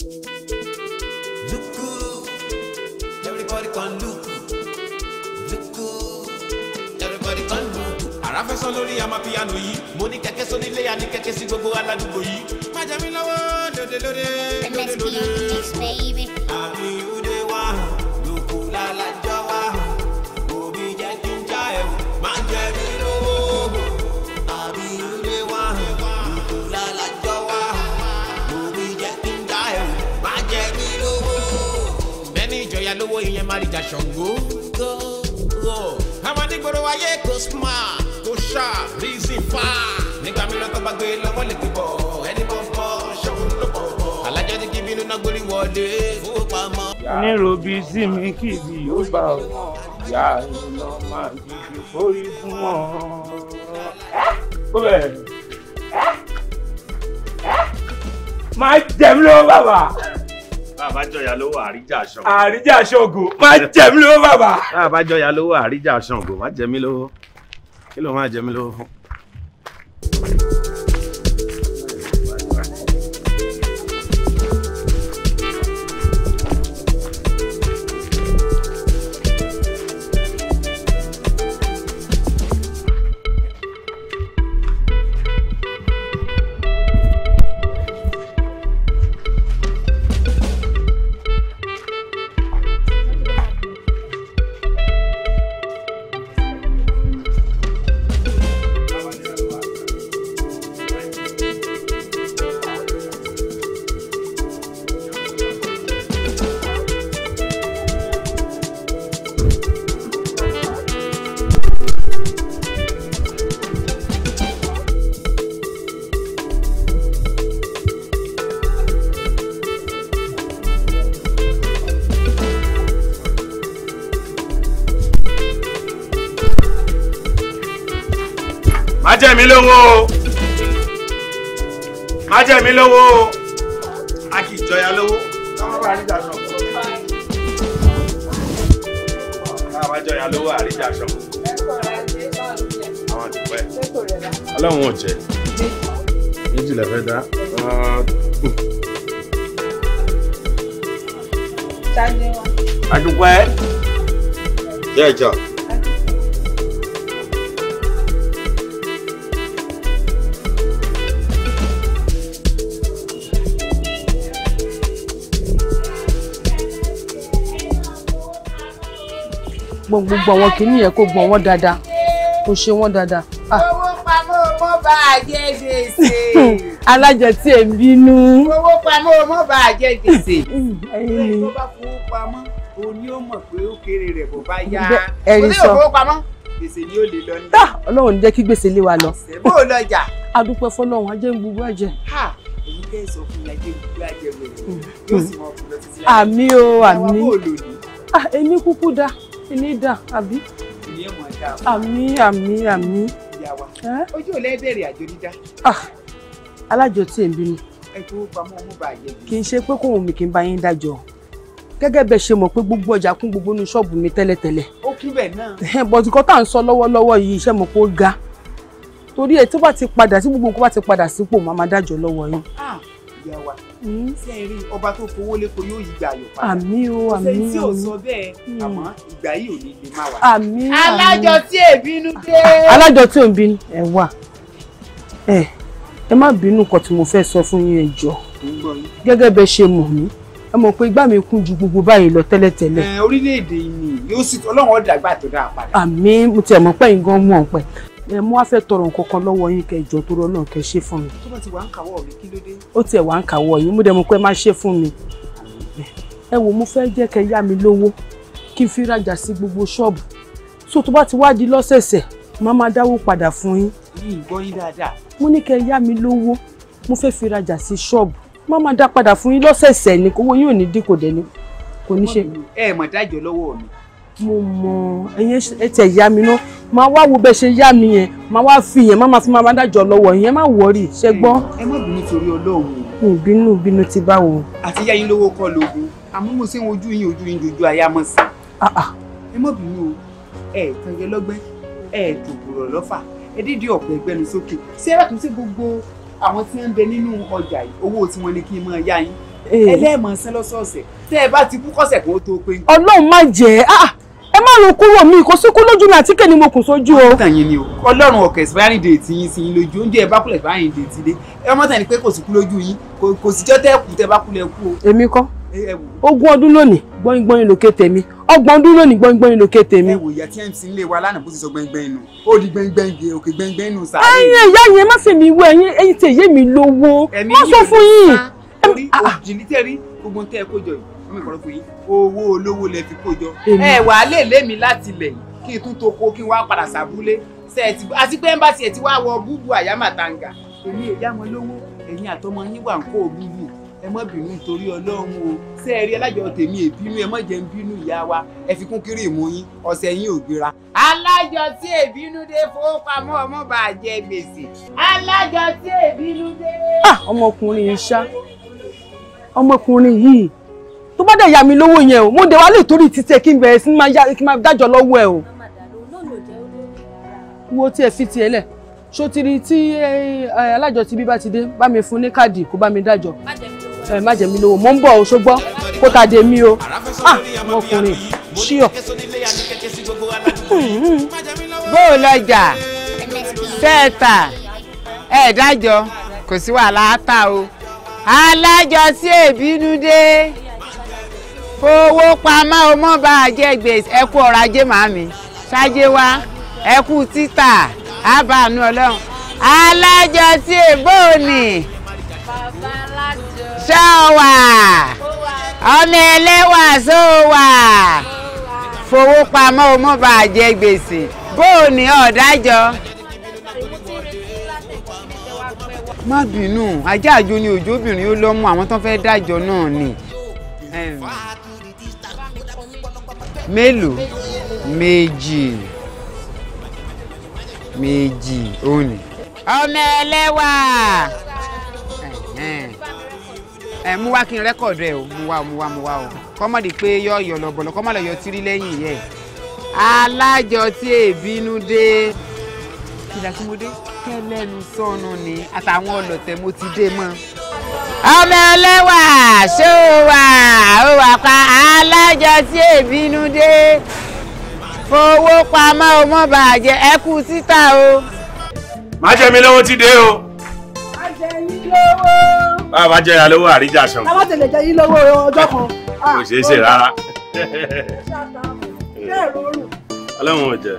Look everybody can look. Look everybody can look. Àrá fẹ́ sọ lórí amapiano yìí, mo ní kẹ̀kẹ́ sónílé àní kẹ̀kẹ́ sí gbogbo aládùúgbò yìí. Má jẹ́ lóde lóde lóde lóde. ìjà Ṣàngó. àwọn onígboro ayé kò smart kò sharp reason far. nígbà mìíràn tó bá gbé lọ́wọ́ lè gbé ẹni bọ́ bọ́ ṣọ́kùn ló bọ̀ bọ̀. alájọ ní kí bínú náà gbórí wọlé owó pamọ́. níròbí sí mi kì í bí ó bá ọ ìyá ìlú máa ń gbèsè fún ọ. ó bẹ̀rẹ̀ máa jẹun lọ́wọ́ bàbá àbájọyà lówó àríjà ṣàngó. àríjà ṣàngó má jẹ mí lówó bàbá. àbájọyà lówó àríjà ṣàngó má jẹ mí lówó kí ló má jẹ mí lówó fún. lọ́wọ́ àwọn kìíní yẹn kó gbọ́n wọ́n dáadáa kó ṣe wọ́n dáadáa. Ah. owó pamọ́ mo bá a jẹ gbèsè. alájọ tí ẹ ń bínú. owó pamọ́ mo bá a jẹ gbèsè. ẹyin ni tó bá fowó pamọ́ o ní ó mọ̀ pé ó kéré rẹ̀ bó bá yá. ẹ̀rí sọ kò sí òfowó pamọ́ gbèsè ni ó lè lọ ní. Ah, ọlọ́run jẹ́ kí gbèsè lé wa lọ. bó o lọ a dúpẹ́ fọlọ́run ajé ń gbogbo àjẹ. èyí kẹ́ sọ fún mi ajé gbogbo àjẹ wẹ̀rẹ̀ mm-hmm. yóò sì mọ ọkùnrin lọ títí láyé. àmì o àmì. àwọn bó o lò ní. Ah, èmi kúkú dáa ní dà àbí. ìyẹn mọ̀ o. àmì àmì àmì. ìyá wa ojú ò lẹ́ẹ̀bẹ̀rẹ̀ àjò dídá. alájọ tí èmi ni. ẹ tó pamọ́ ọmọ bá yẹ mi. kì í ṣe pé kò wù mí kí n bá yín dájọ́ gẹ́gẹ́ bẹ́ẹ̀ ṣe mọ̀ pé gbogbo ọjà kún gbogbo inú ṣọ́ọ̀bù mi tẹ́lẹ̀tẹ́lẹ̀. ó kí bẹ́ẹ̀ náà. bọ̀dù kan tá à ń sọ lọ́wọ́lọ́wọ́ yìí iṣẹ́ mọ̀ pé ó ga torí ẹ̀ tó bá ti padà tí gbogbo nǹkan bá ti padà sípò màmá dájọ́ lọ́wọ́ yín ìyá wa hmm. ṣé ẹ rí ọba tó fowó lépo yóò yí gbà yọ̀ padà àmì o àmì o ọ̀sẹ̀ tí ò sọ bẹ́ẹ̀ hmm. àmọ́ ìgbà yìí ò ní lè má wà. àmì o alájọ tí èbínú dé. alájọ tí ò ń bínú ẹ wà ẹ ẹ má bínú nǹkan tí mo fẹ́ sọ fún yín ẹ jọ gẹ́gẹ́ bẹ́ẹ̀ ṣe mọ̀ mí ẹ mọ̀ pé igbá mi kún ju gbogbo báyìí lọ tẹ́lẹ̀tẹ́lẹ̀. ẹ orílẹ̀-èdè yìí yóò sì ọlọ́run ọ̀dàgbà tó dáa padà. àmì mo tiẹ̀ mọ̀ pẹ́yìn gan mọ̀ pẹ́ ẹ mú wá fẹ́ tọrọ nǹkan kan lọ́wọ́ yín kẹ́ jọ tó rọ́nà kẹ́ ṣe fún mi. tó bá ti wà ń kàwọ́ mi kí ló dé. ó tiẹ̀ wà ń kàwọ́ yín mú dẹ́mu pé má ṣe fún mi. ẹ wò mo fẹ́ jẹ́ kẹ́ yá mi lówó kí n fi rajà sí gbogbo ṣọ́ọ̀bù so tó bá ti wá di lọ́sẹ̀ẹ̀sẹ̀ má má dáwó padà fún yín. yìí gbọ́ yín dáadáa. mo ní kẹ́ yá mi lówó mo fẹ́ fi rajà sí ṣọ́ọ̀bù má má dá padà fún yín lọ́sẹ̀ẹ̀sẹ̀ ni kówó yín ò ní dín kò dẹ̀ kò ní ṣe. ẹ mọ̀ dájọ́ lọ́wọ́ mi mo mọ ẹyin ẹ tẹ yá mi náà máa wá wo bẹ ṣe yá mi yẹn máa wá fi yẹn máa fi máa bá dájọ lọ́wọ́ yẹn má wọrí ṣe gbọ́. ẹ má bínú torí Ọlọ́run. ìbínú bínú ti báwo. àti yá yín lówó kọ lóògùn àmọ́ mo ṣe ń ojú yín ojú yín dojú aya mọ̀ sí. Ah, ah. ẹ má bínú o ẹ tànjẹ lọ́gbẹ́ ẹ dògbòrò lọ́fà ẹ dídí ọ̀pọ̀ ẹgbẹ́nu sókè ṣé ẹ tún ṣe gbogbo àwọn tí ń bẹ nínú ọjà yìí owó tí wọ́n ní kí n máa yá yín eh. ẹlẹ́ẹ̀mọ̀ sẹ́ lọ́sọ̀ọ̀sẹ̀ tẹ́ ẹ bá ti kú kọ́sẹ̀ kó tó pé. Ọlọ́run má jẹ́ ah, ah ẹ má rún kúrò mi kò sunkún lójú mi àtíkè ni mo kùn sójú o. ọmọ tàn yín ni o ọlọ́run ọ̀kẹ́ expiring date yín sí lójú oúnjẹ ẹ bá kúlẹ̀ expiring date dé ẹ ọmọ tàn ní pé kò sunkún lójú yín kò síjọ́ tẹ́ kù tẹ́ bá kúlẹ̀ kú o. èmi kọ́ ogún ọdún lónìí gbọ́ngbọ́n lókè tèmi ọgbọ̀n ọdún lónìí gbọ́ngbọ́n lókè tèmi. ẹ wò ìyá tí mc ń lè wa lánàá bó ti sọ gbẹngbẹn nù ó di gbẹngbẹn gé òkè gbẹngbẹn nù sáré. ẹ̀yin ìyá yẹn má ṣe mi wú ẹ̀yin ẹ̀yin tèyé mi lówó má sọ fún yín. ẹ̀mí yóò sá orí òjì ní tẹ́rí gbogbo tẹ́ ẹ kó jọ yìí mi kọ̀rọ̀ fún yín owó olówó lẹ fi kó jọ. ẹ wà á lè lé mi láti lẹ̀ kí n tún tó kó kí n wá padà sàbúlé àti pé ẹ́mbàsì ẹ̀ ti wá wọ búbu àyámàtàǹgà èmi ò yá wọn lówó ẹ̀yin àtọmọ yín wà ń kó búbu ẹ mọ́ bínú nítorí ọlọ́run o ṣé ẹ rí alájọ tèmi èbínú ẹ mọ́ jẹ́ ń bínú ìyá wa ẹ fi kún kiri ìmú yín ọ̀sẹ̀ yín ò gbéra. alájọ tí èbínú dé fowópamọ́ ọmọ bá jẹ gbèsè alájọ tí èbínú dé. Ah, ọmọkùnrin yìí ṣá ọmọkùnrin yìí tó bá dẹ̀ yà mí lówó yẹn o mo dẹ̀ wá lè torí títẹ̀ kí n bẹ̀rẹ̀ sí máa dájọ́ lọ́wọ́ ẹ̀ o. wo tí ẹ fi tiẹ̀ lẹ̀ ṣó ti rí tí alájọ ti bí bá ti dé bá mi fún ní káàdì kó bá mi dájọ́ má jẹ mí lówó mo ń bọ̀ o ṣùgbọ́n kó ta dé mí o ah ọkùnrin ṣíọ. bó o lọjà sẹ́ẹ̀ta ẹ̀ dájọ́ kò sí wàhálà á ta o alájọ sí èbínú dé fowó pamọ́ o mọ́ bá a jẹ́ gbèsè ẹ kú ọ̀rọ̀ ajé màmí ṣáájé wa ẹ kú títà àbànú ọlọ́run alájọ tí èbó ni ṣọ́wà ọmọ ẹlẹ́wà ṣọ́wà fowó pamọ́ o mọ́ bá a jẹ́ gbèsè bóòní ọ̀dájọ́ má bínú ajá àjò ni òjò obìnrin ó lọ́mú àwọn tó fẹ́ dájọ́ náà ni mélòó méjì méjì òní. ọmọ ẹlẹ́wà ẹ mú wá kí n rẹ́kọ̀dù ẹ o mú wá o mú wá mú wá o kọ́mọ̀dé pé yọ ọ̀yọ̀ lọ́bọ̀lọ́ kọ́mọ̀lọ́ yọ tírí lẹ́yìn yẹ alájọ tí èbínú dé kìlà tí mo dé kẹlẹ́nu sọnù ni àtàwọn ọlọ́tẹ̀ mo ti dé mọ́. ọmọ ẹlẹ́wà ṣó wà ó wà pa alájọ tí èbínú dé fowó pamọ́ o mọ́ bàjẹ́ ẹ kú síta o. má jẹ mi lówó ti dé o. má jẹ yín lówó. bá bá jẹ ìyàlówó àríjà sàn. a tẹ̀lé jẹ yín lówó ọjọ́ kan. kò ah, ṣeé ṣe rárá. ọlọ́run ò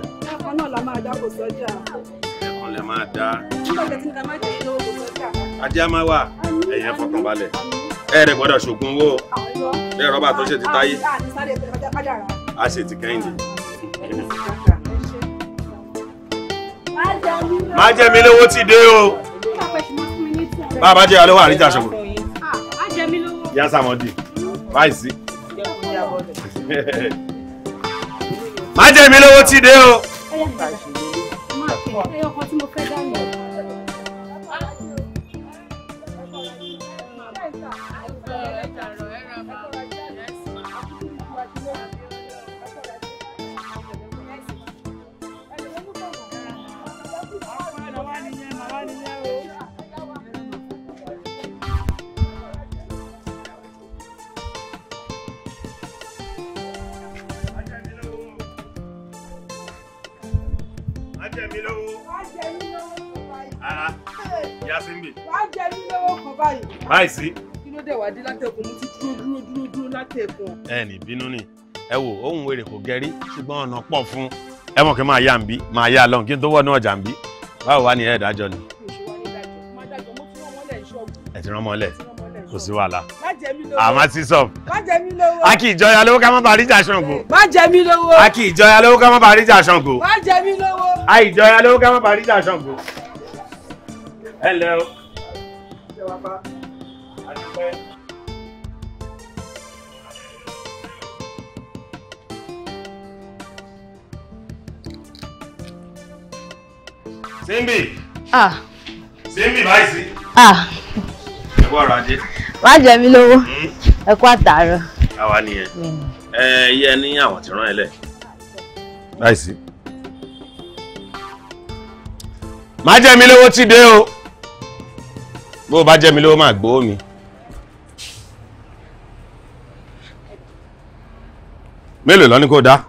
ọ̀hún máa dá. ajé a máa wà ẹ̀yìn fọkàn balẹ̀ ẹ rẹ̀ gbọ́dọ̀ ṣògùn owó bẹ́ẹ̀ rọ́bà tó ṣe ti táyé a ṣe ti kẹ́hìndé. má jẹ́ mi lówó ti dé o bá a bá jẹ́ ọlọ́wọ́ àríjà ṣòwò yá sàmọ́dì báyìí sí. má jẹ́ mi lówó ti dé o ẹyọ kan tí mo jẹ ní lọ́wọ́ kan báyìí. láìsí. kí ló dé wá dé látẹ̀kùn mo ti dúró dúró dúró dúró látẹ̀kùn. ẹ ní bínú ni ẹ wò ohun wèrè kò gẹrí ṣùgbọ́n ọ̀nà pọ̀ fún ẹ mọ̀ kí máa yá nbí máa yá lọ́hùn kí n tó wọ̀ ní ọjà nbí báwo wá ní ẹ̀ dájọ́ ni. ẹ ti rán mọ́lẹ̀ kò sí wàhálà àmọ́ sí sọ. má jẹ mí lówó. a kì í jọya lówó ká má bàa ríjà ṣàngó. má jẹ mí lówó. a kì í jọya lówó ká má bàa ríjà ṣàngó. má jẹ mí lówó. a ì jọya ká má bàa ríjà ṣàngó. hello iṣẹ́ wa pa. àdúpẹ́. Simbi. Ah. Simbi báyìí sí. Ah. Ẹ kú ọ̀rọ̀ ajé. Má jẹ mí lówó. Hmm? Ẹ kú àtàárọ̀. Àwa nìyẹn. Ẹ yẹ hmm. ní àwọn tí rán ẹ lẹ̀. Báyìí sí. Má jẹ mí lówó ti dé o bó o bá jẹ́ mi lówó máa gbowó mi. mélòó lọ ní kó dá.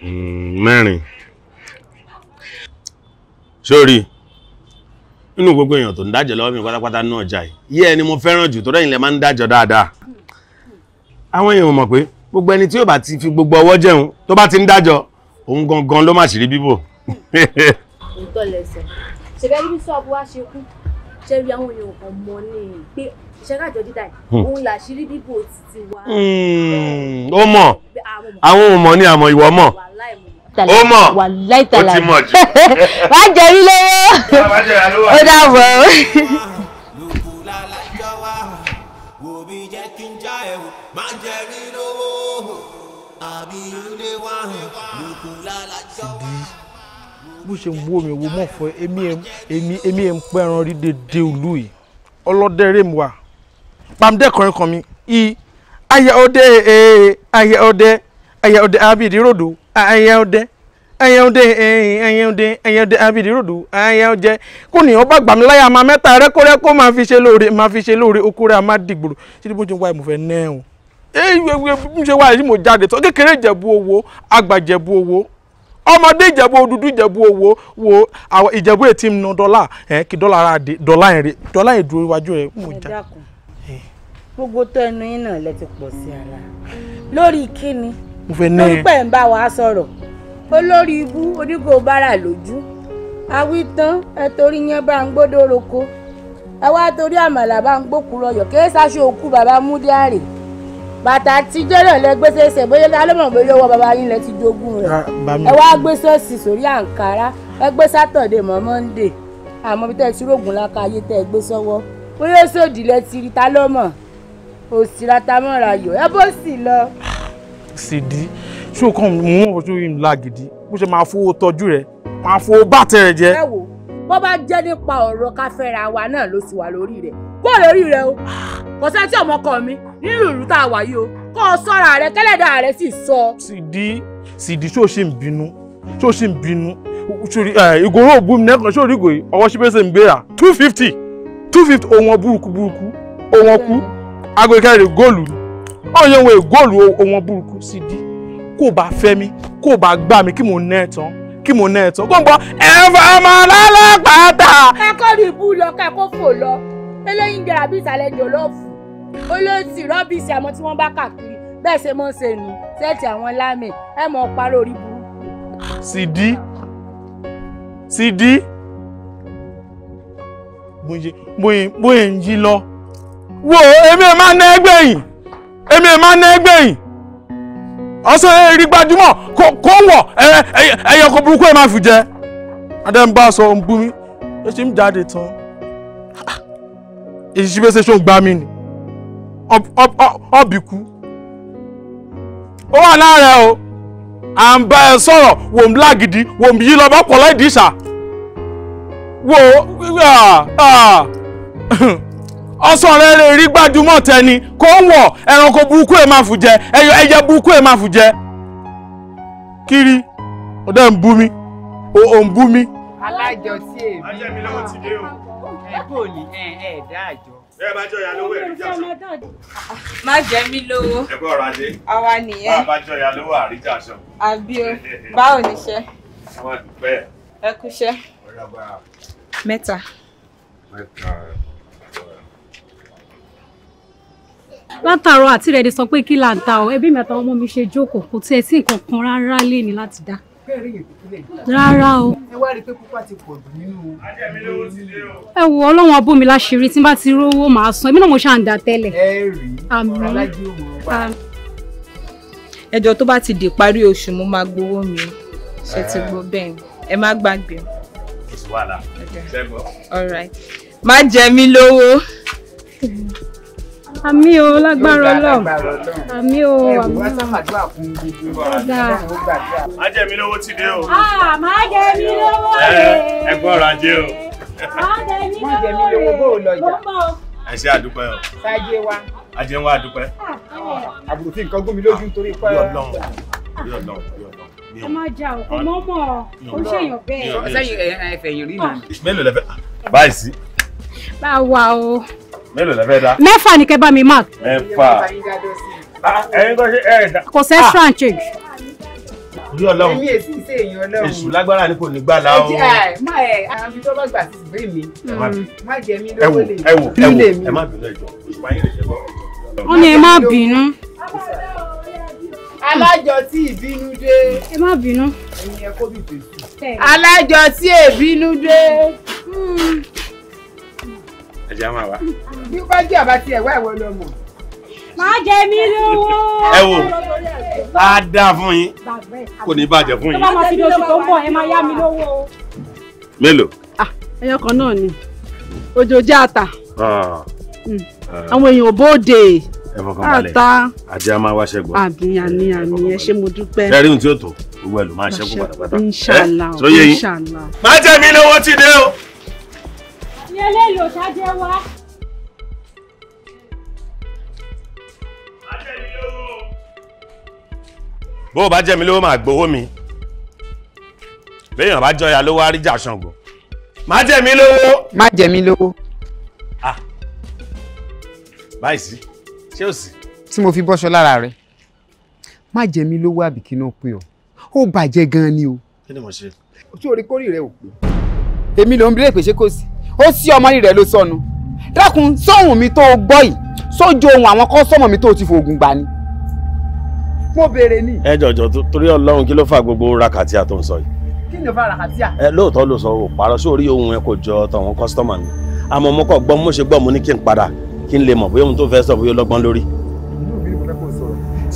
Hmm, mẹ́rin sórí nínú gbogbo èèyàn tó ń dájọ́ lọ́wọ́ mi pátápátá náà jà yìí ẹni mo fẹ́ràn jù tó rẹ́yìn lẹ máa ń dájọ́ dáadáa àwọn èèyàn mọ̀ pé gbogbo ẹni tí yóò bá ti fi gbogbo ọwọ́ jẹun tó bá ti ń dájọ́ òun gangan ló má ṣì rí bíbò nǹkan lẹ́sẹ̀ ṣẹ̀fẹ̀ rí bí sọ́ọ̀bù wa ṣe kú ṣe rí àwọn èèyàn kan mọ ní pé iṣẹ́ kájọ dídà yìí hmm. òun là ṣírí bíbò títí wa. Hmm, ó mọ̀ àwọn ò mọ̀ ní àmọ́ ìwọ mọ̀ ó mọ̀ ó ti mọ̀ jù. wàá jẹ rí lọ́wọ́ ó dàbọ̀. Àbí ilé bó ṣe ń wo mi wo mọ̀ fọ èmi èmi èmi ẹ̀ ń pẹ́ ẹran rí dédé ìlú yìí ọlọ́dẹ rèmi wà pàmdẹ́kọ̀rin kan mi i ayẹ ọdẹ ee ayẹ ọdẹ ayẹ ọdẹ abidi rodo ayẹ ọdẹ ayẹ ọdẹ ee ayẹ ọdẹ ayẹ ọdẹ abidi rodo ayẹ ọjẹ kó nìyẹn bá gbàmí máa mẹ́ta rẹ́kọ́rẹ́kọ́ máa fi ṣe lóore máa fi ṣe lóore okòrè a máa dìgbòrò ṣé ní bó ṣe ń wá ìmọ̀fẹ́ náà o ee ṣe wá yìí mo jáde tó kékeré ìjẹ̀bú owó àgbàjẹ̀bú owó ọmọdé ìjẹ̀bú òdúdú ìjẹ̀bú owó wo àwọn ìjẹ̀bú ètí ń nu dọ́là ẹ̀ kí dọ́là ara dé dọ́là yẹn rè dọ́là yẹn dúró iwájú rẹ̀ mú jà. gbogbo tẹnu yín náà lẹ ti pọ̀ sí ara lórí kíni lórí pẹ̀ ń bá wa sọ̀rọ̀ olórí ibú onígò bára lójú awítán ẹ torí yẹn bá ń gbódò roko ẹ wá torí àmàlà bá ń gbókùrọ̀ yọ̀ kí ẹ sáṣọ òkú bàbá múdíárì bàtà àtijọ́ náà lẹ gbé ṣẹṣẹ bóyá alọ́mọ̀ bóyá owó baba yín lẹ ti jogún rẹ̀ ah, ẹ wá gbé ṣọ́ọ̀ṣì sórí àǹkárá ẹ gbé sátọ̀dẹ̀ mọ́ mọ́ndé àmọ́ bí tẹ́ ẹ ti rògùn láka ayé tẹ́ ẹ gbé sọ́wọ́ bóyá sódì lẹ ti rí ta lọ́mọ̀ òsì ratamọ́ra yọ ẹ bó sì lọ. sìdí ṣé o kàn mú wọn bó ṣe ń la gidi bó ṣe máa fowó tọ́jú rẹ máa fowó bàtẹ rẹ jẹ. ẹ wò ó bó bá jẹ́ nípa ọ̀rọ̀ ká fẹ́ra wa náà ló sì wà lórí rẹ̀ kó lórí rẹ̀ o kò sẹ́ni tí ọmọ kọ mi nínú ìlú tá a wà yìí o kó o sọ́ra rẹ kẹ́lẹ́dà rẹ sì sọ. Sìdí Sìdí ṣó ṣe ń bínú ṣó ṣe ń bínú sori ìgòrò òbú mi nẹ́kan sórí ìgò yìí ọwọ́ ṣípèsè ń gbéra two fifty two fifty ohun burúkú burúkú ohun kú aago ìkẹrin góòlù ọ̀yẹ̀wò góòlù ohun burúkú Sìdí kó o bá fẹ́ mi kó o bá gbà mí kí mò ná ẹ̀ tán kí mo ná ẹ tó. gbọ́ngbọ́ ẹ̀fọ́ ọmọ lọ́lọ́pàá ẹ̀kọ́ rí ibú lọ kẹ́kọ́ fò lọ eléyìí jẹ́ àbí ìsàlẹ̀ jòlófù olóòtú rọ́bìsì àmọ́ tí wọ́n bá kàkiri bẹ́ẹ̀ ṣe mọ́ ṣe nù sẹ́ẹ̀tì àwọn lámì ẹ̀ mọ̀ parọ́ orí burú. Sidi Sidi bóyá ń jí lọ wo èmi ẹ̀ máa ná ẹgbẹ́ yìí èmi ẹ̀ máa ná ẹgbẹ́ yìí ọsọ eri gbajúmọ̀ kó wọ̀ ẹyẹ kó burúkú ẹ máa fi jẹ adẹ́nbá sọ ń bú mi ó ṣe ń jáde tán èyí ṣe ṣe ń gbá mi ni ọ̀bì kú ó wà láàárẹ̀ o à ń bá ẹ sọ̀rọ̀ wò ń lágidi wò ń yí lọ bá pọ̀ láì dìṣà wò ó ọsọ rẹ lè rí gbajúmọ̀ tẹni kó ń ẹranko burúkú ẹ̀ máa fù jẹ ẹyọ ẹyẹ burúkú ẹ̀ máa fù jẹ. kiri ó dẹ́ ń bú mi ó ń bú mi. alájọ tí èmi. ajẹ́mi lọ́wọ́ ti dé o. ẹ kò ní ẹ ẹ dá àjọ. ẹ bá jọ ìyá lówó ẹ níjà sọ. má jẹ mí lówó. ẹ bọ́ ọ̀rọ̀ ajé. àwa nìyẹn. má bá jọ ìyá lówó àríjà sọ. àbí o báwo níṣẹ́. ẹ kúṣẹ́. mẹ́ta. mẹ́ta. látàárọ̀ àti rẹ̀ ni sọ pé kí là ń ta ọ ẹbí mi àtàwọn ọmọ mi ṣe jókòó kò tiẹ̀ sí nǹkan kan rárá lé ní láti dá rárá o. ẹ wá rí i pé púpà ti pọ̀ jù nínú. ẹ wo ọlọ́run abó mi láṣìírí tí n bá ti rówó màá san èmi náà mo ṣáà ń da tẹ́lẹ̀. ẹ rí ọ̀rọ̀ alájí òun wà. ẹjọ́ tó bá ti di parí oṣù mo máa gbowó mi ṣe ti gbọ́ eh. bẹ́ẹ̀ ẹ má gbàgbé. wàhálà ṣẹ́gun. all right má jẹ mí lówó àmì o lágbára Ọlọ́run àmì o àmì o dáa. má jẹ mí lówó ti dé o. Ah, má jẹ mí lówó rè. ẹ gbọ́ ọ̀rọ̀ ajé o. má jẹ mí lówó bó o lọ jà. ẹ ṣe àdúpẹ́ o. sáyé wa. ajé wa àdúpẹ́. Ah, àbùrò fi nǹkan gómi lójú nítorí pé. yóò dán yóò dán yóò dán ẹ máa jà òkú mọ́mọ́ ó ṣèyàn bẹ́ẹ̀. sẹ́yìn ẹ̀fẹ̀yìn rí mi. Ah. mélòó lẹ fẹ́ báyìí sí. bá o mélòó lẹ fẹ́ dá. ni kẹ́ bá mi mark. mẹ́fà ah, ẹ̀yin kan ṣe ẹ̀ dá. kò sẹ́ ah. strand change. èmi èsì ìṣe èèyàn ọlọ́run èṣù lágbára ni kò ní gbà láwọn. ẹ má ẹ àwọn ibi tó gbà sí ìgbé mi má jẹ mí lówó lè ẹ wò ẹ wò ẹ má bínú ẹjọ oṣù báyìí lè ṣe bọ. ó ní ẹ má bínú. alájọ tí ìbínú dé. ẹ má bínú. ẹ̀yin ẹ kó bìbè. alájọ tí ìbínú dé. Hmm ẹ̀jẹ̀ á máa wá. bí bá jẹ́ àbá tiẹ̀ wá ìwọ lọ mọ̀. máa jẹ mí lówó. ẹ wo á dáa fún yín kò ní bàjẹ́ fún yín. tó bá máa fi di oṣù tó ń bọ̀ ẹ máa yá mi lówó. mélòó. Ah, ẹyọ kan náà ni òjòjì àtà ah. hmm. ah. àwọn èèyàn bóde àtà àti àmà wa ṣẹgbọn àmì àmì àmì ẹ ṣé mo dúpẹ́. ẹ rí ohun tí ó tó gbogbo ẹ ló máa ṣẹ́kù pátápátá. inṣàlá inṣàlá. má jẹ́ mi lówó ti dé o ní eléyìí ò ṣáájẹ́ wá. bó o bá jẹ́ mi lówó máa gbowó mi béèyàn bá jọya ló wá rí má jẹ́ mi lówó. má jẹ́ mi lówó. ah báyìí sí ṣé ò sí. tí mo fi bọ́ṣọ lára rẹ̀ má jẹ́ mi lówó àbíkí náà pé o ó bàjẹ́ gan-an ni o. kí ni mo ṣe. ojú orí kórìí rẹ ò èmi ló ń bí lè pèsè kò sí ó sí ọmọ rẹ̀ ló sọnù dákun sóhùn mi tó o gbọ́ yìí sójú ohun àwọn kọ́sọ́mọ̀ mi tó o ti fògùn gbà ni. mo béèrè ni. ẹ jọjọ torí Ọlọ́run kí ló fa gbogbo rakatia tó ń sọ yìí. kí ni o fa rakatia. ẹ lóòótọ́ ló sọ o parọ́ sórí ohun ẹ kò jọ tàwọn kọ́sọ́mọ̀ mi àmọ́ mo kọ́ gbọ́ mo ṣe gbọ́ mo ní kí n padà kí n lè mọ̀ bóyá ohun tó fẹ́ sọ bóyá ọlọ́gbọ́n lórí.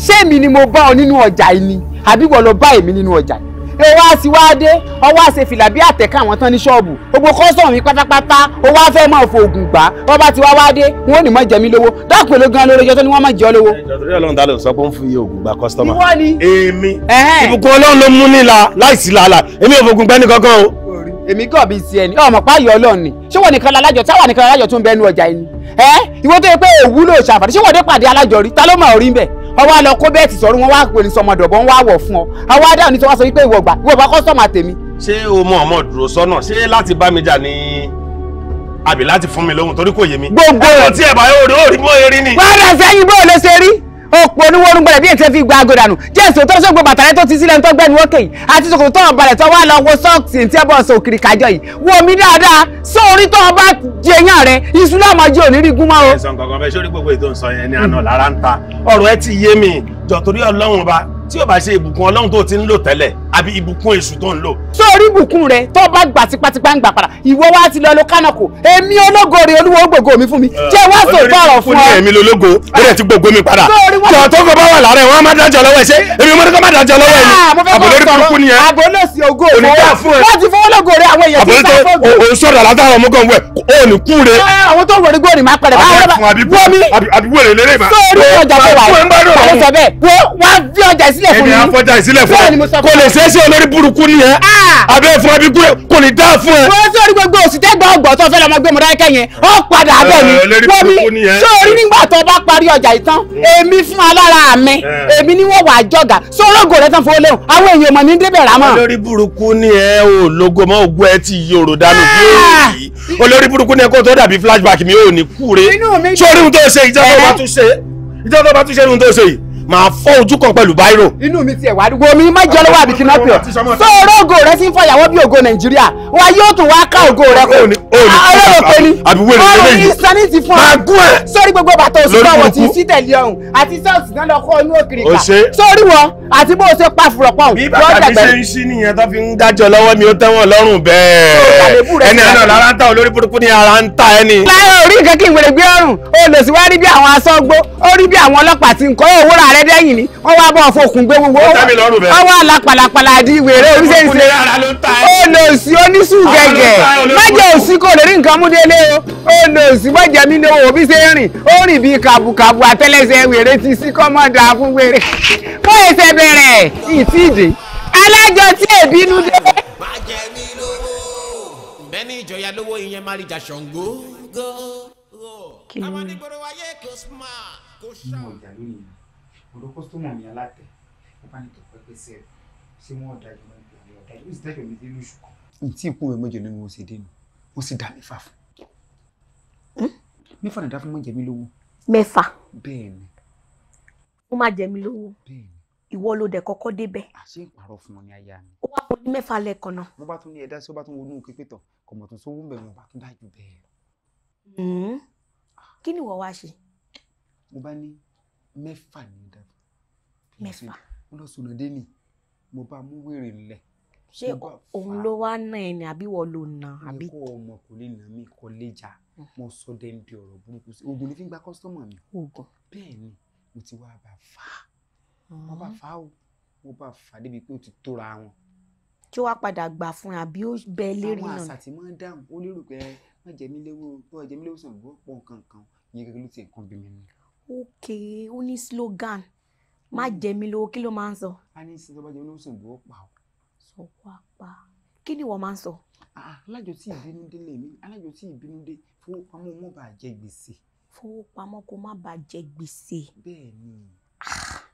ṣé èmi ni mo bá ọ nínú ọjà yìí ni àbí wọ́n lọ bá èmi nínú ọjà yìí tó wá sí wá dé ọwọ́ àṣẹ fìlà bí àtẹ̀ká àwọn tán ní ṣọ́ọ̀bù gbogbo kọ́sọ̀mù pátápátá ó wá fẹ́ mọ̀ fòògùn gbà wọ́n bá ti wá wá dé wọn ò ní mọ̀ jẹ mí lówó dákùn ló gan lórí ẹjọ́ tó ní wọ́n mọ̀ jẹ́ lówó. ìjọba ọlọ́run dálẹ̀ sọ pé ó ń fi oògùn gba kọ́sítọ́mà. ìwọ ni ìbùkún ọlọ́run ló mú nílà láìsí làálà èmi ò ọwọ́ àlọ́ kó bẹ́ẹ̀tì sọ̀rọ̀ wọn wá pè ní sọmọdọ̀bọ̀ ń wá wọ̀ fún ọ àwọn adáhùn ní tí sọ wípé ìwọ gbà ìwọ bá kọ́sọ̀mà tèmi. ṣé o mọ ọmọ dúró sọ́nà ṣé láti bá mi jà ní àbí láti fún mi lóhùn torí kò yé mi. gbogbo ẹ̀ tí ẹ̀ bá yóò rí ó rí ni. wàá rẹ̀ sẹ́yìn bó o lè ṣe rí ọ̀pọ̀ oníwó orúngbọ̀n bí ètò fi gba aago dànù jésù tó ṣògbó bàtà rẹ tó ti sílẹ̀ ń tọ́ gbẹ́nu ókè yìí àti ṣòkòtò tó hàn balẹ̀ tó wá lọ wo sọ́ọ̀sì tí ẹ bọ̀ sọ òkìrì kájọ yìí wo mi dáadáa sóòrí tó bá jẹ yàn rẹ iṣu náà máa jẹ òníri gún mọ́ o. ẹ̀sán kankan bẹ́ẹ̀ sórí gbogbo ètò ìsọyẹn ni àná lára ń ta ọ̀rọ̀ ẹ ti yé mi jọ̀torí ọlọ́run ba tí o bá ṣe ìbùkún ọlọ́run tó ti ń lò tẹ́lẹ̀ àbí ìbùkún èṣù tó ń lò. sórí ìbùkún rẹ tó bá gbà tipátipá ń gbà padà ìwọ wa ti lọ lo kánàkó èmi ológo rè olúwo gbogbo mi fún mi jẹ wá sọ tọrọ fún ọ. èmi lológo ó lè ti gbogbo mi padà jọ tó kọ bá wà lára ẹ wọn má dájọ lọ́wọ́ ẹ ṣe èmi mo ní kó má dájọ lọ́wọ́ ẹ ni ah, àbòlórí kúkú ni ẹ. àbólòsì ògo òfò wọn ti fọwọ́ lógo rẹ àwọn èèyàn ti sá fọ́ọ̀gù. òun sọ̀rọ̀ látàwọn ọmọ kan wẹ̀ ó ní kú re. Ah, àwọn tó wọlé góòrì máa pẹ̀lẹ́ báyọ̀ wọ́n mi. àbíwèrè lélẹ́yìn máa. sórí ọjà tó wà wọ́n sọ bẹ́ẹ̀ wọ́n wá fi ọjà sí sílẹ̀ fún mi. èmi àfọjá ìsílẹ̀ fún ẹ kò lè ṣeé ṣe olórí burúkú ni ẹ ah! abẹ́ fún abí kò lè dá fún ẹ. wọ́n sọ̀rọ̀ gbogbo òsì tẹ́gbà ọgbọ̀n tó fẹ́ lọ́mọ gbé mọ̀dákẹ́ yẹn ó padà bẹ̀ mí eh, wọ́n sórí nígbà tó bá parí ọjà ìtàn eh. èmi fún alára mi eh. èmi ni wọ́n wà jọ̀gà sọ́rọ́gò rẹ̀ tán fún olóhùn àwọn èèyàn mọ̀ ní débẹ̀ rà mọ́. olórí burúkú ni ẹ ò lógo mọ́ ògùn ẹ ti yòrò dànù bí ah! màá fọ́ ojú kan pẹ̀lú báírò. inú mi tiẹ̀ wá dúgbò mi má jẹ́ lọ́wọ́ àbí kí n má pè ọ́ sọ ọ̀rọ̀ ògo rẹ sí ń fọyàwọ́ bí ògo nàìjíríà wa yóò tún wá ká ògo rẹ kó ah, ọ̀rọ̀ òpè ni ọ̀rọ̀ ní sanity fún ọ sórí gbogbo bàtà òsùn náà wọ́n ti sí tẹ̀lé ọ̀hún àti sọ́ọ̀sì náà lọ kọ́ inú òkìrì ká sórí wọn àti bó o ṣe pa fùrọ̀ pọ̀ bí bàtà mi ṣe ń ṣí nìyẹn tó fi ń dájọ́ lọ́wọ́ mi ó tẹ́wọ̀n lọ́rùn bẹ́ẹ̀ ẹni àná lára ń ta olórí burúkú ni ara ń ta ẹni. láyọ̀ orí nǹkan kí n wèrè gbé ọrùn olùsíwárí bí àwọn asọ́gbó ó rí bí àwọn ọlọ́pàá ti ń kọ́ owó rà rẹ dẹ́yìn ni wọ́n wá bọ́ fòkùn gbé gbogbo wọ́n wá lápàlàpàlà di wèrè oníṣẹ́ ìṣe olòṣì oníṣù gẹ̀gẹ̀ májẹ̀ òṣì kò lè rí nǹkan mú délé o olòṣì bọ́jẹ̀ mi ni owó bí ṣe ń rìn ó rìn bíi kàbùkàbù àtẹ́lẹsẹ̀ wèrè ti sí kọ́mọ́dà fún wèrè fún ẹsẹ̀ bẹ̀rẹ̀ ìtìdè alájọ tí èbínú dé. májẹ̀ mi lówó bẹ́ẹ̀ ni ìjọya lówó ìyẹn má rí jà ṣàngó. kí ni mo jà lónìí ọ̀dọ̀ kọ́sítọ́mọ̀ mi alátẹ̀ ó bá ní tọ̀pẹ́ pé ṣe ṣé wọ́n ọ̀dájú mọ́ ìgbà mi ọ̀dájú ó sì dájọ́ mi dé lóṣù kan. ntí ìkún rẹ mọ́jọ ni mo ṣe dé nu ó sì dá mẹ́fà fún mẹ́fà nàdá fún mọ́jẹ mi lówó. mẹ́fà. bẹ́ẹ̀ ni. ó máa jẹ mí lówó. bẹ́ẹ̀ ni. ìwọ ló dẹ̀ kọ́kọ́ débẹ̀. àṣé ìpàrọ̀ fún wọn ni aya mi. ó wá fún ní mẹ́fà lẹ́ẹ̀kan náà. mo bá tún ní ẹ̀dá sí ó bá tún wọnú kékeré tán kọ̀mọ̀ tó sówó ń bẹ̀ wọn bá tún dájú bẹ́ẹ̀ lọ. Hmm. kí ni ìwọ wá ṣe. mo bá ní mẹ́fà ní mẹ́fà. mo lọ sùn lóde ni mo bá mú wèrè ńlẹ̀. ṣé òun ló wá ná ẹ ni àbí wọ́n ló ná àbí. ẹ̀kọ́ ọmọ kò lè nà mí kọ́ lè jà mm. mo sọ dẹ́n bí ọ̀rọ̀ burúkú sí oògùn ní fi gba kọ́sítọ́mọ̀ mi. oògùn bẹ́ẹ̀ ni mo ti wá bá fà mo bá mm. fà o mo bá fà á débi pé ó ti tóra wọn. tí ó wá padà gbà fún àbí ó bẹ lérí náà. àwọn àṣà tí máa ń dáhùn ó lérò pé má jẹ mí léwu tó wà jẹ mí léwu sàn gbọ́ pọ̀ nǹkan kan yẹn gẹ́gẹ́ ló ti nǹkan bí mi ni. ok ó ní slogan má jẹ mí lówó kí ló máa ń sọ. a ní sísè tó bá jẹ ń bu ó pa o. sọ wá pa kí ni ìwọ máa ń sọ. Ah, ah, alájọ tí ìbínú dé lèmi alájọ tí ìbínú dé fowópamọ́ mo bàa jẹ gbèsè. fowópamọ́ kó má bàa jẹ gbèsè. bẹ́ẹ̀ ni ah,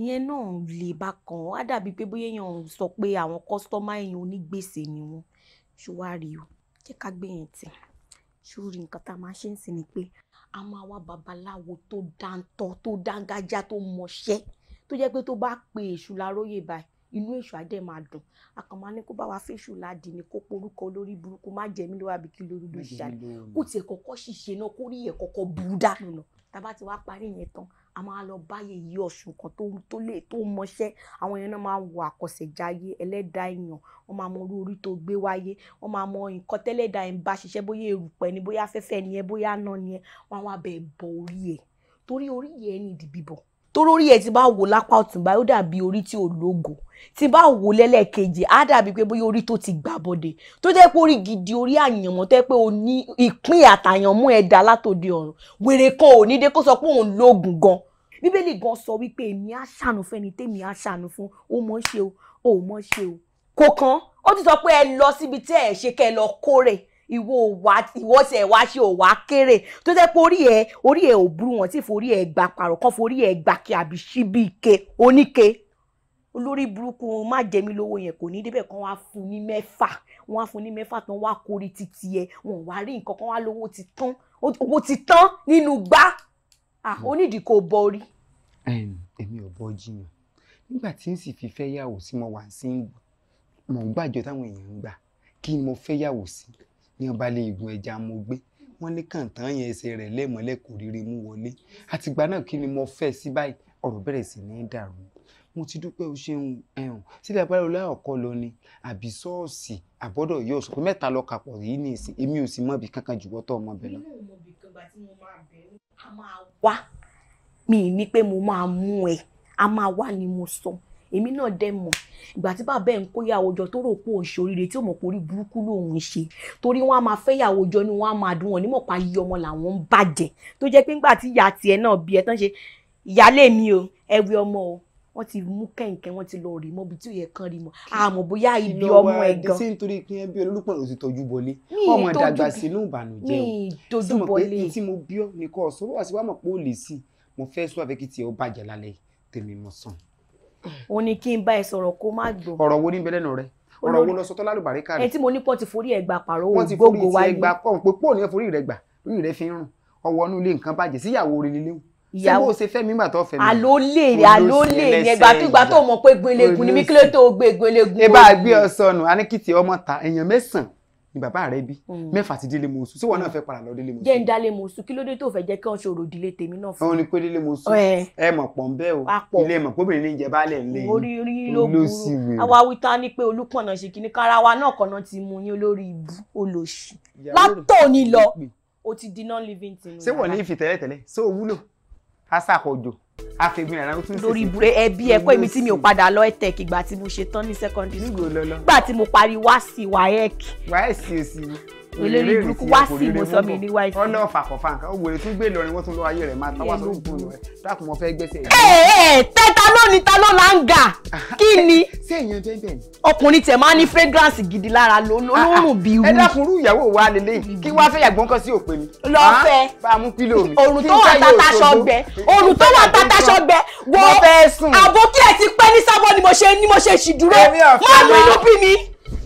ìyẹn náà lè bá kan á dàbí pé bóyá èèyàn sọ pé àwọn kọ́sítọ́mà èèyàn onígbèsè ni wọn ṣùwárí o jẹ́ ká gbé yẹn tì ṣúrí nǹkan tá a máa ṣe ń sìn ni pé àwọn àwa babaláwo tó dáńtọ́ tó dángájá tó mọṣẹ́ tó jẹ́ pé tó bá pe èṣù láróyè báyìí inú èṣù àdẹ máa dùn àkànmá ní kó bá wa fẹ́ṣù láàdì ni kó porúkọ olórí burúkú má jẹ́ mi lówó àbíkí lórí ló ṣàlẹ̀ kó tiẹ̀ kọ́kọ́ ṣìṣe náà kó rí ẹ̀ kọ́kọ́ burú dànù náà tàbá ti wá parí yẹn tán a máa lọ báyè yí ọ̀sùn kan tó lè tó mọṣẹ́ àwọn yẹn náà máa wo àkọsẹ̀jáyé ẹlẹ́dàá èèyàn wọ́n máa mọ orí orí tó gbé wáyé wọ́n máa mọ nǹkan tẹ́lẹ̀dàá ń bá ṣiṣẹ́ bóyá èrùpẹ̀ ni bóyá afẹ́fẹ́ ni ẹ bóyá náà ni ẹ wọ́n á wá bẹ̀ bọ orí ẹ̀ torí orí yẹn ni ìdìbìbọ̀ torórí ẹ ti bá wò lápá ọ̀tún báyìí ó dàbí orí tí ò lógo tí bá wò lẹ́lẹ́kejì á dàbí pé bóyá orí tó ti gbà bọ́dẹ̀ tó jẹ́ pé orí gidi orí àyànmọ́ tẹ́ pé o ní ìpín àtàyànmọ́ ẹ̀dá látòde ọ̀run wèrè kan ò ní dé kó sọ pé òun lóògùn gan bíbélì gan sọ wípé èmi á ṣàánú fẹ́ni tèmi á ṣàánú fún ó mọ̀ ṣe o ó mọ̀ ṣe o kò kàn ó ti sọ pé ẹ lọ síbi tí ẹ ṣe kẹ́ ẹ lọ kórè ìwọ òwà ìwọ ṣe ẹwà ṣe òwà kéré tó jẹ́ pé orí ẹ orí ẹ ò burú wọn tí forí ẹ gbà pààrọ̀ kan forí ẹ gbà kí àbí síbi ike oníke olórí burúkú má jẹmí lówó yẹn kò ní débẹ̀ kan wá fún ní mẹ́fà wọ́n á fún ní mẹ́fà tán wá kórè títí ẹ wọn wá rí nǹkan kan wá lówó ti tán owó ti tán nínú gbá onídìí kò borí. èmi ò bọ́ jiyàn nígbà tí n sì fi fẹ́ yàwó sí mo wà sí ń mọ̀ ń gbàjọ táwọn èèyàn ń gbà kí ni mo fẹ́ yàwó sí ní ọba lè gun ẹja mo gbé wọn ní kàntàn yẹn ẹsẹ̀ rẹ̀ lẹ́mọ́lẹ̀ kò rírí mú wọlé àtìgbà náà kí ni mo fẹ́ sí báyìí ọ̀rọ̀ bẹ̀rẹ̀ sí ní dàrú mo ti dúpẹ́ o ṣeun ẹ̀hún sílẹ̀ abáyọ̀ láọ̀kọ́ lọ ni àbí ṣọ́ọ̀ṣì àbọ́dọ̀ yóò sọ pé mẹ́ta lọ kàpọ̀ yìí ní ìsìn èmi ò sì mọ̀ bí kankan jù wọ́tọ̀ ọmọ bẹ̀ lọ. a máa wá mi ní pé mo máa mú ẹ a máa wá ni mo sọ èmi náà dẹ̀ mọ̀ ìgbà tí bàbá ẹ̀ ń kó yàwó jọ tó rò pé òun ṣe oríire tí ò mọ̀ pé orí burúkú lòun ṣe torí wọ́n á máa fẹ́ yàwó jọ ni wọ́n á máa dùn wọ́n nímọ̀ pa yí ọmọ làwọn ń bàjẹ́ tó jẹ́ pé ńgbà tí ìyá tiẹ̀ náà bí ẹ tán ṣe ìyálé mi o ẹ wí ọmọ o wọ́n ti mú kẹ̀kẹ́ wọ́n ti lọ rè mọ́ bí tí ò yẹ kán rí mọ́ àmọ́ bóyá ibi ọmọ ẹ̀ gan. ṣé nítorí pé ẹ bí olólùpọ̀ ló ti tọ́jú bọlé ọmọ ìdàgbà sínú ìbànújẹ́ o mi tọ́jú bọlé tí mo bí ọ nìkan ọ̀sán wà sí wàá mọ̀ pé ó lè sí mo fẹ́ sún àfẹ́kìtì ọ bàjẹ́ lálẹ́ tèmi mọ̀ sàn ó ní kí n bá ẹ sọ̀rọ̀ kó má gbọ́. ọ̀rọ̀ wo ní bẹ́lẹ̀ nù rẹ ọ̀rọ̀ wo lọ sọ tọ́lá lùbáríkà rẹ. ẹ tí mo ní pọ́n ti forí ẹ̀ gbà pàrọ̀ òun gbogbo wa ni. wọ́n ti forí ẹ̀ forí rẹ̀ gbà orí rẹ̀ fi ń rùn ọwọ́ inú ilé nǹkan bàjẹ́ síyàwó rẹ̀ lélẹ́wọ̀n ìyàwó ṣe fẹ́ mímà tó fẹ́ mi. àlólè rẹ àlólè ni ẹgbà tó gbà tó mọ̀ pé gbin eléegun ni mí kílẹ̀ tó gbé egun eléegun. ẹ bá a gbé ọ sọnù aníkìtì ọmọ ta èèyàn mẹ́sàn-án ni bàbá rẹ bí hmm. mẹ́fà ti délé mọṣú ṣé wọn náà hmm. fẹ́ padà lọ délé mọṣú. jẹ́ ń dálé mọṣú kí ló dé tó fẹ́ jẹ́ kí wọ́n ṣòro ìdílé tèmi náà fún. wọ́n ní pé délé mọṣú ẹ mọ̀ pọ̀ ń bẹ́ o ilé mọ̀ kóbìnrin ní ìjẹba alẹ́ ńlẹ̀ yìí orí rí ló burú àwa wíta ni pé olúkànnà ṣe kìíní kárawa náà kànáà ti mú yín olórí ibú olóṣù látòní lọ o ti di non-living thing. ṣé wọ́n ní ìfìtẹ́lẹ̀tẹ̀lẹ̀ ṣé o wúlò akẹgbin ara tún ṣe lórí ibùdó ẹbí ẹkọ èmi tí mi ò padà lọ ETECH ìgbà tí mo ṣe tán ní secondary school nígbà tí mo parí wá sí WAEC. WAEC òsì olórí burúkú wá sí ìmọ̀sán mi ní wáìsì. ọ̀nà fàkọ̀fà nǹkan ó wèrè tún gbé Ìlọrin wọ́n tún lọ ayé rẹ̀ máa tàwa tó gùn lọ ẹ̀ dákun mo fẹ́ gbẹ́sẹ̀. ẹ ẹ tẹta ló ni ta ló la ń gà kí ni. ṣé èèyàn jẹ́ bẹ́ẹ̀ ni. ọkùnrin tẹ̀ máa ní fragrance gidi lára lóòrùn bí irú. Ah, ah. ẹ dákun irú ìyàwó wa lélẹ́yìn kí wá fẹ́ yàgbọ́n kan sí òpè mi. lọ́fẹ̀ ah, òrùn tó wà tataṣọ wà tataṣọ mo ṣe ṣì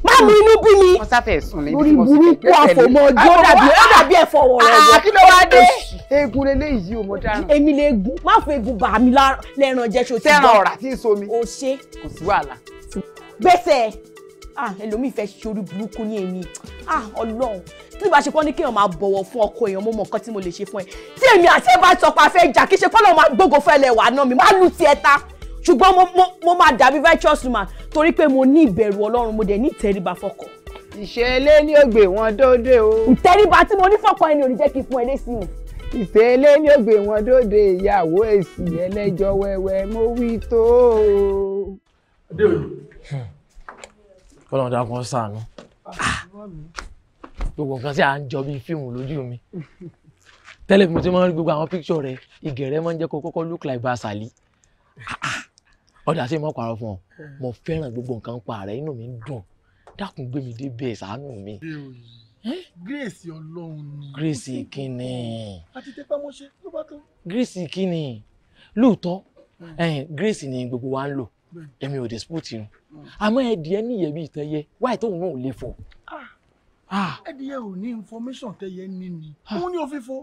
má mú inú bí mi lórí burúkú àfòmọjọ ó dàbí ó dàbí ẹ̀fọ́ wọ̀rọ̀ ah, kí ló wá dé eegun leléyìí o mo dára èmi lè gun má fọ egun bà mí lẹ́ran jẹ́ ṣo ti gbọ́ tẹ́ran ọ̀rá tí ń so mi o ṣe kò sí wàhálà gbèsè ah ẹlòmíì fẹ́ ṣorí burúkú ní èmi ah ọlọ́run tí ìbá ṣe kọ́ ní kéèyàn máa bọ̀wọ̀ fún ọkọ èèyàn mo mọ nǹkan tí mo lè ṣe fún ẹ tí èmi àti ẹ bá tọpa fẹ́ jà kí ṣe kọ́ lọ́ọ́ máa gbógo fẹ́ lẹ̀ náà mi má lù tiẹ̀ ta ṣùgbọ́n mo mo mo máa dàbí righteous woman torí pé mo ní ìbẹ̀rù ọlọ́run mo dẹ̀ ní ìtẹríba fọkàn. ìṣẹ̀lẹ̀ ni ó gbé wọn dóde o. ìtẹríba tí mo ní fọkàn ẹni ò ní jẹ́ kí n fún ẹ lé sí mi ìṣẹ̀lẹ̀ ni ó gbé wọn dóde ìyàwó èsì ẹlẹ́jọ́ wẹ́wẹ́ mo wí tó. kọ́lọ́n dákun ṣàánú gbogbo nǹkan tí à ń jọ bíi fíìmù lójú mi tẹ́lẹ̀ bí mo ti máa ń rí gbogbo àwọn píkṣọ̀ rẹ ìgẹ̀rẹ́ máa ń jẹ́ kó kọ́kọ́ look like Basali ọ̀dà sí mọ́ parọ́ fún ọ hmm. mo fẹ́ràn gbogbo nǹkan pa rẹ̀ inú mi ń dùn dákun gbé mi dé bẹ́ẹ̀ ṣàánú mi. grace ọlọ́run ni. grace kíni. àti tẹpá mọ́ṣẹ́ ló bá tó. grace kíni lóòótọ́ hmm. grace ni gbogbo wa ń lò èmi ò dispute yìí hmm. àmọ́ ẹ̀dìyẹ níyẹ̀ bí ìtẹ́yẹ wáyé tóun náà ò lè fọ ah. ah. ẹdìyẹ ò ní information tẹyẹ ní ni ah. òun ní òfìfo.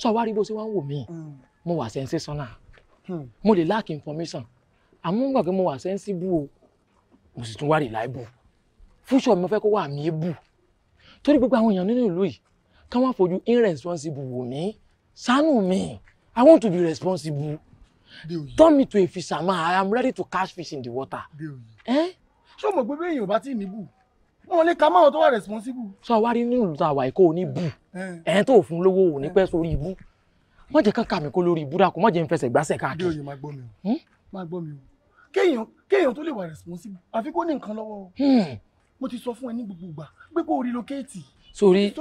sọ wá rí bó ṣe wá ń wò mí mo wà sensational mo lè lack information àmọ́ ń gbà pé mo wà sẹ́ńsíbù o mo sì tún wà rìláìbù fúnṣọ mi fẹ́ kó wà mí bù torí gbogbo àwọn èèyàn nínú ìlú yìí kí wọ́n fojú irresponsible wò mí ṣàánú mi i want to be responsible turn me to a fisherman i am ready to catch fish in the water. ṣé o mọ̀ pé bẹ́ẹ̀ èèyàn bá tí ì ní bù wọn lè ka máwọn tó wà responsible. sọ wá rí nínú ìlú tá a wà yìí kó o ní bù ẹ̀ẹ́n tó fún lówó ò ní pẹ́ sórí ibú wọ́n jẹ́ ká kà mí kó lórí ibú dà kó mọ́ jẹ́ ń fẹsẹ̀ gbásẹ̀ káàkiri. bí oyè máa gbọ́ mi o hmm? máa gbọ́ mi o kéèyàn kéèyàn tó lè wà responsible àfi kó ní nǹkan lọ́wọ́ hmm. mo ti sọ fún ẹ ní gbogbo ìgbà pé kó relocate. sórí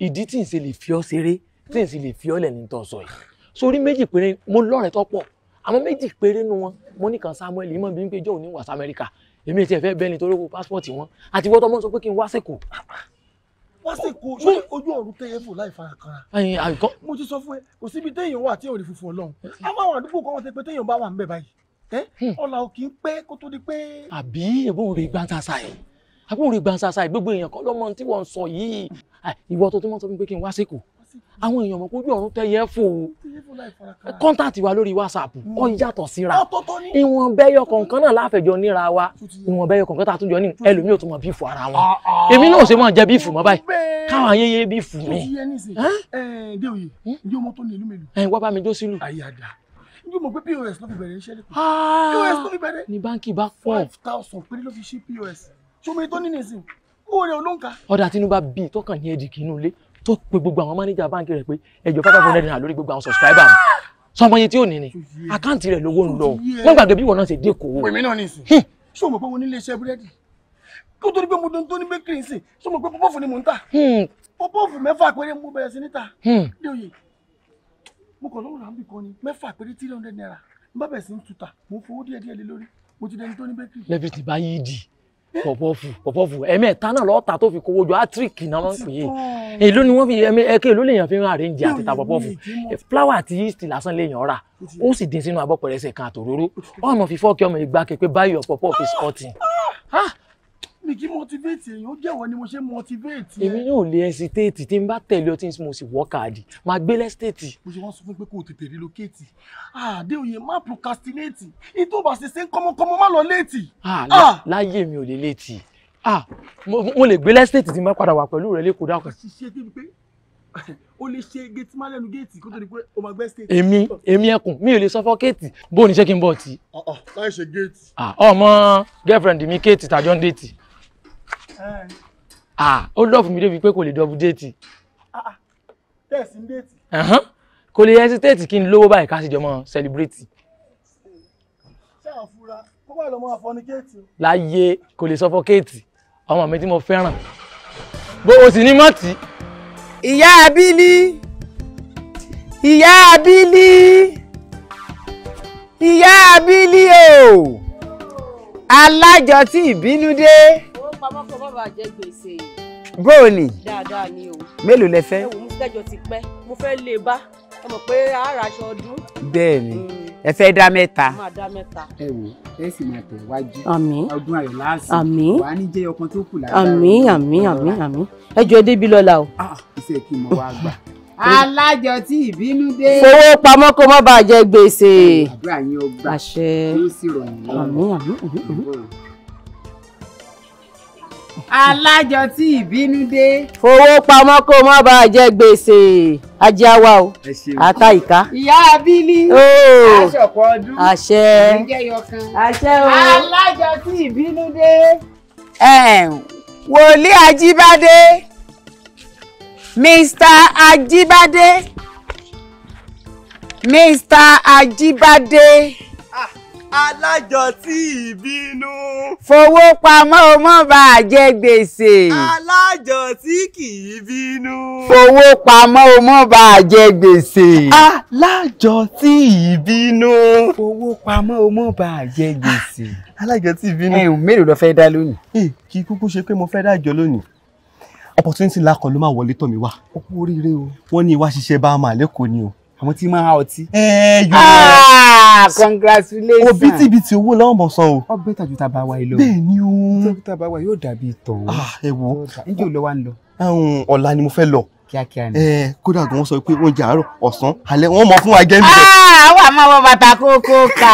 ìdí tí n ṣe lè fi ọ ṣeré tí n ṣe lè fi ọ lẹ̀ ní tọ́ sọ yìí sórí méjì péré mo lọ́rẹ̀ẹ́ tó pọ̀ àwọn méjì péré nu wọn mo ní kan Samuel ìmọ̀ bí n pé jọ́ òní wà sí Amẹ́ríkà èmi ti ẹ̀ fẹ́ bẹ́ẹ̀ ni torí kó passport wọn àti wọ́n tó mọ́ sọ pé kí n wá sẹ́kọ̀ọ́ wá sí kó ojú ọ̀run tẹ́yẹ fò láì fara kanra mo ti sọ fún ẹ kò síbi téèyàn wà tí ò rí funfun Ọlọ́run á àdúgbò kan wọn ti pé téèyàn bá wà ń bẹ̀ báyìí Eh? ọlà ò kì í pé kó tó di pé. àbí ìbọn rè gbansasa yìí àbúrò rè gbansasa yìí gbogbo èèyàn kan lọ́mọ tí wọ́n ń sọ yìí ah, ìwọ tó tó mọ́ sọ pé kí n wá síkù àwọn èèyàn mọ̀ pójú ọ̀run tẹ́yẹ fò ó kọ́ńtàtì wa lórí wásaàpù hmm. ó yàtọ̀ síra ìwọ̀n bẹ́yọ̀ kọ̀ọ̀kan náà láfẹ̀jọ níra wa ìwọ̀n bẹ́yọ̀ kọ̀ọ̀kan tá a tún jọ ní ẹlòmíì ò tún mọ bífù ara wọn ah, ah. èmi náà ò ṣe máa jẹ bífù mọ́ báyìí káwọn ayẹyẹ bífù mi. ẹ ẹ bí òye ìdí ọmọ tó ní ìlú mélòó. ẹ eh, wá bá mi jó sílù. ayé àdá njẹ́ mo gbé pos ló fi bẹ̀rẹ̀ iṣẹ́ lẹ́kọ̀ọ́ ah! pos ló fi bẹ̀rẹ̀ ní báńkì bá pọ̀ five thousand péré ló fi ṣí pos ṣọmọ ètò nínú ìsìn owó rẹ̀ olóǹkà. ọ̀dà tinubu bíi tọkàn ní ẹ̀dì kìínú ilé tó pe gbogbo àwọn mánéjà báńkì rẹ̀ pé ẹjọ́ five hundred naira lórí gbogbo àwọn subscriber mi sọmọ iye tí ò ní ni àkáǹtì rẹ̀ lówó ń lọ wọ́n gbàgbé bí ìwọ náà ṣe dé kó. pèmí náà ní ìsìn ṣé o mọ̀ pé mo nílé iṣẹ́ búrẹ́dì kó torí pé mo dun tó ní bẹ́kìrì ń sìn ṣé o mọ̀ pé pọ́pọ́ọ̀fù ni mò ń tà pọ́pọ́ọ̀fù mẹ́fà péré mo bẹ̀rẹ̀ sí níta dé òye mo kàn lọ́wọ́ ràǹbì kan ni mẹ́fà péré three hundred naira n bá bẹ̀rẹ̀ sí ń tuta mo ń fowó díẹ̀ díẹ̀ lé lórí mo ti dẹni tó ní bẹ́kì. lẹ́bi ti bá yí di pọ̀pọ̀fù pọ̀pọ̀fù ẹ̀mẹ́ta náà lọ́ọ́ ta tó fi kówó jọ átíríkì náà wọ́n ń pè é èló ni wọ́n fi ẹ̀kẹ́ èló lèèyàn fi ń àrẹ́ǹjì àti ta pọ̀pọ̀fù fúláwà àti yíìsì lásán lèèyàn rà ó sì dín sínú abọ́ pẹ̀rẹ́sẹ̀ kan àtòróró ọmọ fi fọ́ọ̀kì ọmọ ìgbà kẹ̀kẹ́ báyọ̀ pọ̀pọ̀ fi skọ́tì mi kì í motivate èyàn ó jẹ́wọ́ ni mo ṣe motivate. èmi yóò lè hesitate tí n bá tẹ̀lé ọtí tí mo sì wọ́ káàdì máa gbé lẹ́sítéètì. mo ṣe wọ́n sọ fún pé kó o tètè relocate àdéoyè má procrastinate ìtò bá ṣe ṣe ń kọ́mọkọ́mọ má lọ léètì. láyé mi ò lè léètì mo lè gbé lẹ́sítéètì tí n bá padà wà pẹ̀lú rẹ lẹ́kọ̀ọ́ dákọ̀. ṣiṣẹ́ débi pé o lè ṣe géètì má lẹ́nu géètì kó tó di pé o máa gbẹ́ stéètì. èmi èmi ẹkùn mi ò lè sọfọkéètì bó o ní ṣe kí n bọ̀ ọtí. láì ṣe géètì. ọmọ girlfriend mi kéètì tàjọ́ ń déètì. Ah. ah ó lọ́ọ̀fù mi débi pé kò lè dọ́bù déètì. tẹ̀sí ń déètì. kò lè hesitate kí n lówó báyìí ká sì jọ mọ́ celebrate. ṣé àfúrá kó bá lọ mọ àfọnikéètì. láyé kò lè suffocate ọmọ mi tí mo fẹ́ràn bó o sì ní mọ́tì. ìyá abílí ìyá abílí ìyá abílí o alájọ tí ìbínú dé pamọ́ kó má bàa jẹ gbèsè. bóò ni. dáadáa ni o. mélòó lẹ fẹ́. ẹwù mùsùlùmí ti pẹ́ mo fẹ́ lè bá ẹ mọ̀ pé ara aṣọ ọdún. bẹ́ẹ̀ ni mm. ẹ fẹ́ dá mẹ́ta. máa dá mẹ́ta. ẹ wò ẹ sì máa tẹ̀ wájú. àmín ọdún ayọ̀ láàsì. àmín wàá ní jẹ́ ọkàn tó kù lára. àmín àmín àmín àmín ẹ jọ ẹ débi lọ́la o. Ah, iṣẹ́ kí mo wá gbà alájọ tí ìbínú dé. fowó pamọ́ kó má bàa gbèsè. àdúrà yín ó àṣẹ ló sì rọ̀ alájọ tí ìbínú dé. fowó pamọ́ kó má bàa jẹ gbèsè ajáwa o ata ìka. ìyá abílí aṣọ̀pọ̀ ọdún àṣẹ àṣẹ o alájọ tí ìbínú dé. wòlíì ajíbádé mr ajíbádé mr ajíbádé alájọtí ìbínú. fowó pamọ́ o mọ́ bá a jẹ gbèsè. alájọtí kì í bínú. fowó pamọ́ o mọ́ bá a jẹ gbèsè. alájọtí ìbínú. fowó pamọ́ o mọ́ bá a jẹ gbèsè. alájọtí ìbínú. ẹ̀hún mélòó lọ fẹ́ dá lónìí. ee kì í kúkú ṣe pé mo fẹ́ dájọ́ lónìí opportunity ńlá kan ló máa wọlé tọ̀ mí wá. ó kú oríire o. wọ́n ní ìwà ṣiṣẹ́ bá a máa lẹ́kọ̀ọ́ ni o àwọn tí máa ọtí. ẹ yóò ah, congratulations. òbí tìbí ti owó lọ́wọ́ mọ̀ sọ o. ọgbẹ́ tàjú tá a bá wa yìí lọ. bẹ́ẹ̀ ni o. tàjú tá a bá wa yóò dàbí ìtàn. Ah, ẹ wo ǹjẹ́ olówó à ń lọ. ọ̀la ni mo fẹ́ lọ. kíákíá ni. ẹ kódà gan wọn sọ pé oúnjẹ àárọ̀ ọ̀sán alẹ́ wọn mọ fún wa jẹ níbẹ̀. Ah, àwọn àmọ́ wọn bàtà kókó kà.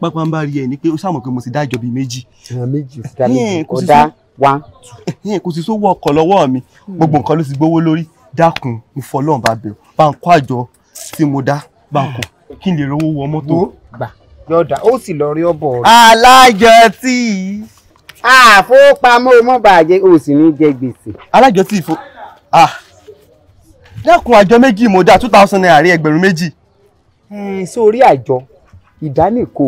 pápá ń bá rí ẹ ni pé ó sàmọ̀ pé mo sì dá ìjọ bíi méjì. méjì ó sì méjì ó dá one kò sì sówó ọkọ̀ lọ́wọ́ mi hmm. gbogbo nǹkan bá ń kó àjọ tí mo dá bá ń kó kí n lè rówó wọ mọ́tò. gbà yọ̀dà ó sì lọ rí ọ̀bọ̀ rẹ̀. alájọtì. àfowópamọ́ mọ́ bàjẹ́ o sì ní jẹ gbèsè. alájọtì ìfọ dẹ́kun àjọ méjì mo dá two thousand naira rí ẹgbẹ̀rún méjì. sórí àjọ ìdánìkò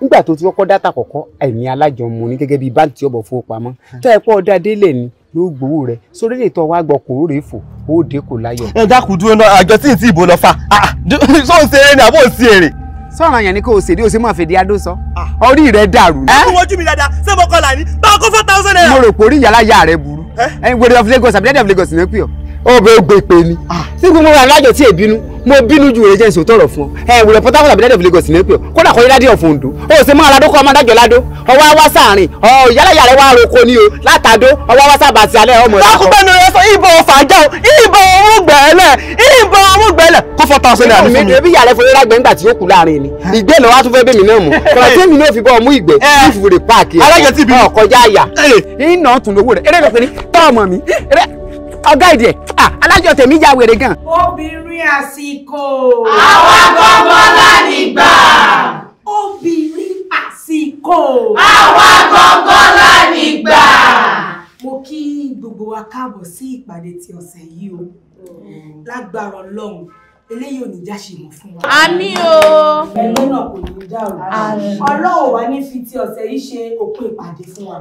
nígbà tó ti kọ́kọ́ dátà kọ̀kọ́ ẹ̀yìn alájọ mo ní gẹ́gẹ́ bíi báńkì ọ̀bọ̀ fowópamọ́ tó ẹ̀kọ́ ọ̀dà délẹ̀ ni yóò gbowó rẹ sórí lè tọ́ wá gbọ́ kò rè fò ó dé kò láyọ̀. ẹ dákun dúró náà àjọ tí ì tí ìbò lọ fa ah, ah, ṣó ń ṣe eré ni àbó ò sí èrè. sọ̀rọ̀ àyàn ni kò ṣèdí òṣèlú àfẹ́dé adó sọ ah. orí rẹ̀ dàrú. ẹ kò wojú mi dáadáa ṣé mo kọ́ là ní bá a kó four thousand naira. mo rò pé orí ìyá aláya rẹ burú. ẹ wẹ̀rẹ̀ of Lagos àbí lẹ́dẹ̀ of Lagos ni wọ́n ọbẹ̀ ògbè pé ni. Ah, sí gbogbo wa alájọ tí èbínú mo bínú ju èjẹ ìṣòwò tọrọ fún ọ ẹ wùlọ Port Harcourt àbí lẹdọọfù Lagos ní pé kódà kọjá ládé ọfọ Ondo ó sì mọ aládó kọ ọmọ adájọ ládó ọwọ awá sàárín ọ ìyálẹyà rẹ wá roko ni o látàdó ọwọ awá sàbàtì alẹ ọmọ rẹ. lákùnbẹ́nu rẹ sọ ìbọn fàájà o ìbọn ọmúgbẹ́lẹ̀ ìbọn ọmúgbẹ́lẹ̀ kó fọ tán sílẹ̀ àdúgbò mi. ebi yàrá ìfowópamọ́ gbẹ̀ ńgbà tí ó kù láàrin ni ah. ìgbé náà wá tún fẹ́ bẹ́mi náà mú kọ̀ọ̀tì èmi náà fi bọ́ ọmú ìgbẹ́ ìfúre páàkì ẹ̀ ọkọjá àyà. Eh. iná tún lówó rẹ̀ eré rẹ̀ pé ní tọ́ ọmọ ọgá ìdẹ alájọ tèmi ya wèrè gan. obìnrin àsìkò. àwa gbọ́ngàn lánìgbà. obìnrin àsìkò. àwa gbọ́ngàn lánìgbà. mo kí gbogbo wa káàbọ̀ sí ìpàdé ti ọ̀sẹ̀ yìí o lágbára ọlọ́run eléyìí ò ní já ṣe mọ̀ fún wa. àmín o. ẹ̀lú náà kò ní já o. ọlọ́run wa ní fi ti ọ̀sẹ̀ yìí ṣe òpin ìpàdé fún wa.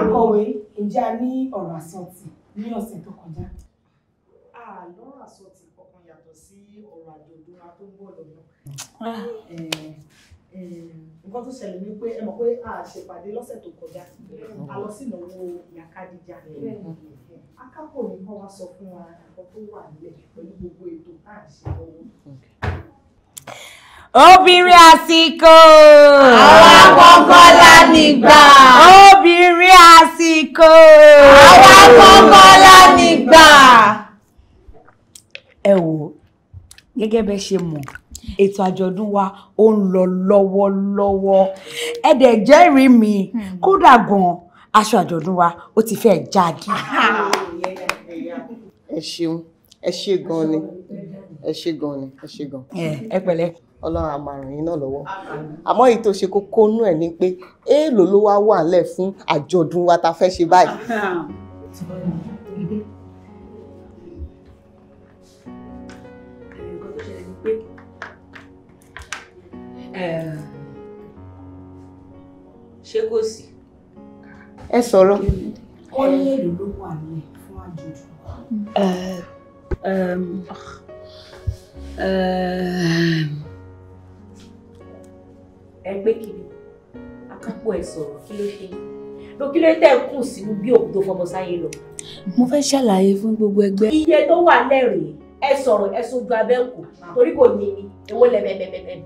akọ̀wé ǹjẹ́ a ní ọ̀rọ̀ àsọtì ní ọ̀sẹ̀ tó kọjá. àlọ́rọ̀ àsọ ti kọ̀kan yàtọ̀ sí ọ̀rọ̀ àjọ̀dún wa tó ń bọ̀ lọ́nà. Ah. nǹkan tó ṣẹlẹ̀ ni pé ẹ mọ̀ pé a ṣèpàdé lọ́sẹ̀ tó kọjá a lọ sí ìnáwó ìyàkadìjà akápò mi kọ́ wa sọ fún wa nǹkan tó wà nílẹ̀ pẹ̀lú gbogbo ètò tá à ń ṣe lọ́wọ́ obìnrin àsìkò. àwa kọ́kọ́ la nígbà. obìnrin àsìkò. àwa kọ́kọ́ la nígbà. ẹ wò gẹ́gẹ́ bẹ́ ṣe mọ̀ ètò àjọ̀dún wa ó ń lọ lọ́wọ́lọ́wọ́ ẹ dẹ̀ jẹ́rìí mi kódà gan-an aṣọ àjọ̀dún wa ó ti fẹ́ jáde. ẹ ṣeun ẹ ṣe gan-an ni ẹ ṣe gan-an ni ẹ ṣe gan-an. ẹ pẹ̀lẹ́ ọlọ́run àmàràn yín náà lọ́wọ́ àmọ́ èyí tó ṣe kókó nú ẹ̀ ni pé èèlò ló wá wà lẹ̀ fún àjọ̀dún wa ta fẹ́ ṣe báyìí. ṣé kò sí. ẹ sọ̀rọ̀. ó ní èèlò ló wà lẹ̀ fún àjọ̀dún ẹ pé kiri akápò ẹ sọ̀rọ̀ kí ló ṣe ló kí ló tẹ̀ kùn sínú bí òkú tó fọmọ sáyé lọ. mo fẹ́ ṣàlàyé fún gbogbo ẹgbẹ́. iye tó wà lẹ́rìn ẹ sọ̀rọ̀ ẹ sojú abẹ́ kù torí kò ní ní ewó lẹ́mẹ̀mẹ̀mẹ̀.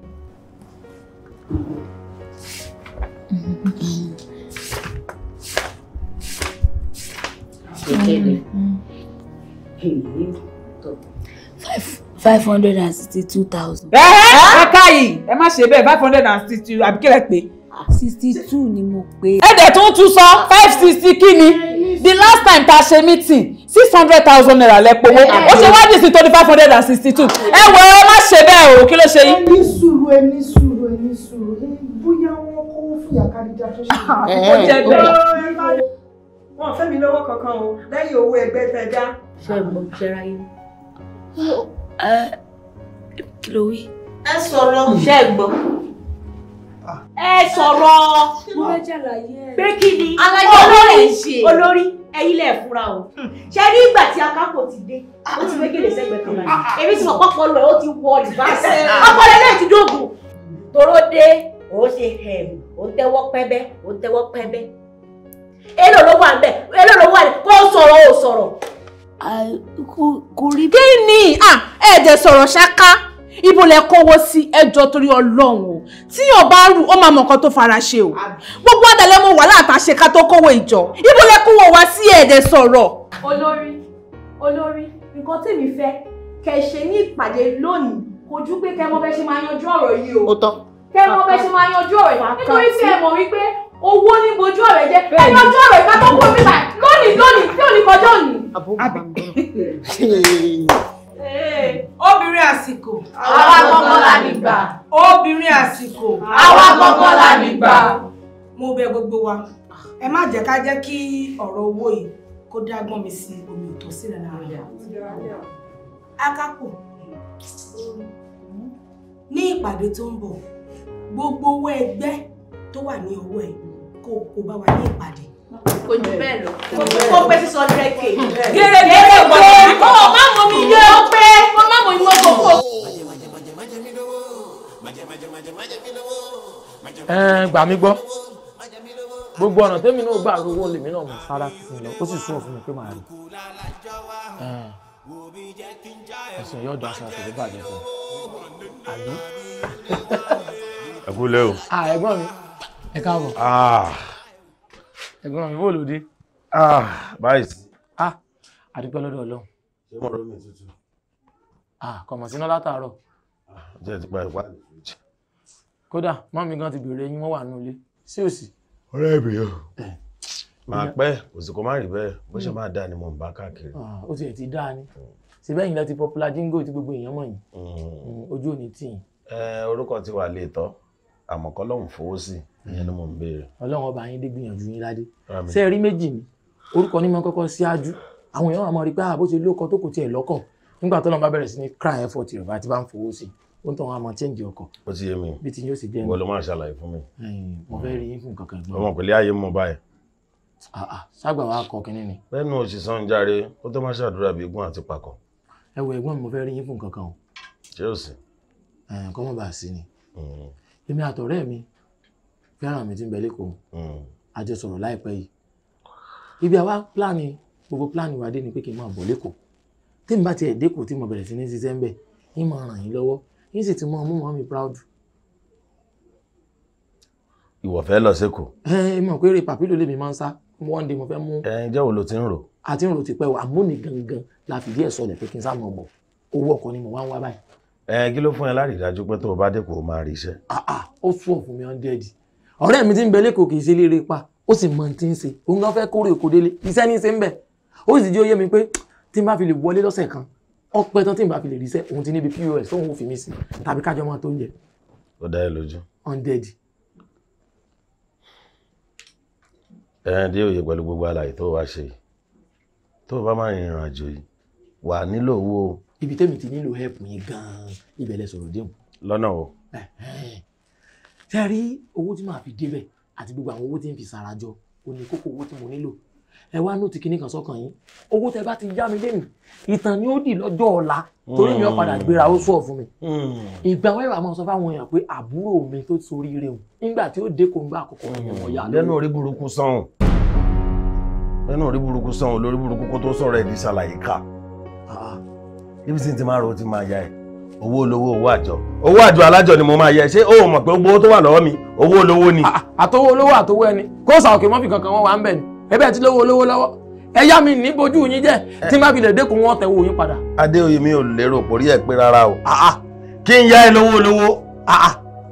Thank you five hundred and sixty-two thousand. ẹ ẹ ẹ káyì má ṣe bẹ́ẹ̀ five hundred and sixty-two àbí kílẹ̀ pé. Ah, sixty-two ni mo pé. ẹ dẹ̀ tún tún sọ five sixty kí the last time ta ṣe meeting six hundred thousand naira lẹ́pọ̀ owó ó ṣe wá dì sí twenty five hundred and sixty-two ẹ wọ ẹ má ṣe bẹ́ẹ̀ o kí ló ṣe yín. ẹni sùúrù ẹni sùúrù ẹni sùúrù bóyá wọn kó fìyà kárídà tó ṣe. ó jẹ bẹ́ẹ̀. wọn fẹ́ mi lọ́wọ́ kankan o lẹ́yìn owó ẹgbẹ́ tẹ dá. ṣe é gbọ́ ṣe ráyé kí ló wí. ẹ sọ̀rọ̀ ṣe é gbọ́. ẹ sọ̀rọ̀ pé kí ni olórí olórí ẹ̀yin lẹ fura o hmm. ṣe rí ìgbà tí akápò ti dé ah. ó ti mégele sẹ́gbẹ̀ẹ́ kan láyé ah. èmi ti mọ̀ pọ́pọ́ lọ ó ti wọ rìbáṣẹ ah. ọpọlọ náà ti dógùn toró dé ó ṣe hẹm ó tẹ́wọ́ pẹ́bẹ́ ó tẹ́wọ́ pẹ́bẹ́ èlò ló wà ń bẹ̀ èlò ló wà ń bẹ̀ kó sọ̀rọ̀ ó sọ̀rọ̀ kò rí. kí ni ẹ̀ẹ́dẹ̀ sọ̀rọ̀ ṣáká ibo lẹ kówó sí ẹjọ́ torí ọlọ́run o tíyàn bá rù ó máa mọ nǹkan tó fara ṣe o gbogbo ọ̀dàlẹ́ mo wà látàṣe ká tó kówó ìjọ ibo lẹ kówó wá sí ẹ̀ẹ́dẹ̀ sọ̀rọ̀. olórí olórí nǹkan tèmi fẹ́ kẹ́ ṣe ní ìpàdé lónìí kò pé kẹ́ mọ̀ bẹ́ ṣe máa yanjú ọ̀rọ̀ yìí o kẹ́ mọ̀ bẹ́ ṣe máa yanjú ọ̀rọ̀ yìí nítorí tí ẹ mọ̀ wípé owó ní bojú ọ̀rẹ́ jẹ́ ẹ yanjú ọ̀rọ̀ ìfẹ́ tó kó mi báyìí lónìí lónìí tí ò ní kọjá òní. Eh, obìnrin àsìkò àwa gbọ́ngàn la nígbà obìnrin àsìkò àwa gbọ́ngàn la nígbà. mo bẹ̀ gbogbo wa ẹ má jẹ́ ká jẹ́ kí ọ̀rọ̀ owó yìí kó dágbọ́n mi sí omi ìtọ́ sílẹ̀ láàrin akápò ní ìpàdé tó ń bọ̀ gbogbo owó ẹgbẹ́ tó wà ní ọwọ́ ẹ̀ kó o bá wa ní ìpàdé kò jù bẹ́ẹ̀ lọ kó pé sísọ rẹ̀ ké gèrègèrè pé kó o má mọ mi yé o pé kó o má mọ ìwọ kókó. ẹ gbà mí gbọ́ gbogbo ọ̀nà tẹ́mi náà gbà rówó lèmi náà mọ̀ sára tuntun lọ ó sì sún òfin mi pé màá rí ẹsẹ̀ yóò dá aṣọ àtẹ̀lé bàjẹ́ fún àbí. ẹ kú lẹ́ o. ẹ̀gbọ́n mi ẹ káàbọ̀ ẹ̀gbọ́n mi bó ló dé. ah báyìí. ah àdúgbò lọ́dọ̀ ọlọ́run. ṣé mo rómi tuntun. ah kọ̀mọ̀ síná látàárọ̀. Ah, jẹ́ ti pa ìwà nìyí. kódà mọ́mí gan ti bèrè yín wọ́n wà nínú ilé sí òsì. ọ̀rẹ́ mi o eh. máa pẹ́ òsìkò má rí bẹ́ẹ̀ bó ṣe hmm. máa dáa ni mo ń bá káàkiri. Ah, ó ti ẹ̀ ti dáa ni hmm. síbẹ̀ yìí ti popular jingle tí gbogbo èèyàn mọ̀ yìí hmm. ojú ò ní tì yín. Eh, orúkọ ti wà lè tọ́ àmọ́ kọ́lọ́hún fowó sí ìyẹn ni mò ń béèrè. ọlọ́run ọba yín dé gbìyànjú yín ládé ṣé rí méjì ni orúkọ ní mọ kọ́kọ́ síájú àwọn èèyàn àmọ́ rí pé àbó ah, ṣe lóko tó kò tiẹ̀ lọ́kọ̀ nígbà tó lọ́n bá bẹ̀rẹ̀ sí ní cry effort rẹ̀ bá ti bá ń fowó sí ó ń tọ́ wọn àmọ́ change ọkọ̀. ó ti yé mi bí ti yóò sì jẹ́ mi. wọ́n ló máa ṣàlàyé fún mi. mo fẹ́ rí yín fún kankan gbọ́. ọmọ pẹ̀lú ayé mo báyìí. Ah, ah, wa kọ ni. lẹ́nu òṣìṣẹ́ ń járe ó tó máa ṣàdúrà bí egun àti pakọ̀. ẹ wo ẹ̀gbọ́n mi mo ni. Hmm èmi àtọ̀rẹ́ mi fẹ́ràn mi ti ń bẹ lẹ́kọ̀ọ́ hmm. a láìpẹ́ yìí ibi àwa pílánì gbogbo pílánì wa dé ni pé kí n máa bọ̀ lẹ́kọ̀ọ́ tí n bá tiẹ̀ dẹ́kọ̀ tí mo bẹ̀rẹ̀ sí ní ṣiṣẹ́ ń bẹ̀ yín máa ràn yín lọ́wọ́ yín sì ti mọ ọmú mọ́ mi proud. ìwọ fẹ́ lọ sẹ́kọ̀ọ́. ẹ ẹ mọ̀ pé eré pàpílò lèmi máa ń sá one day mo fẹ́ mú. ẹ ǹjẹ́ wo lo ti ń rò. àti ń rò ti pẹ́ wà la fìdí ẹ̀ sọlẹ̀ pé kí n sá mọ̀ bọ̀ owó ọkọ̀ ni mo wá ń wá báyìí ẹ kí ló fún ẹ láti ìdájú pé tó o bá dẹ́kun o máa rí iṣẹ́. Ah, ah, ó fún ọ̀fun mi hundred ọ̀rẹ́ mi ti ń bẹ lẹ́kọ̀ọ́ kì í ṣe léèrè pa ó sì mọ̀ tí ń ṣe òun gan fẹ́ kórè òkò délé iṣẹ́ ní í ṣe ń bẹ̀ ó sì jẹ́ oyé mi pé tí n bá fi lè wọlé lọ́sẹ̀ kan ọpẹ́ tán tí n bá fi lè ríṣẹ́ òun ti níbi pos tóun ò fi mí sí tàbí kájọ máa tó ń jẹ. ó dá ẹ lójú. hundred. ẹran dé òye pẹ̀lú gbogbo àlàyé tó wá ṣe tó o bá máa rìnrìn àjò yìí wà nílò owó ibi tẹ́mi ti nílò help yín gan-an ibẹ̀ lẹ sọ̀rọ̀ déhùn. lọ́nà o. ṣé ẹ rí owó tí màá fi débẹ̀ àti gbogbo àwọn owó tí ń fi sarajọ kò ní kókó owó tí mo nílò ẹ wá nóòtì kínní kan sọ́kàn yín owó tẹ bá ti já mi lẹ́nu ìtàn ni ó dì lọ́jọ́ ọ̀la torí mi ò hmm. padà gbéra ó sọ̀ fún mi. Hmm. ìgbà wọn yóò máa sọ fáwọn èèyàn pé àbúrò mi tó sorí ire hùn nígbà tí ó dé kó ń gbà àkọ́kọ́ ẹ̀wọ̀n yà lórí. Hmm. lẹ́nu orí burúkú sàn lẹ́nu orí burúkú sàn lórí burúkú kó tó sọ̀rọ̀ ẹ̀ ní ṣàlàyé ká níbi tí n ti máa ro ti máa ya ẹ owó olówó owó àjọ owó àjọ alájọ ni mo máa yẹ ṣé o mọ̀ pé gbogbo tó wà lọ́wọ́ mi owó olówó ni. Ah, ah, àtọwọ́ olówó àtọwọ́ ẹni kó sàókè mọ́fì kankan wọn wà ń bẹ̀ ni ẹbẹ̀ tí lówó olówó lọ́wọ́ ẹ̀yà mi ní bojú yín jẹ́ tí má fi lè dẹ́kun wọn tẹ̀ wò yín padà. adéoyè mi ò lérò porí ẹ pé rárá o ah, kí n yá ẹ lówó olówó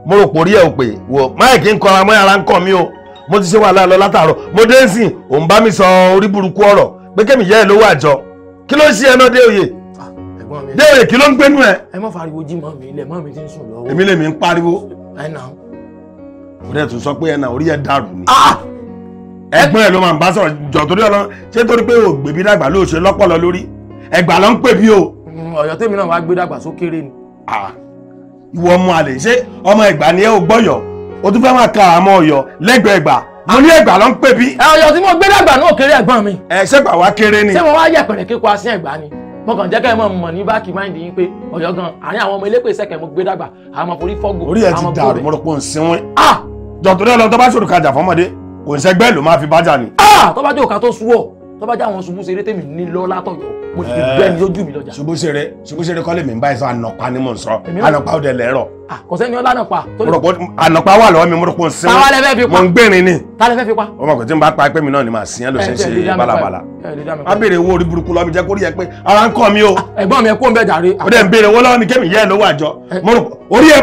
mo rò porí ẹ ò pé wò máìkì ń kọra mọ́ ara ń kọ́ mi o mo ti ṣe wàhálà lọ látàárọ̀ mo dé ń sìn òun bá mi sọ orí burúkú ọ̀rọ̀ pé kémi yá ẹ lówó àjọ kí ló ń ṣe ẹ náà déoyè déèrè kí ló ń gbénú ẹ. ẹ má fariwo jí mọ́ mi ilẹ̀ mọ́ mi ti ń sùn lọ́wọ́. èmi lèmi ń pariwo. ẹ nà. kò dẹ̀ tún sọ pé ẹ nà orí ẹ dàrú ni. Ah! ẹ̀gbọ́n ẹ ló máa ń bá sọ̀rọ̀ jọ torí Ọlọ́run ṣé torí pé o gbèbí dàgbà ló ṣe lọ́pọlọ lórí ẹgbà ló ń pè bí o. Mm, ọ̀yọ́ tèmi náà wàá gbé dàgbà sókèrè ni. ìwọ ọmọ àlè ṣé ọmọ ẹgbà ni ẹ ò gbọ́yọ̀ o tún fẹ́ máa ka àmọ́ ọ̀yọ́ lẹ́gbẹ̀ẹ́ ẹgbà mo ní ẹgbà ló ń pè bí. Ah, ọ̀yọ́ tí mo gbé dàgbà náà kéré ẹ̀gbọ́n mi. ẹ ṣẹ́gbà wá kéré ni. ṣé mo wá yẹ̀pẹ̀rẹ̀ kíkọ asín ẹ̀gbà ni mo kàn jẹ́ kẹ́ ẹ mọ̀ mọ̀ ní báàkì máìndì yín pé ọ̀yọ́ gan àárín àwọn ọmọ elépè sẹ́kẹ̀ mo gbé dàgbà àmọ́ forí fọ́gbò orí ẹ ti dàrú mo rò pé ò ń sinwin. jọ̀tún ní ọlọ́run tó bá ṣòro kájà fọmọdé kò ń ṣẹgbẹ́ ló máa fi bájà ni. tó bá jẹ́ òkà tó sú ọ́ tó bá jẹ́ àwọn ṣubú ṣeré tèmi ní lọ látọ̀yọ̀ mo ti eh, bẹ́ẹ̀ ni lójú mi lọ́jà. ṣubú ṣeré ṣubú ṣeré kọ́lé mi ń báyìí sọ ànàpá ni mò ń sọ ànàpá ó dẹ̀ lẹ́rọ̀. Ah, kò sẹ́ni ọlá ànàpá. ànàpá wà lọ́wọ́ mi mo rò pé n sin mo ń gbẹ̀rin ni. tálẹ́ fẹ́ fi pa. ọmọ kò tí ń bá pa pé mi náà ni màá sin ẹ́ ló eh, ṣe ń eh, ṣe bálabàla. a béèrè owó orí burúkú lọ́mi jẹ́ kó rí ẹ pé ara ń kọ́ mi o. Ah, ẹ̀gbọ́n mi ẹ kó ń bẹ̀ jàre. ó dẹ̀ mi kémi yẹ́ mo fi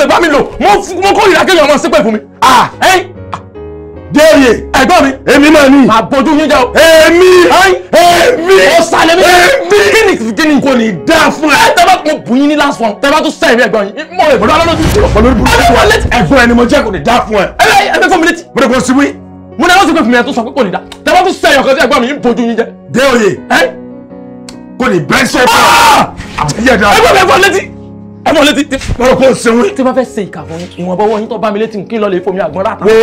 pè bá mi lò mo kórìíra kéèyàn déèrè ẹ̀gbọ́n mi èmi náà ni. àbójú yín jẹ́ o. èmi èmi ọ̀sálẹ̀ mi èmi kíni kíni kò ní dá fún ẹ. tẹ́ bá mo bù yín ní last one tẹ́ bá tún sẹ́yìn ẹ̀gbọ́n yín mo lè bọ̀dọ̀ alọ́dún tí mo pẹ̀lú ìbùdó tí wọ́n ẹ̀gbọ́n ẹni mo jẹ́ kò ní dá fún ẹ. ẹ ẹ fẹ́ fún mi létí. bẹ́ẹ̀ kò síbí. mo náà wọ́n sì pé fún mi ẹ tó sọ pé kò ní dá tẹ́ bá tún sẹ́yìn ọ̀kan tí ẹ̀gbọ́n mi ń bójú yín jẹ́. déèrè kò ní bẹ́ẹ̀ ṣe ọmọ létí tí bọ́rọ̀ kò ṣe wí. tí bá fẹ́ ṣe ìkà fún yín ìwọ̀nba owó yín tó bá mi létí kí n lọ lè fún mi àgbọn láta. wo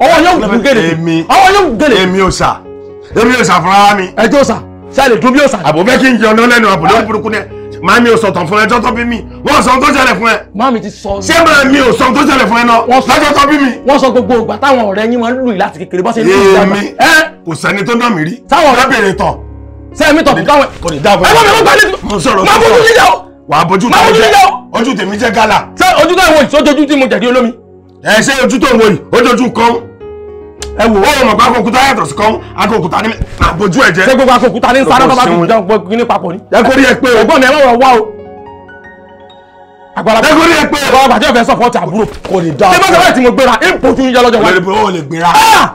ọwọ́ yóò gùn gèlè ọwọ́ yóò gùn gèlè. èmi ò sà èmi ò sà fúnra mi. ẹjọ́ sà ṣáàlè dún bí ò sà. àbò bẹ́ẹ̀ kí n jẹun lẹ́nu àbò lórí burúkú ni màá mi ò sọ̀tàn fún ẹjọ́ tó bí mi wọ́n sọ tó ṣẹlẹ̀ fún ẹ. má mi ti sọ. ṣé màá mi ò sọ tó ṣẹlẹ̀ fún ẹ náà lọ́jọ́ tó bí mi. wọ́n sọ gbogbo ìgbà táwọn ọ̀rẹ́ yín máa ń lù yìí láti kékeré bọ́sẹ̀ ní ìlú èmi kò sẹ́ni tó dán mi rí. táwọn ọ̀rẹ́ bèrè tán. sẹ́mi tọ̀ káwọn. dáàbò. ẹ má mi wọ́n gbá ní. mo sọ̀rọ̀ mo sọ̀rọ̀ wà á bójú tó ń jẹ ojú tèmi jẹ gala. ṣé ojú tó ń wòyí sójoojú tí mo jẹ̀dí olómi. ẹ ṣe ojú tó ń wòyí ojoojú kan ẹ wò ó mọ̀ pé akókúta yàtọ̀ sí kan akókúta ní àbójú ẹ̀ jẹ́. ṣé gbogbo akókúta ní sáré bàbá kò jẹun gbogbo ní papọ̀ ni. ẹ kò rí ẹ pé o. ẹ̀gbọ́n mi ẹ wọ wá o. àgbàlagbà ẹ kò rí ẹ pé o. àgbàlagbà tí o fẹ́ sọ fọ́ọ̀tì àbúrò. kò lè dá o. ṣé bá sọ́wọ́ ẹ̀ tí mo gbéra ẹ̀ ń pojú yíyá lọ́jọ́ wa. o lè gbéra. Ah!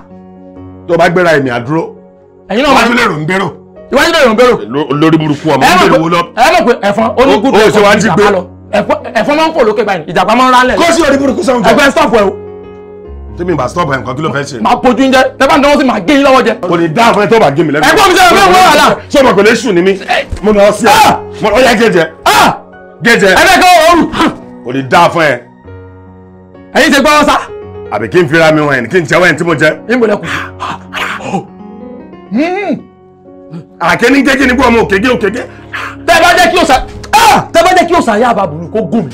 tó o bá gbéra ẹ̀mí àdúró. ẹ̀yin náà wà á tún lè rò ń gbérò iwájú lè yàn bẹ̀rù. olórí burúkú ọmọ ń bẹ̀rù wo lọ. ẹ mọ̀ pé ẹ̀fọn oníkùtù ẹ̀fọn ti gbà lọ ẹ̀fọn máa ń fò lókè báyìí ìjàpá máa ń rálẹ̀. kó sí orí burúkú sọ̀rọ̀ jọ. stop ẹ o. tèmi bá stop ẹ nǹkan kí ló fẹ́ ṣe. máa pojú ń jẹ tẹ́fà ń dánwó sí máa gé yín lọ́wọ́ jẹ. kò ní dáa fún ẹ tó bá gé mi lẹ́nu. ẹ̀gbọ́n mi sọ̀rọ̀ fún wàhálà. ṣé ọmọ kò lè sùn ní mi. mo lọ sí ẹ ah! mo lọ yẹ gẹ́jẹ. Ah! gẹ́jẹ. ẹ bẹ́ẹ̀ kọ́ ooru. kò ní dáa fún ẹ. ẹ̀yin ti gbọ́ sá. àbí kí n fira mi wọ̀nyí kí n àkẹ́ ní jẹ́kí ni pé ọmọ òkèké òkèké. tẹ́ ẹ bá jẹ́ kí òsà tẹ́ ẹ bá jẹ́ kí òsà yá àbá burú kó gùn mí.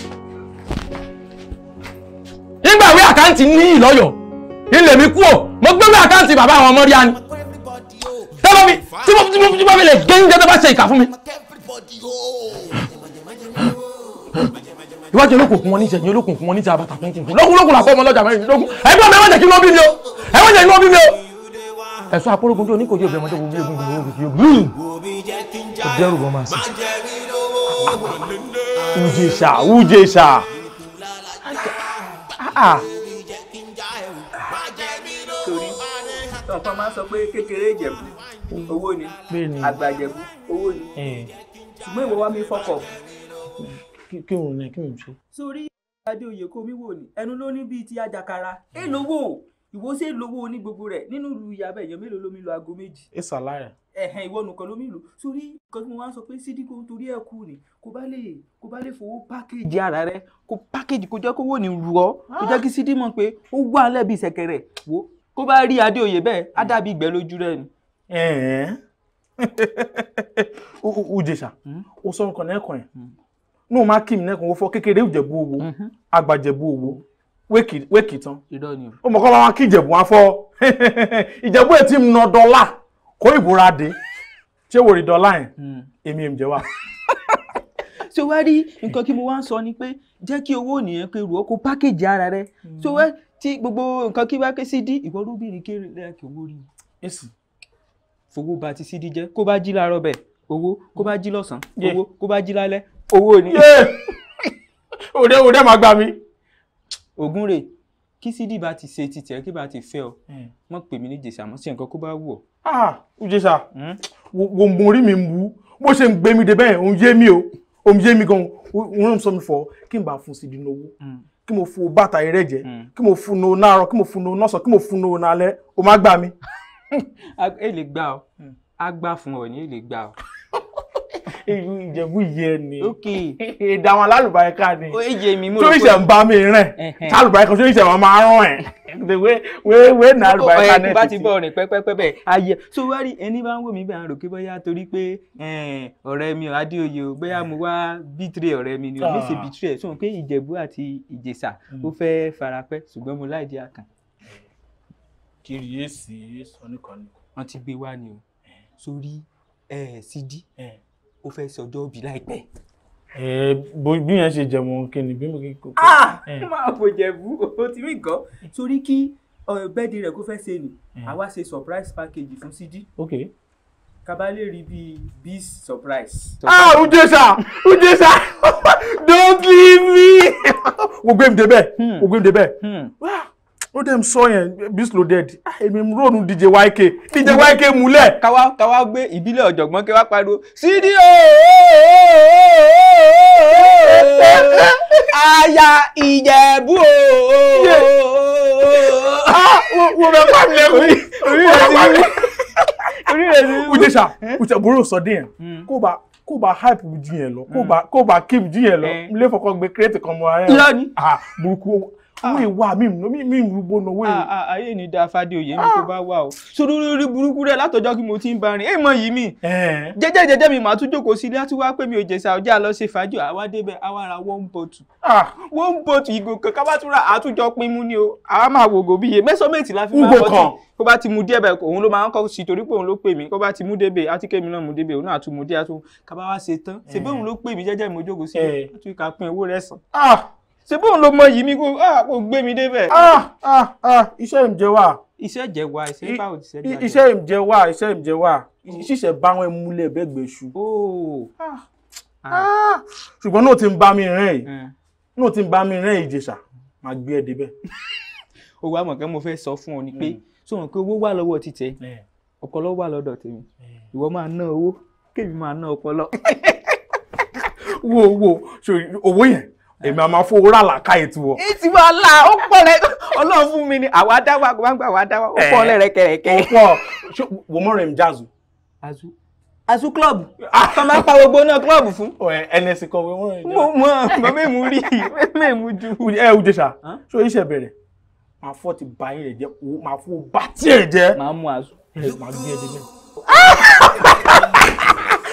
nígbà wí àkáǹtì ní ìlọ́yọ̀ ilé mi kú ò mo gbé wí àkáǹtì bàbá àwọn ọmọ rí ani. tẹ́ bá mi tí mo tí mo tí mo fi lè gé oúnjẹ tó bá ṣe ìkà fún mi. iwájú olókùn kún wọn ní ìṣẹ̀yìn olókùn kún wọn ní ìṣẹ̀ àbàtà pẹ́ntì lókùn lókùn làkọ́ ọmọ lọ́jà mẹ́rin lókùn ẹ̀gbọ́n mi ẹ̀ wọ́n jẹ́ kí wọ́n bí mi o ẹ̀ wọ́n jẹ́ kí wọ́n bí mi o ẹ̀sùn apórógun tó ní kò jẹ́ obìnrin ọmọdé gbogbo egungun owó kìkì ogun kò dẹ́rù bọ́ máa sì. ujèṣà ujèṣà torí ọ̀pọ̀ máa ń sọ pé kékeré ìjẹ̀bú owó ni àgbà ìjẹ̀bú owó ni ṣùgbọ́n ìwọ wá mi fọkọ̀. kí òun ni kí òun ṣe. sórí adé oyè kò mí wò ní ẹnu ló ní bíi ti àjàkárá èèlò wò ìwọ ṣe lówó ní gbogbo rẹ̀ nínú ìlú ìyàbẹ èèyàn mélòó ló mi lo aago méjì. ẹ ṣàlàyé. ẹhẹn ìwọ nìkan ló mi lò sórí nǹkan tí mo wá ń sọ pé sídìkò torí ẹ kú ni kò bá lè kò bá lè fowó pákéjì ara rẹ kò pákéjì kò jẹ́ kówó ní ru ọ kò jẹ́ kí sídì mọ̀ pé ó wà lẹ́bi ìṣẹ̀kẹ̀rẹ̀ wo kó bá rí adéoyè bẹ́ẹ̀ á dàbí ìgbẹ́ lójú rẹ ni. ujesa hmm? o sọ nǹkan náà kàn yẹn ní wéèkì tán ó mọ̀ kọ́ bá wọn kí ìjẹ̀bù wọn fọ́ ìjẹ̀bù ètí ń na dọ́là kó ìbúra dé ṣé wò rí dọ́là yẹn hmm. èmi èmi jẹ́ wà. so wá rí nǹkan kí mo wá ń sọ ni pé jẹ́ kí owó nìyẹn pé rò ó kó pákéjì ara rẹ hmm. so wá tí gbogbo nǹkan kí wá ké sí dí ìwọ rúbìrì kéré lẹ́yàkì owó rí i. fowó ba ti sí dí jẹ́ kó bá jí láàárọ̀ bẹ́ẹ̀ owó kó bá jí lọ́sàn-án owó kó bá jí lálẹ́ owó ni. òde òde máa gbà mí ògùn rè kí sídìí bá ti ṣe títẹ kí bá ti fẹ ọ mọ hmm. pè mí ní jèsà mọ sí nǹkan kó bá wù ọ. ah jèsà hmm? wo mo rí mi mú bó ṣe ń gbé mi dé bẹ́ẹ̀ òun yé mi o òun yé mi gan-an òun rán mi sọ mi fọ kí n bá fún sídìí lówó hmm. kí mo fún bàtà eré jẹ kí mo fún no náàrọ kí mo fún no nọsàn kí mo fún no nálẹ o má gbà mí. ẹ e lè gbà ọ á fún ọ ní ẹ e lè gbà ọ ìjẹ̀bú yẹ ni ìdáwọn alálùbáríkà ni tó ìṣẹ̀ ń bá mi rìn tálùbáríkà tó ìṣẹ̀ wọn máa rán ẹ̀ wé nà alùbáríkà náà títí. bá ti bọ̀ rìn pẹ́pẹ́pẹ́ bẹ́ẹ̀ ayẹ so wá rí ẹni bá ń wò mí bá ń rò pé torí pé ọ̀rẹ́ mi Adéoyè o bóyá mo wá bítírè ọ̀rẹ́ mi ni o mi ṣe ah. bítírè ẹ̀ sọ̀rọ̀ pé ìjẹ̀bú àti ìjẹ̀ṣà ó hmm. fẹ́ farapẹ́ ṣùgbọ́n mo láì jẹ́ àkàn. kiri yéèsì sọ nìkan ni. wọn ti ẹ sídìí ó fẹ́ ṣe ọjọ́ òbí láìpẹ́. ẹ bí yẹn ṣe jẹmọ kìnìún bí mo kì í kó. ah máa fò jẹ̀bú o ti rí nǹkan torí kí bẹ́ẹ̀dì rẹ̀ kó fẹ́ ṣe nì àwa ṣe surprise package fún Sidi. ok kaba lè rí bíi bis surprise. ah ujesa ujesa don't leave me. wò gbé mi débẹ̀ hmm. wò gbé mi débẹ̀. Hmm ó dẹ̀ sọ yẹn bí slow dead ah, èmi rónú dj yk dj yk múlẹ̀. káwa káwa gbé ìbílẹ̀ ọ̀jọ̀gbọ́n kí wá pariwo sídìí ooo aya ìjẹ̀bú ooo. Ah, wo bẹ pa mi lẹ́kùn orí rẹ̀ ti wú orí rẹ̀ ti wú. ujesa ujesa boro sọ de yẹn hmm. kó bá kó bá hype ju yẹn lọ kó hmm. bá kó bá keep ju yẹn lọ eh. n lè fọkàn gbé create kan mọ ara yẹn. irọ́ ni. Ah, burúkú wọ́n ah. ìwà mi mi rúgbó náwó èrò. ayé ni da fadé oyè mi tó ah. bá wà o sórí orí burúkú rẹ látọjọ́ kí mo ti ń bá rìn èèmọ yìí mi jẹ́jẹ́ jẹ́jẹ́ mi màá tún jókòó sí ilé á tún wá pé mi ò jẹsà ọjà lọ ṣe fàájì àwa débẹ̀ àwa ra one bottle ah. one bottle ìgò kan kábàtúrà àtújọ pin mú ni o àwa máa wògò bíye mẹsọmẹtì la fi máa bọtì kó bá ti mu díẹ̀ báyìí òun ló máa ń kọ́ sí torí pé òun ló pè mí kó bá ti mú débè àti náà mú débè òun náà àtúmọ̀dé àtúmọ̀ kábàá wá ṣe tán ṣèbí òun ló pè mí jẹ́jẹ́ ìmójókòó sí i ṣe bóun ló mọ yìí mi ah kó gbé mi débẹ̀. Ah, ah, ah, iṣẹ́ ìjẹ wà. iṣẹ́ ìjẹ wà iṣẹ́ báwo ti ṣe jẹ. iṣẹ́ ìjẹ wà iṣẹ́ ìjẹ wà oh. ṣíṣe báwọn múlẹ̀ bẹ́ẹ̀ gbèsù. Oh. ṣùgbọ́n náà ti ń bá mi rìn yìí eh. náà ti ń bá mi rìn Ìjẹ̀ṣà máa gbé ẹ débẹ̀. owó àmọ̀kẹ́ mo fẹ́ sọ fún ọ ni pé sọ̀rọ̀ hmm. pé owó wà lọ́wọ́ títẹ eh. ọpọlọ wà lọ́dọ̀ tèmi eh. ìwọ máa ná owó kémi máa ná ọpọlọ. wo wo owó yẹn èmi àmà fún owó ràlà káyè tiwọ. ètí wà á la ó pọ̀ rẹ ọlọ́run fún mi ni àwa dáwà gbangba àwa dáwà ó pọ̀ lẹ́rẹ̀kẹ̀rẹ̀kẹ̀. ó pọ̀ wò mọ́ rẹ̀ ń jazu. azu azu club kọ́ ah. máa pa gbogbo náà club fún. ẹnẹsì kọ wọ́n rẹ̀ ń jazu. mo mọ mọ mẹ́mu rí mẹ́mu ju. ẹ ẹ ojèṣà ṣó iṣẹ́ bẹ̀rẹ̀ máa fọ́ ti bá yín rẹ̀ jẹ́ máa fọ́ bá tiẹ̀ jẹ́. máa mú azu. máa gbé ẹ jẹ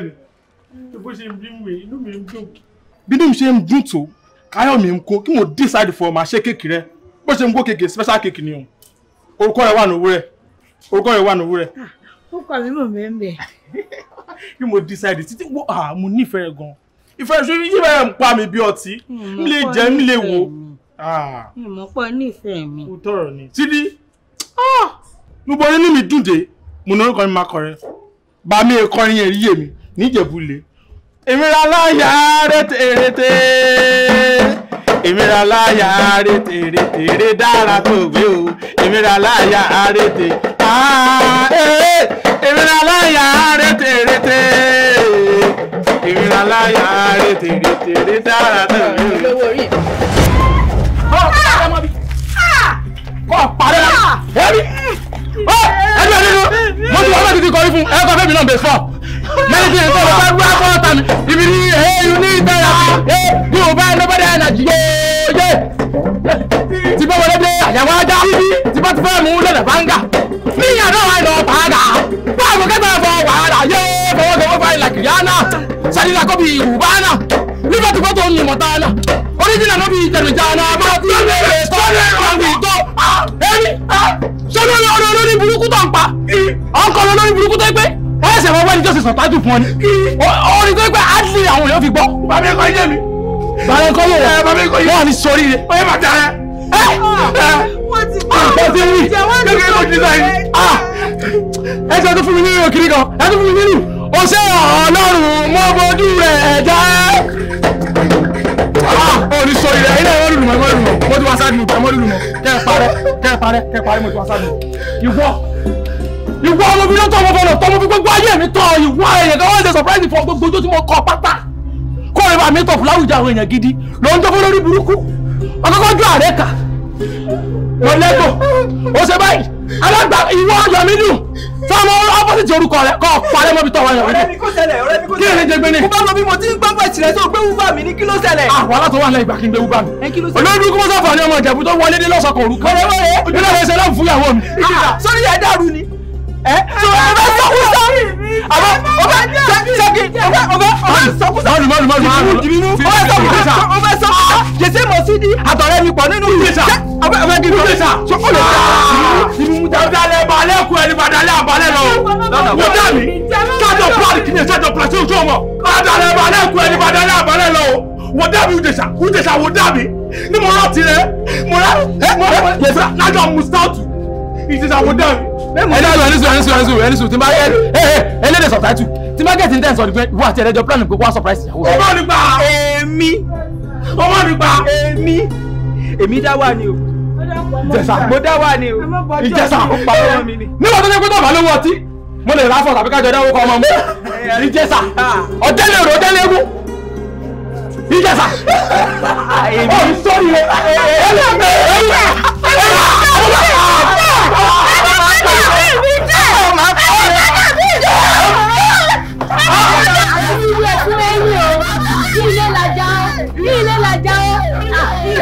lẹ́nu bó ṣe ń bí mi inú mi ń dùn. bí inú mi ṣe ń dùn tó káyọ̀mí ń kó kí wọ́n decide for ọmọ àṣẹ kéèkì rẹ bó ṣe ń kó kéèkì special kéèkì ni o orúkọ rẹ wà ní òwúrẹ orúkọ rẹ wà ní òwúrẹ. Ah, ó kọ mí mọ̀ mẹ́mẹ́. bí mo decide títí wọ́n à mo nífẹ̀ẹ́ rẹ gan-an ìfẹ́ ìṣòro yìí bẹ̀rẹ̀ ń pa mi bí ọtí n lè jẹ́ n lè wò. ìmọ̀ pọ̀ nífẹ̀ẹ́ mi. o tọrọ ni. títí ah! mo bọ inú mi dùn dé mo ní orúkọ mi máa kọ rẹ bàmí ẹ̀kọ́ yẹn rí yé mi níjẹ̀bùlé ìmìrà láyà rètèrètè ìmìrà láyà rètèrètè eré dára tó gbé o ìmìrà láyà rètè ìmìrà láyà rètèrètè ìmìrà láyà rètèrètè eré dára tó gbé o. kọ́ parẹ́ la ẹ̀rí ẹ̀rí ẹ̀rí mo ti wọ́n bá ti ti kọrí fún ẹ̀kọ́ fẹ́mi náà bẹ̀ sọ mẹ́rin tí nǹkan ọ̀pá rú àpò ọ̀tàn ibi ní ẹ̀yìn ní ìtara Hey, you buy nobody energy yé tí bá wọlé dé àyàwó ajá tí bá ti fẹ́ mú lọ́dà fáńgà ní ìyàrá wa lọ pàgà báwo kẹta fọ wàhálà yé fọwọ́ fọwọ́ fà ilà kìrìánà sàdílà kọ́bì ìwùbánà nígbà tó fọ́tò ń yìnbọn tánà oríjìnà ló fi ìjẹ̀nìjà náà máa fi ń lè sọ́ọ́ ẹni sọ́dọ̀ ah, ọ̀dọ̀ olórí burúkú tó ń pa ọkọ̀ olórí burúkú tó ń pé ẹsẹ̀ wọn wẹ́ni tó sọ̀tájú fún ọ ni orin tó ń pé adley àwọn èèyàn fi gbọ́. bàbá ẹkọ yé mi. bàbá ẹkọ yé mi bàbá ẹkọ yé mi ni sori rẹ. ọyẹ bàtà rẹ. ẹ ti kọ́ gẹ́gẹ́ bó ti sọ yìí. ẹ tó fún mi nínú kiri kan ẹ tó fún mi nínú. o ọlọ́run mọ́ rẹ̀ dá. Ah, ó ní sọ ilẹ̀ ilẹ̀ ẹ̀rọ lùlùmọ̀ ẹ̀rọ lùlùmọ̀ mo ti wá sáà lùlùmọ̀ ẹ̀rọ lùlùmọ̀ kẹ́ ẹ parẹ́ kẹ́ ẹ parẹ́ kẹ́ ẹ parẹ́ mo ti wá sáà lùlùmọ̀ ìwọ ìwọ ọmọ mi lọ́tọ̀ ọmọ fọlọ̀ tọmọ fi gbogbo ayé mi tọ ìwọ èèyàn kan wọ́n ṣe surprise fún gbogbo ojú tí mo kọ pátá kó o lè bá mi tọ̀ fúláwùjọ àwọn èèyàn gidi ló ń Buruku. lórí burúkú ọkọ́kọ́ ju àrẹ́kà ọ̀lẹ́gbò ó ṣe báyìí alágbà ìwọ yọmídùn fọmọ ọpọsìtì orúkọ rẹ kọ parẹ mọbi tọwọ yọmídùn. ọ̀rẹ́ mi kò ṣẹlẹ̀ ọ̀rẹ́ mi kò ṣẹlẹ̀ kí ni jẹgbẹ ni. mo bá lọ bí mo ti ń gbọ́ bọ̀ ìṣẹ̀lẹ̀ tó gbé wúbà mi ní kí ló ṣẹlẹ̀. Ah, àwọn alátọ wà lẹ́yìn ìgbà kí n gbé wúbà mi. olórí kúmọ sọfọ ni ọmọ ìjẹ̀bú tó wọlé ní lọ́sọ̀kọ̀ orúkọ. ọ̀rẹ́ wọlé. ìdílé ẹ tó ẹ bẹ sọkúsọ àbọ ọbẹ jẹgi ọbẹ ọbẹ ọbẹ sọkúsọ mọlù mọlù mọlù mọlù dìbínú ọbẹ sọkúsọ ọbẹ sọkúsọ jèsè mọ sí di àtọ̀rẹ́ mi pọ̀ nínú jẹ ọbẹ ọbẹ gidi ọbẹ sà sọ ọlẹ sà dìbínú dà. ọ̀dàlẹ̀ balẹ̀ kú ẹni balẹ̀ abalẹ̀ lọ wò dàbí kájọ pàlì kìnìún kájọ pàlì sí ojú ọmọ ọ̀dàlẹ̀ balẹ̀ kú ẹni balẹ̀ abalẹ̀ lọ wò dàbí ojèṣà ojèṣà wò dàbí ni mo rántí rẹ mo rántí rẹ mo rántí rẹ lájọ musautu it is our time. ẹ dáhùn ẹni sùn ẹni sùn ẹni sùn ẹni sùn tí n bá ẹ ẹ ẹlẹ́dẹ̀ sọ̀tàtù tí n bá gẹ̀ẹ́tì tẹ̀ sọ̀rọ̀ pé wà á tẹ̀lé ẹjọ́ plan pé wà á surprise ìyàwó. ọmọ nípa èmi oh my God, èmi dá wà ní o ìjẹsà mo dá wà ní o ìjẹsà oh my God, mi ni. níwọ̀n tó ṣe pé tó bá lówó ọtí mo lè ráfọ̀ tàbí kájọ dáwó kọ́ ọmọ mi ìjẹsà ọ̀dẹ́lẹ̀ rò ọ̀dẹ́lẹ̀ ewu oh ọ̀ sọ́ọ̀rì rẹ̀ ẹ̀ẹ́dẹ́gbẹ̀rẹ̀ ẹ̀ẹ́dẹ́gbẹ̀rẹ̀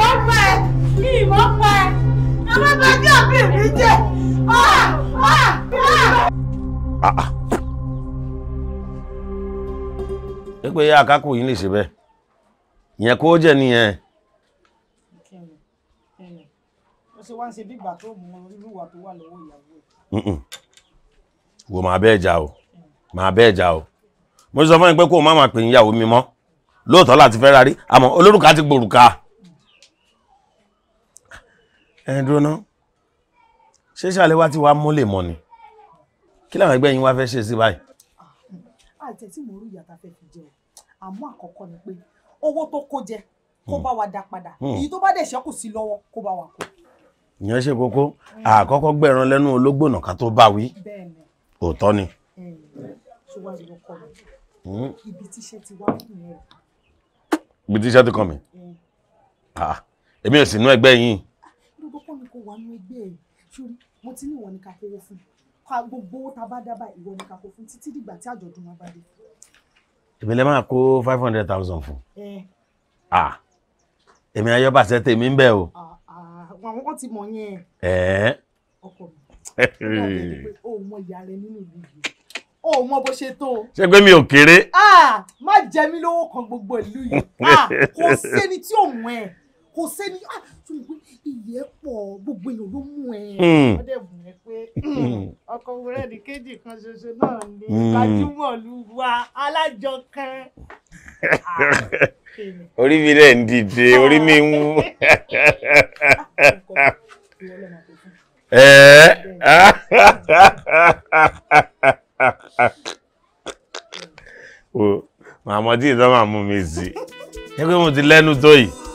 ìmọ̀ pa ẹ̀ ìmọ̀ pa ẹ̀ ọlọ́gbàjọ́ mi mi jẹ́ ẹ pé àkákò yìí lè ṣe bẹ́ẹ̀ ìyẹn kó jẹ́ nìyẹn ṣe wá ń ṣe bígbà tó mọ irúwà tó wà lọ́wọ́ ìyàwó ẹ̀. wo máa bẹ́ẹ̀ jà o máa bẹ́ẹ̀ jà o mo sọ fún yín pé kó o má máa pè ní ìyàwó mi mọ́ lóòótọ́ láti fẹ́ rárí àmọ́ olórùka ti gbòrùka ẹ̀yìn dúró ná ṣé ṣàlẹ́ wá tí wàá mọ́lẹ̀ mọ́ ni kí làwọn ẹgbẹ́ yín wá fẹ́ ṣe sí báyìí. Ah, àìtẹ́ tí mo rí ìyàtà fẹ́ fi jẹ àmọ́ àkọ́kọ́ ni pé owó tó kó jẹ kó hmm. bá wa dá padà hmm. èyí tó bá dẹ̀ ṣẹ́kù sí lọ́wọ́ kó bá wa kó. ìyẹn ṣe kókó hmm. àkọ́kọ́ gbẹ̀rán lẹ́nu ológbò náà ká tó bá wí òótọ́ ni. ṣùgbọ́n ìlọ́kọ̀ mi ibi tíṣẹ́ ti wá fún mi. Ah, èmi ò sì ẹgbẹ́ yín ó ní kó wà nínú ẹgbẹ́ ẹ̀ sórí mo ti ní ìwọ ni ká kówó fún ká gbogbo owó tá a bá dábà ìwọ ni ká kó fún títí dìgbà tí àjọ̀dún wa bá dé. ìbílẹ̀ máa kó five hundred thousand fún. èmi ayọ́bàṣẹ́ tèmi ń bẹ̀ o. àwọn kan ti mọ̀ yẹn. ọkọ mi ó mọ̀ pé ó mọ ìyá rẹ nínú ìlú yìí o mọ bó ṣe tó. ṣé pé mi ò kéré. má jẹ mí lówó kan gbogbo ìlú yìí kò sẹ́ni tí ò mọ̀ ẹ́ kò sẹ́ni tún wí ìyẹ́ pọ̀ gbogbo èèyàn ló mú ẹ. Hmm. wọ́n dẹ̀ mú mi pé hmm. hmm, ọkọ̀ wúrẹ́dì kejì kan ṣoṣo náà ni gbajúmọ̀ ló wà alájọkan. Ah, orí mi rẹ̀ ń dìde orí mi ń wú. Màmá díì tó máa mú mi sí. Ṣé mo ti lẹ́nu tó yìí?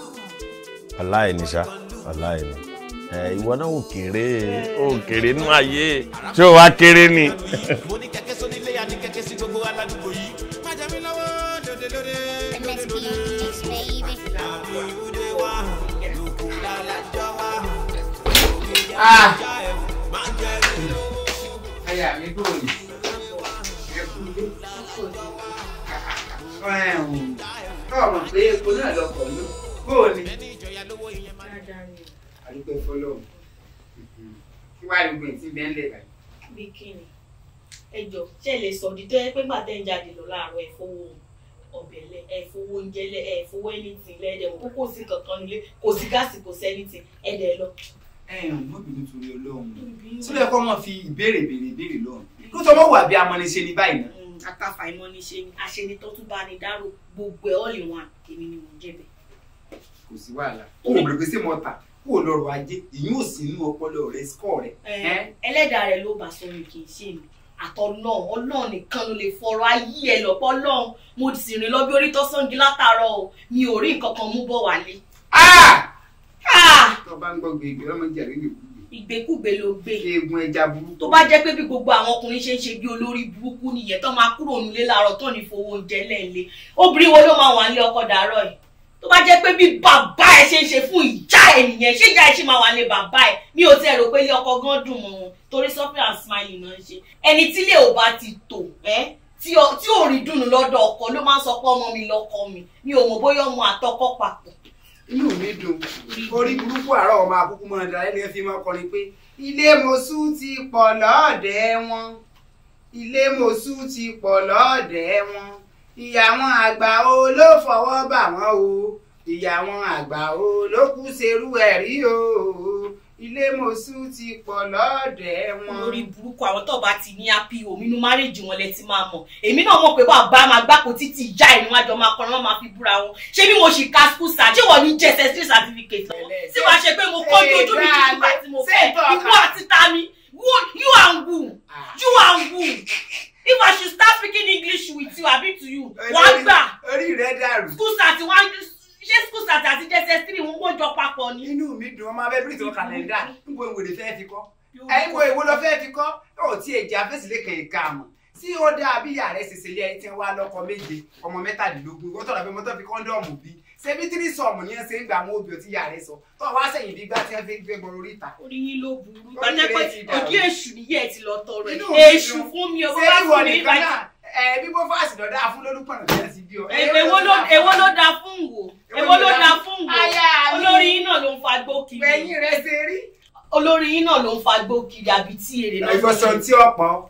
aláìní ṣá aláìní ẹ ìwọ náà ò kéré ò kéré nú ayé ṣé o wá kéré ni. Ah! Aya mi dùn ni. Ẹ kú ilé. Ọ̀rọ̀ pé epo náà ya lówó ìyẹn máa ní. àdúgbò fọlọ kí wàá lùgbìn tí bẹ́ẹ̀ ń lè báyìí. bí kíni ẹ jọ ṣe lè sọ ọdí tó yẹ pé gbà ń jáde lọ láàárọ̀ ẹ fowó ọbẹ̀ lẹ ẹ fowó oúnjẹ lẹ ẹ fowó anything lẹ ẹ dẹ̀ kó kò sí kankan nílé kò sí gáàsì kò sí anything ẹ dẹ̀ lọ ẹ̀hún mọ́ bínú torí ọlọ́run sílẹ̀ kọ́ mọ́ fi ìbéèrè béèrè béèrè lọ́run lóòótọ́ mọ́ wà bí amọ́niṣe ni báyìí náà. Mm, àtàfà ìmọ̀niṣe ni àṣenitọ́ tún bá ní dárò gbogbo ẹ̀ all in one èmi ni mò ń jẹ̀bẹ̀ kò sí wàhálà kó o bèrè pé ṣé mo tà kó o lọ́rọ̀ ajé ìyún òsì inú ọpọlọ rẹ skọ rẹ. ẹlẹ́dàá rẹ ló bá sọ mi kì í ṣe mi àtọlọ́run ọlọ́run nìkan ló lè fọ̀rọ̀ ayé ẹ lọ́pọ̀ ọlọ́run mo sì rìn lọ bí orí tó sọ́ngi látàárọ̀ o mi ò rí nǹkan kan mú bọ̀ wálé. tó bá ń gbọ́ gbègbè ọmọ jàre lè kú ìgbékúgbé ló gbé eegun ẹja burúkú tó bá jẹ́ pé bí gbogbo àwọn ọkùnrin ṣe ń ṣe bí olórí burúkú nìyẹn tó máa kúrò nílé láàárọ̀ tó ní fowó oúnjẹ lẹ́ẹ̀lẹ́ obìnrin wo ló máa wà nílé ọkọ dàárọ̀ yìí tó bá jẹ́ pé bí bàbá ẹ ṣe ń ṣe fún ìjà ẹ ṣé ìjà ẹ ṣì máa wà lé bàbá ẹ mi ò tiẹ̀ rò pé ilé ọkọ gan dùn mọ́ wọn torí suffering and smiling náà ń ṣe ẹni tí ilé ò bá ti tò ẹ́ tí ò rí dùnú lọ́dọ̀ ọkọ ló máa ń sọ pé ọmọ mi lọ́kọ mi mi ò mọ̀ bóyá ọmọ àtọkọ papọ̀. inú mi dùn orí burúkú àárọ̀ ọmọ àkúkú mọ́ ẹ̀dá ẹni fi máa kọrin pé ilé mosú ti pọ̀ lọ́ọ̀dẹ̀ wọn ilé mosú ti pọ̀ lọ́ọ̀dẹ̀ wọn ìyà àwọn àgbà o ló fọwọ́ bà wọ́n o ìyà àwọn àgbà o ló kú serú ẹ̀ rí o ilé mọ̀sú ti pọ̀ lọ́ọ̀dẹ̀ wọn. lórí burúkú àwọn tó bá ti ní api òmìnú márèjì wọn lẹ ti máa mọ̀ èmi náà mọ̀ pé bàbá máa gbàpò títí ìjà ẹni wájú ọmọ akọrin wọn máa fi búra wọn ṣé bí mo ṣì ka school sá ṣé wọn ní jẹsẹ sí certificate wọn tí wàá ṣe pé mo kọjú ojú mi nígbà tí mo fẹ́ ìwọ àti tami you are good ah. you are good if i should start speaking english with you abi to you wàá gbà orí rẹ school start wá ṣé school start àti jss three wọn wọ́n jọ papọ̀ ni. inú mi dùn ọmọ abẹ́ bíríìtì wọn kàlẹ́ndà ń bo ìwòlè fẹ́ẹ́ fi kọ́ ẹ̀yin wo èwo lọ fẹ́ẹ́ fi kọ́ ọ̀ tí èjì afẹ́sílẹ̀ kàn ká mọ̀ tí ó dáa bí yàrá ẹ̀ ṣẹṣẹ yẹ ẹ ti wá lọ́kọ méje ọmọ mẹ́tàdínlógún wọ́n tọ̀rọ̀ abẹ́mọ́tọ́ fi kọ́ńdọ̀mù bíi ṣebí tírí sọ̀mù ni ẹ ṣe ń gba àwọn obìnrin tí ìyá rẹ sọ tó wá sẹ́yìn bí gbá tí wọ́n fi ń gbé gbọ́rọ̀ oríta. orí yín ló burú gbàdé pé ojú èṣù nìyẹn ti lọ tọrọ ẹ èṣù fún mi ọgbọ́n bá fún mi ìbàdí. ẹ bí bó fásitì lọ dáa fún lólùpọ̀nà tí wọ́n ti bí ọ. èwo ló dáa fún wò èwo ló dáa fún wò olórí yín náà ló ń fa gbókiri. olórí yín náà ló ń fa gbókiri àbí tí èrè lọ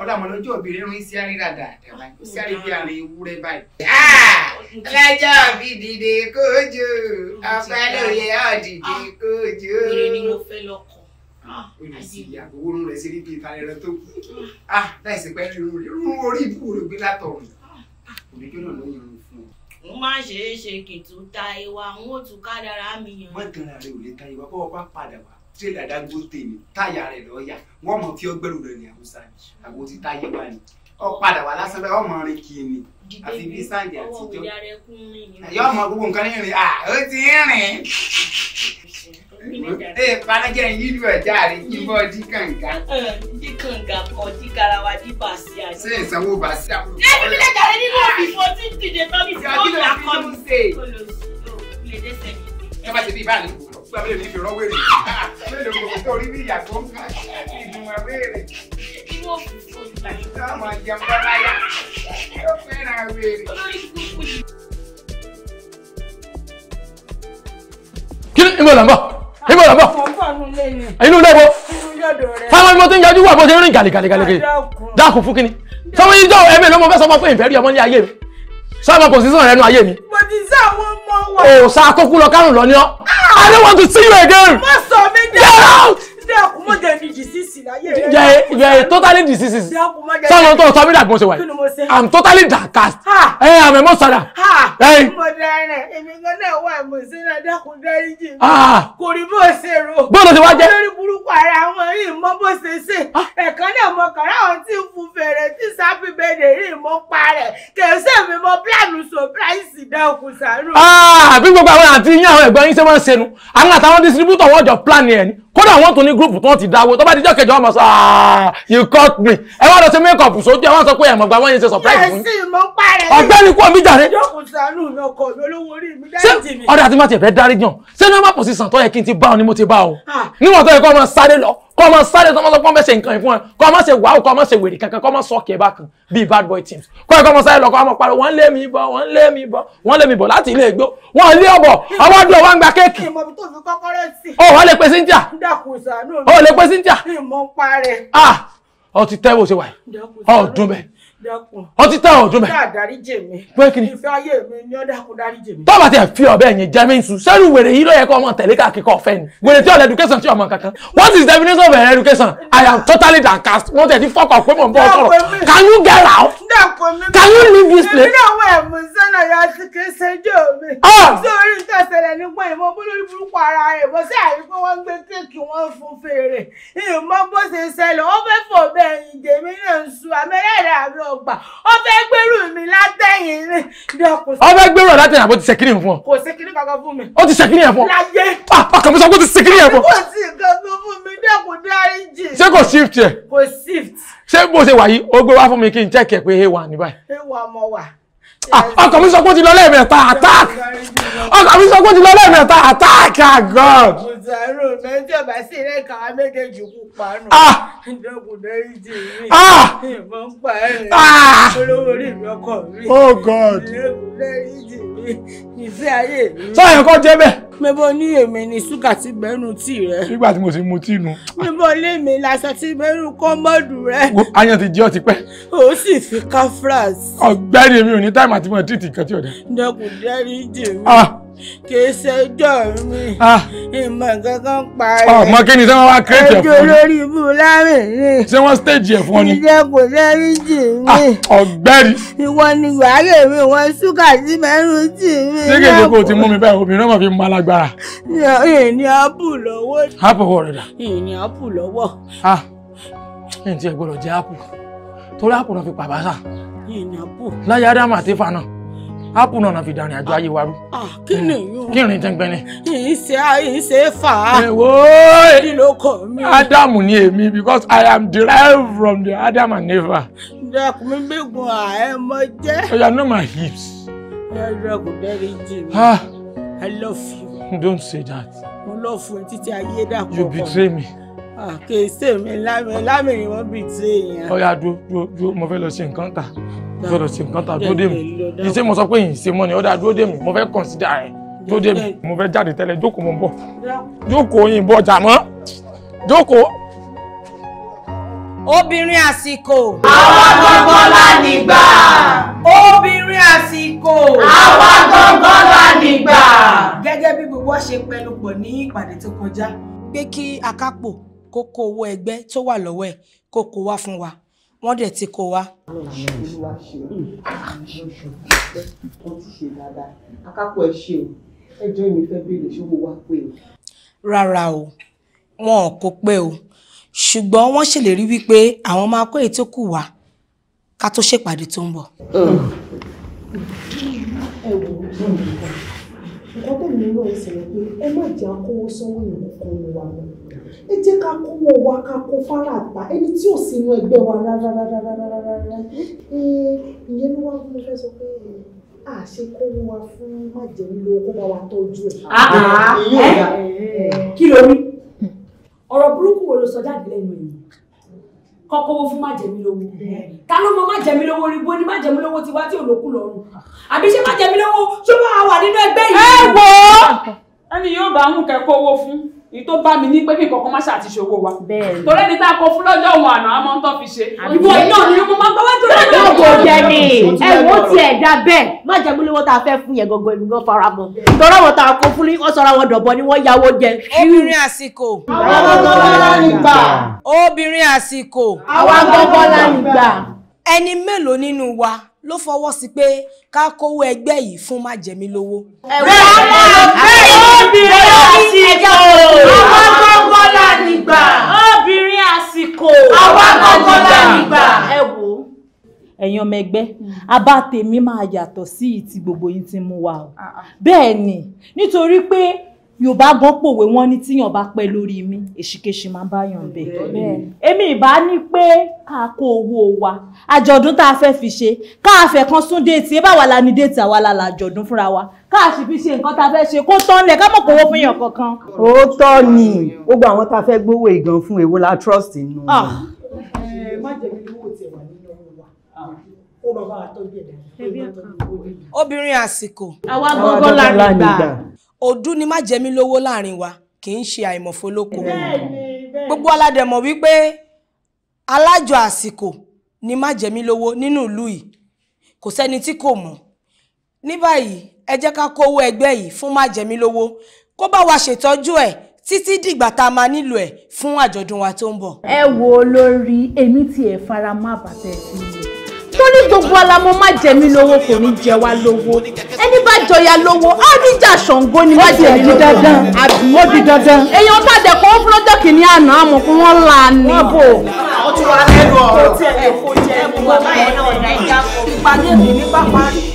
ọlọmọ lọ́jọ́ òbí rírun sí àríra dáadáa báyìí ó sí àrùn ewúrẹ́ báyìí. Ah! lọ́jọ́ òbí dìde kójú ọpẹ́ lóye ọ̀dìde kójú. Ah! wèrè ni mo fẹ́ lọ́kọ. Ah! ó lè sí ìyàgò oorun rẹ̀ sí níbi ìfarẹ́rẹ́ tó kù. láìsí pẹ́ irun rẹ̀ irun orí ibú rẹ̀ gbé látọ̀run. òdìjọ́ náà ló yan fún ọ. mo máa ṣe é ṣe kìtù ta ìwà n ó tún kádàrá mi yàn. mọ̀tàn tírélà Dangote ni táyà rẹ̀ lọ yà wọ́n mọ̀ fi ọgbẹ́rù rẹ̀ ní àwùsá ni àwọn ti táyé wá ni ọ̀padà wà lásán bẹ́ẹ̀ ọmọ rìn kì í ni àfi bí sáǹdì àtijọ́ yọ ọmọ gbogbo nǹkan ní rìn à ó ti rìn ee panajẹ yìí lù ẹja rẹ yìnbọn di kànga. di kànga kan di garawa di basi àná. ṣé ìsanwó basi àwọn. ṣé ibi lè jàre nínú òbí fún ọtí dìde tọ́bi tí wọ́n yà kọ́ mi. olùsọ̀rọ̀ lè dẹ́sẹ̀ mi. ẹ bá ti bí ibà lè wò gbà mí lè ní ìfìrọ́ wèrè mélòó kò tó rí bí ìyàgbọ́ ń kà ìdùnnà wèrè. táwọn àjẹmọ́ láyà yóò fẹ́ràn wèrè. kí ni ìbò là ń bọ̀ ìbò là ń bọ̀ inú ilé wo táwọn ọmọ tó ń yajú wà bó ṣe ń rìn gàlégàlégàlégè dákun fún kínní táwọn yìí jọ ẹ̀mí ló mọ fẹ́ sọ fún ìfẹ́ ọmọ ní ayé mi sọ́mọ pòsíṣàn rẹ nu ayé mi. pòsíṣàn wọn mọ wọn. òòsà àkókò lọ kárùn lọ ni ọ. I don't want to see you again. má sọ mi dé. get out dákun mọ̀ jẹ́ ní disease láyé rẹ̀. yẹ yẹ totally disease. dákun mọ̀ jẹ́ sọ́nà tó sọ mí dàgbọ́n ṣe wáyé. kí ni mo ṣe. i'm totally downcast. ẹ àmì mọ̀ sọ̀dà. mo dára èmi gan náà wà mo ṣe náà dákun dárí jì mí. kò rí bó ṣe rò. bóòlù ti wá jẹ́. olórí burúkú ara wọn yìí mọ bó ṣe ṣe. ẹ̀kan náà mo kàrá àwọn tí ń fún fèrè tí sábì bẹ́ẹ̀ rí mọ́ parẹ̀ kẹ̀sẹ̀ mi mọ plan surprise dákun sàánú. bí gbogbo àwọn àti yín àwọn ẹ̀gbọ́n yín ṣe máa ń ṣe nu àwọn àtàwọn distributor wọ́n jọ plan yẹn ni kódà wọn tún ní gúrùpù tó ti dáwó tó bá dijọ́ kẹjọ wọn mọ̀ sọ ah, you cut me ẹ wá lọ sí make up sójú ẹ wá sọ pé ẹ mọ̀ gba wọ́n yẹn ṣe surprise fún yín. ọ̀gbẹ́ni kú omi jàre. ṣé ọ̀dà àti má tiẹ̀ fẹ́ dárí jàn ṣé ní wọ́n má pọ̀ sí sàn tó yẹ kí n ti bá ọ ni mo ti bá ọ ah. níwọ̀n tó yẹ kó ọmọ sáré lọ kọ́ ọmọ sáré tó ọmọ sọ pọ́n bẹ́ẹ̀ ṣe nǹkan ìfún ẹ kọ́ ọmọ ṣe wàhù kọ́ ọmọ ṣe wèrè kankan kọ́ ọmọ sọ́ọ̀kì ẹ̀ bá kan bíi bad boy teams kọ́ ẹ̀kọ́ ọmọ sáré lọ kọ́ ọmọ pariwo wọ́n lé mi bọ̀ wọ́n lé mi bọ̀ wọ́n lé mi bọ̀ láti ilé igbó wọ́n lé ọ̀bọ̀ ọwọ́ dùn wọ́n gba kéèkì. ó wọ́n lè pe cynthia ó lè pe cynthia. Ah, ó ti tẹ́wọ́ ṣe wáyé ó dùn bẹ́ẹ̀ ọtí táwọn ọdún bẹ. pé kí ni tó bá tẹ fi ọbẹ yẹn jẹ mí nsú sẹ́nu wèrè yìí ló yẹ kó ọmọ tẹ̀lé káàkiri kọ́ fẹ́ ni wèrè tí ọ̀lẹ́ education tí ọmọ kankan what is the definition of education i am totally downcast wọ́n tẹ̀ ti fọ́kọ̀ pé mò ń bọ́ sọ̀rọ̀ can you get out can you leave this place. ìbílẹ̀ wọ ẹ̀mú sọ́nà yọ lọ gbà ó fẹ́ gbèrú mi látẹ̀yìn ni dọkùn. ó fẹ́ gbèrú látẹ̀yìn àbó ti ṣe kíni fún ọ. kò ṣe kíni kankan fún mi. ó ti ṣe kíni yẹn fún ọ. láyé. àkànmí sọ pé ó ti ṣe kíni yẹn fún ọ. kò sí kankan fún mi dẹkùn dáríjì. ṣé kò shift yẹ. kò shift. ṣé bó ṣe wà yìí ó gbé wá fún mi kí n jẹ́ kẹ̀ pé ewa ní báyìí. ewa mọ wà. Ah, ọkọ mi sọ pé ó ti lọ lẹ́ẹ̀mẹ́ta attack ọkọ mi sọ pé ó ti lọ lẹ́ẹ̀mẹ́ta attack ah god. ọ̀sàrò méjì ọ̀bá sí ilé kàwá méjèèjì kú panu ah! ìjọba lórí ti rí ìbọn pa ẹ̀rín ah! olówó orí mi ọkọ mi. oh god. ìjọba lórí ti ìfẹ́ ayé mi. sáyẹn kọ́ jẹ́ bẹ́ẹ̀. mẹ́bọ̀ ní èmi ni ṣúgà ti bẹ́nu tí rẹ. nígbà tí mo sì mu tí nu. mẹ́bọ̀ lé mi làṣà ti bẹ́nu kọ́mọ́dù rẹ. ayan ti jẹ́ ọ ti pẹ́. o sì fi káfíńsì. ọ̀gbẹ́ni mi ò ní táìmù àti mọ̀ títì kan tí ò dé. dẹkùn dẹ́rí jèmi. Ah! kìí ṣẹjọ́ mi ah. ìmọ̀ kankan pa rẹ̀. ọmọ kí ni sẹ́wọ́n wá kírètì ẹ̀fọ́ ni. ẹjọ́ lórí ibú láàrin ni. sẹ́wọ́n stéèjì ẹ̀fọ́ ni. ìjẹ́ kò lẹ́rí jì mí. Ah, ọ̀gbẹ́rì. ìwọ ni gbàrẹ́ mi wọ́n ṣúgà sí mẹ́rin jì mí. ṣé kìí ṣe kó o ti mú mi báyìí obìnrin náà fi mú alágbára. ìní ápù lọ́wọ́. ápù wọ̀ rẹ̀ dà. ìní ápù lọ́wọ́. ah ẹ̀ ń tiẹ̀ gbọ́dọ̀ jẹ́ ápù torí ápù náà fi pàbá sà. ìní ápù. láyé ádámù àti fànà ápù náà náà fi dàrin àjọ ayé wa rú. Ah, kí ni yóò kí ni tẹ́gbẹ́ ni. ìṣe ìṣe fà á. èwo kí ló kọ mi. Ádámù ni èmi because I am derived from the Adam and Eva. dẹkùn mi gbẹ̀gùn àẹ́mọ jẹ́. oya oh, know my hips. ẹ dẹkùn dẹ́rẹ́ jì mí. Ah! I love you. Don't say that. mo lọ fún ẹ títí ayé dàpọ̀. You betray me. Ah, kì í ṣe mi lámì lámì ni wọ́n bì tí èèyàn. ọ̀ya dúró dúró dúró mo fẹ́ lọ ṣe nǹkan ta mo fẹ́ lọ ṣe nǹkan ta dúró dé mi iṣẹ́ mo sọ pé yìí ṣe mọ́ ni ọ̀dà dúró dé mi mo fẹ́ consider ẹ̀ dúró dé mi mo fẹ́ jáde tẹ́lẹ̀ jókòó mo bọ̀ jókòó yìí bọ̀ jà mọ́ jókòó. obìnrin àsìkò. àwa gbọ́ngàn la nígbà. obìnrin àsìkò. àwa gbọ́ngàn la nígbà. gẹ́gẹ́ bí gbogbo ṣe pẹnu pọ̀ ní ìpàdé tó kọjá pé kí akápò kó kó owó ẹgbẹ́ tó wà lọ́wọ́ ẹ̀ kó kó wá fún wa wọ́n dẹ̀ ti kó wa. rárá o wọn ò kó pé o ṣùgbọ́n wọ́n ṣèlérí wípé àwọn máa kó èyí tó kù wá ká tó ṣèpàdé tó ń bọ̀. nǹkan tó ní lọ́ọ́ ìṣẹ̀lẹ̀ pé ẹ má jẹ́ akówó sọ́wọ́ ìlú kan wà ẹ jẹ́ ká kówó wa ká kó fáràgbà ẹni tí ò sínú ẹgbẹ́ wa rárárárárárá ìyẹn ló wá fún mi fẹ́ sọ pé a ṣe kówó wa fún májèlélò kó bá wa tọ́jú ẹ̀. Ah, ah, ah. kí ló ní ọ̀rọ̀ burúkú wo ló sọ jáde lẹ́nu ẹ̀yìn kọ́kọ́wó fún májẹ̀mílówó ta ló mọ májẹ̀mílówó rí bó ni májẹ̀mílówó ti wá tí olókù lọ́rùn àbí ṣé májẹ̀mílówó ṣó máa wà nínú ẹgbẹ́ yìí. ẹ wo ẹni yóò bá ń kẹ́kọ̀ọ́ owó fún ní tó bá mi ní pé kí nǹkan má ṣáà ti ṣòwò wa torí ẹni tá a kọ fún lọ́jọ́ òun àná àmọ́ ń tọ́ fi ṣe ìwọ iná ni mo máa ń tọ́wọ́ tó lọ́jọ́ òun. kò jẹ ní ẹ̀wọ̀n tí ẹ̀ dá bẹ́ẹ̀ má jẹ́ bí lówó tá a fẹ́ fún yẹn gangan èmi gan fara mọ́ torí àwọn tá a kọ o ọ sọra wọn dọ̀bọ ni wọ́n yáwó jẹ. obìnrin àsìkò. àwa gbọ́gbọ́ la ń gbà. obìnrin àsìkò. àwa gbọ́gbọ́ la ń gbà. ẹni mélòó nínú wa ló fọwọ́ sí pé ká kówó ẹgbẹ́ yìí fún májẹ̀mí lówó. ẹ̀wọ̀n àwọn ọ̀gbẹ́ obìnrin àsìkò àwa gbọ́ngàn là nígbà. obìnrin àsìkò àwa gbọ́ngàn là nígbà. ẹ wo ẹ̀yin ọmọ ẹgbẹ́ abá tèmi máa yàtọ̀ sí ti gbogbo yín ti mú wa o ah, ah. bẹ́ẹ̀ ni nítorí pé yorùbá gan pòwe wọn ní tíyàn bá pẹ́ lórí mi èṣìkèṣì máa bá yàn bẹ́ẹ̀ èmi ìbá ní pé ká kó owó wa àjọ̀dún tá a fẹ́ fi ṣe ká a fẹ́ kan sún déètì ẹ bá wà lá ní déètì àwa la làjọ̀dún fúnra wa káàsì fi ṣe nǹkan tá a fẹ́ ṣe kó tán lẹ̀ ká mọ̀ kówó fún yàn kankan. ó tọ́ ni ó gba àwọn tá a fẹ́ gbówó ìgan fún èwo la trust nù. Ah. má jẹ̀bi owó tiẹ̀ wà nínú wa ó lọ bá a tọ́jú ẹ̀ obìnrin àsìkò àwa gbọ́ngàn láàrin gbà òdú ni má jẹ mí lówó láàrin wa kì í ṣe àìmọ̀fólókò gbogbo aládẹ̀mọ̀ wípé alájọ àsìkò ni má jẹ mí lówó nínú ìlú yìí kò sẹ́ni tí kò mọ̀ ní báyìí ẹ jẹ́ ká kówó ẹgbẹ́ yìí fún májẹ̀mí lówó kó bá wa ṣètọ́jú ẹ̀ títí dìgbà tá a máa nílò ẹ̀ fún àjọ̀dún wa tó ń bọ̀. ẹ wo olórí èmi tí ẹ fara má bàtẹ sí i mo ní gbogbo alamọ májẹ̀mí lówó kò ní jẹ wá lówó ẹni bá jọya lówó á ní ìjà ṣàngó ni májẹ̀mí lówó àbí ó di dandan èèyàn tá a dẹ̀ kọ́ fúlọ́jọ́ kìíní àná àmọ́ kí wọ́n là á ní. wọ́n bò ó tún wá lẹ́nu ọ̀rọ̀ tí ẹ̀ lè kó jẹ́ ẹ̀ mú wa báyẹn náà ọ̀dà ìjà kò pàdé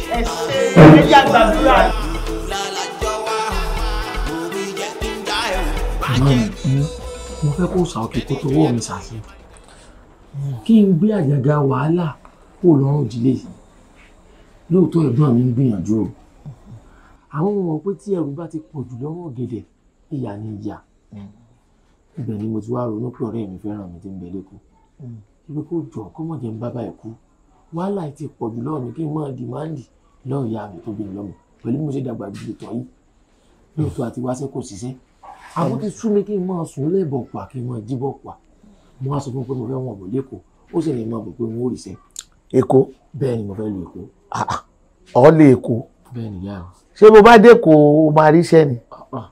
ẹ jẹ́ àgbàdúrà. mo fẹ́ kó sàó kí kó tó owó mi sàṣẹ kí n gbé àjàgà wàhálà kó lọ́rùn ìdílé lóòótọ́ ẹ̀gbọ́n mi ń gbìyànjú o àwọn ọmọ pé tí ẹrù bá ti pọ̀ jù lọ́wọ́ ọ̀gẹ̀dẹ̀ ìyà ni ìyà ibẹ̀ ni mo ti wá ronú pé ọ̀rẹ́ mi fẹ́ràn mi ti ń bẹ lẹ́kọ̀ọ́ ibi kó jọ kó ń bá báyìí kú wàhálà ti pọ̀ jù lọ́wọ́ mi kí n máa dìmáàndì lọ́ọ̀ ya mi tó bí mi lọ́mọ pẹ̀lú mo ṣe dàgbà ju ìtọ́ yìí lóòótọ́ àti wáṣẹ́ kò ṣiṣẹ́ àwọn ti sún mi kí n máa sùn lẹ́bọ̀ pa kí n máa jíbọ̀ pa mo wá sọ fún pé mo fẹ́ wọn bọ̀ lẹ́kọ̀ọ́ ó sì ní mo bọ̀ pé mo ò rìṣẹ́. Èkó. bẹ́ẹ̀ ni mo fẹ́ lu Èkó. Ah, ah, ọ̀ lè Èkó. bẹ́ẹ̀ ni yára. ṣé mo bá dẹ́kọ̀ o máa ríṣẹ́ ni. Ah,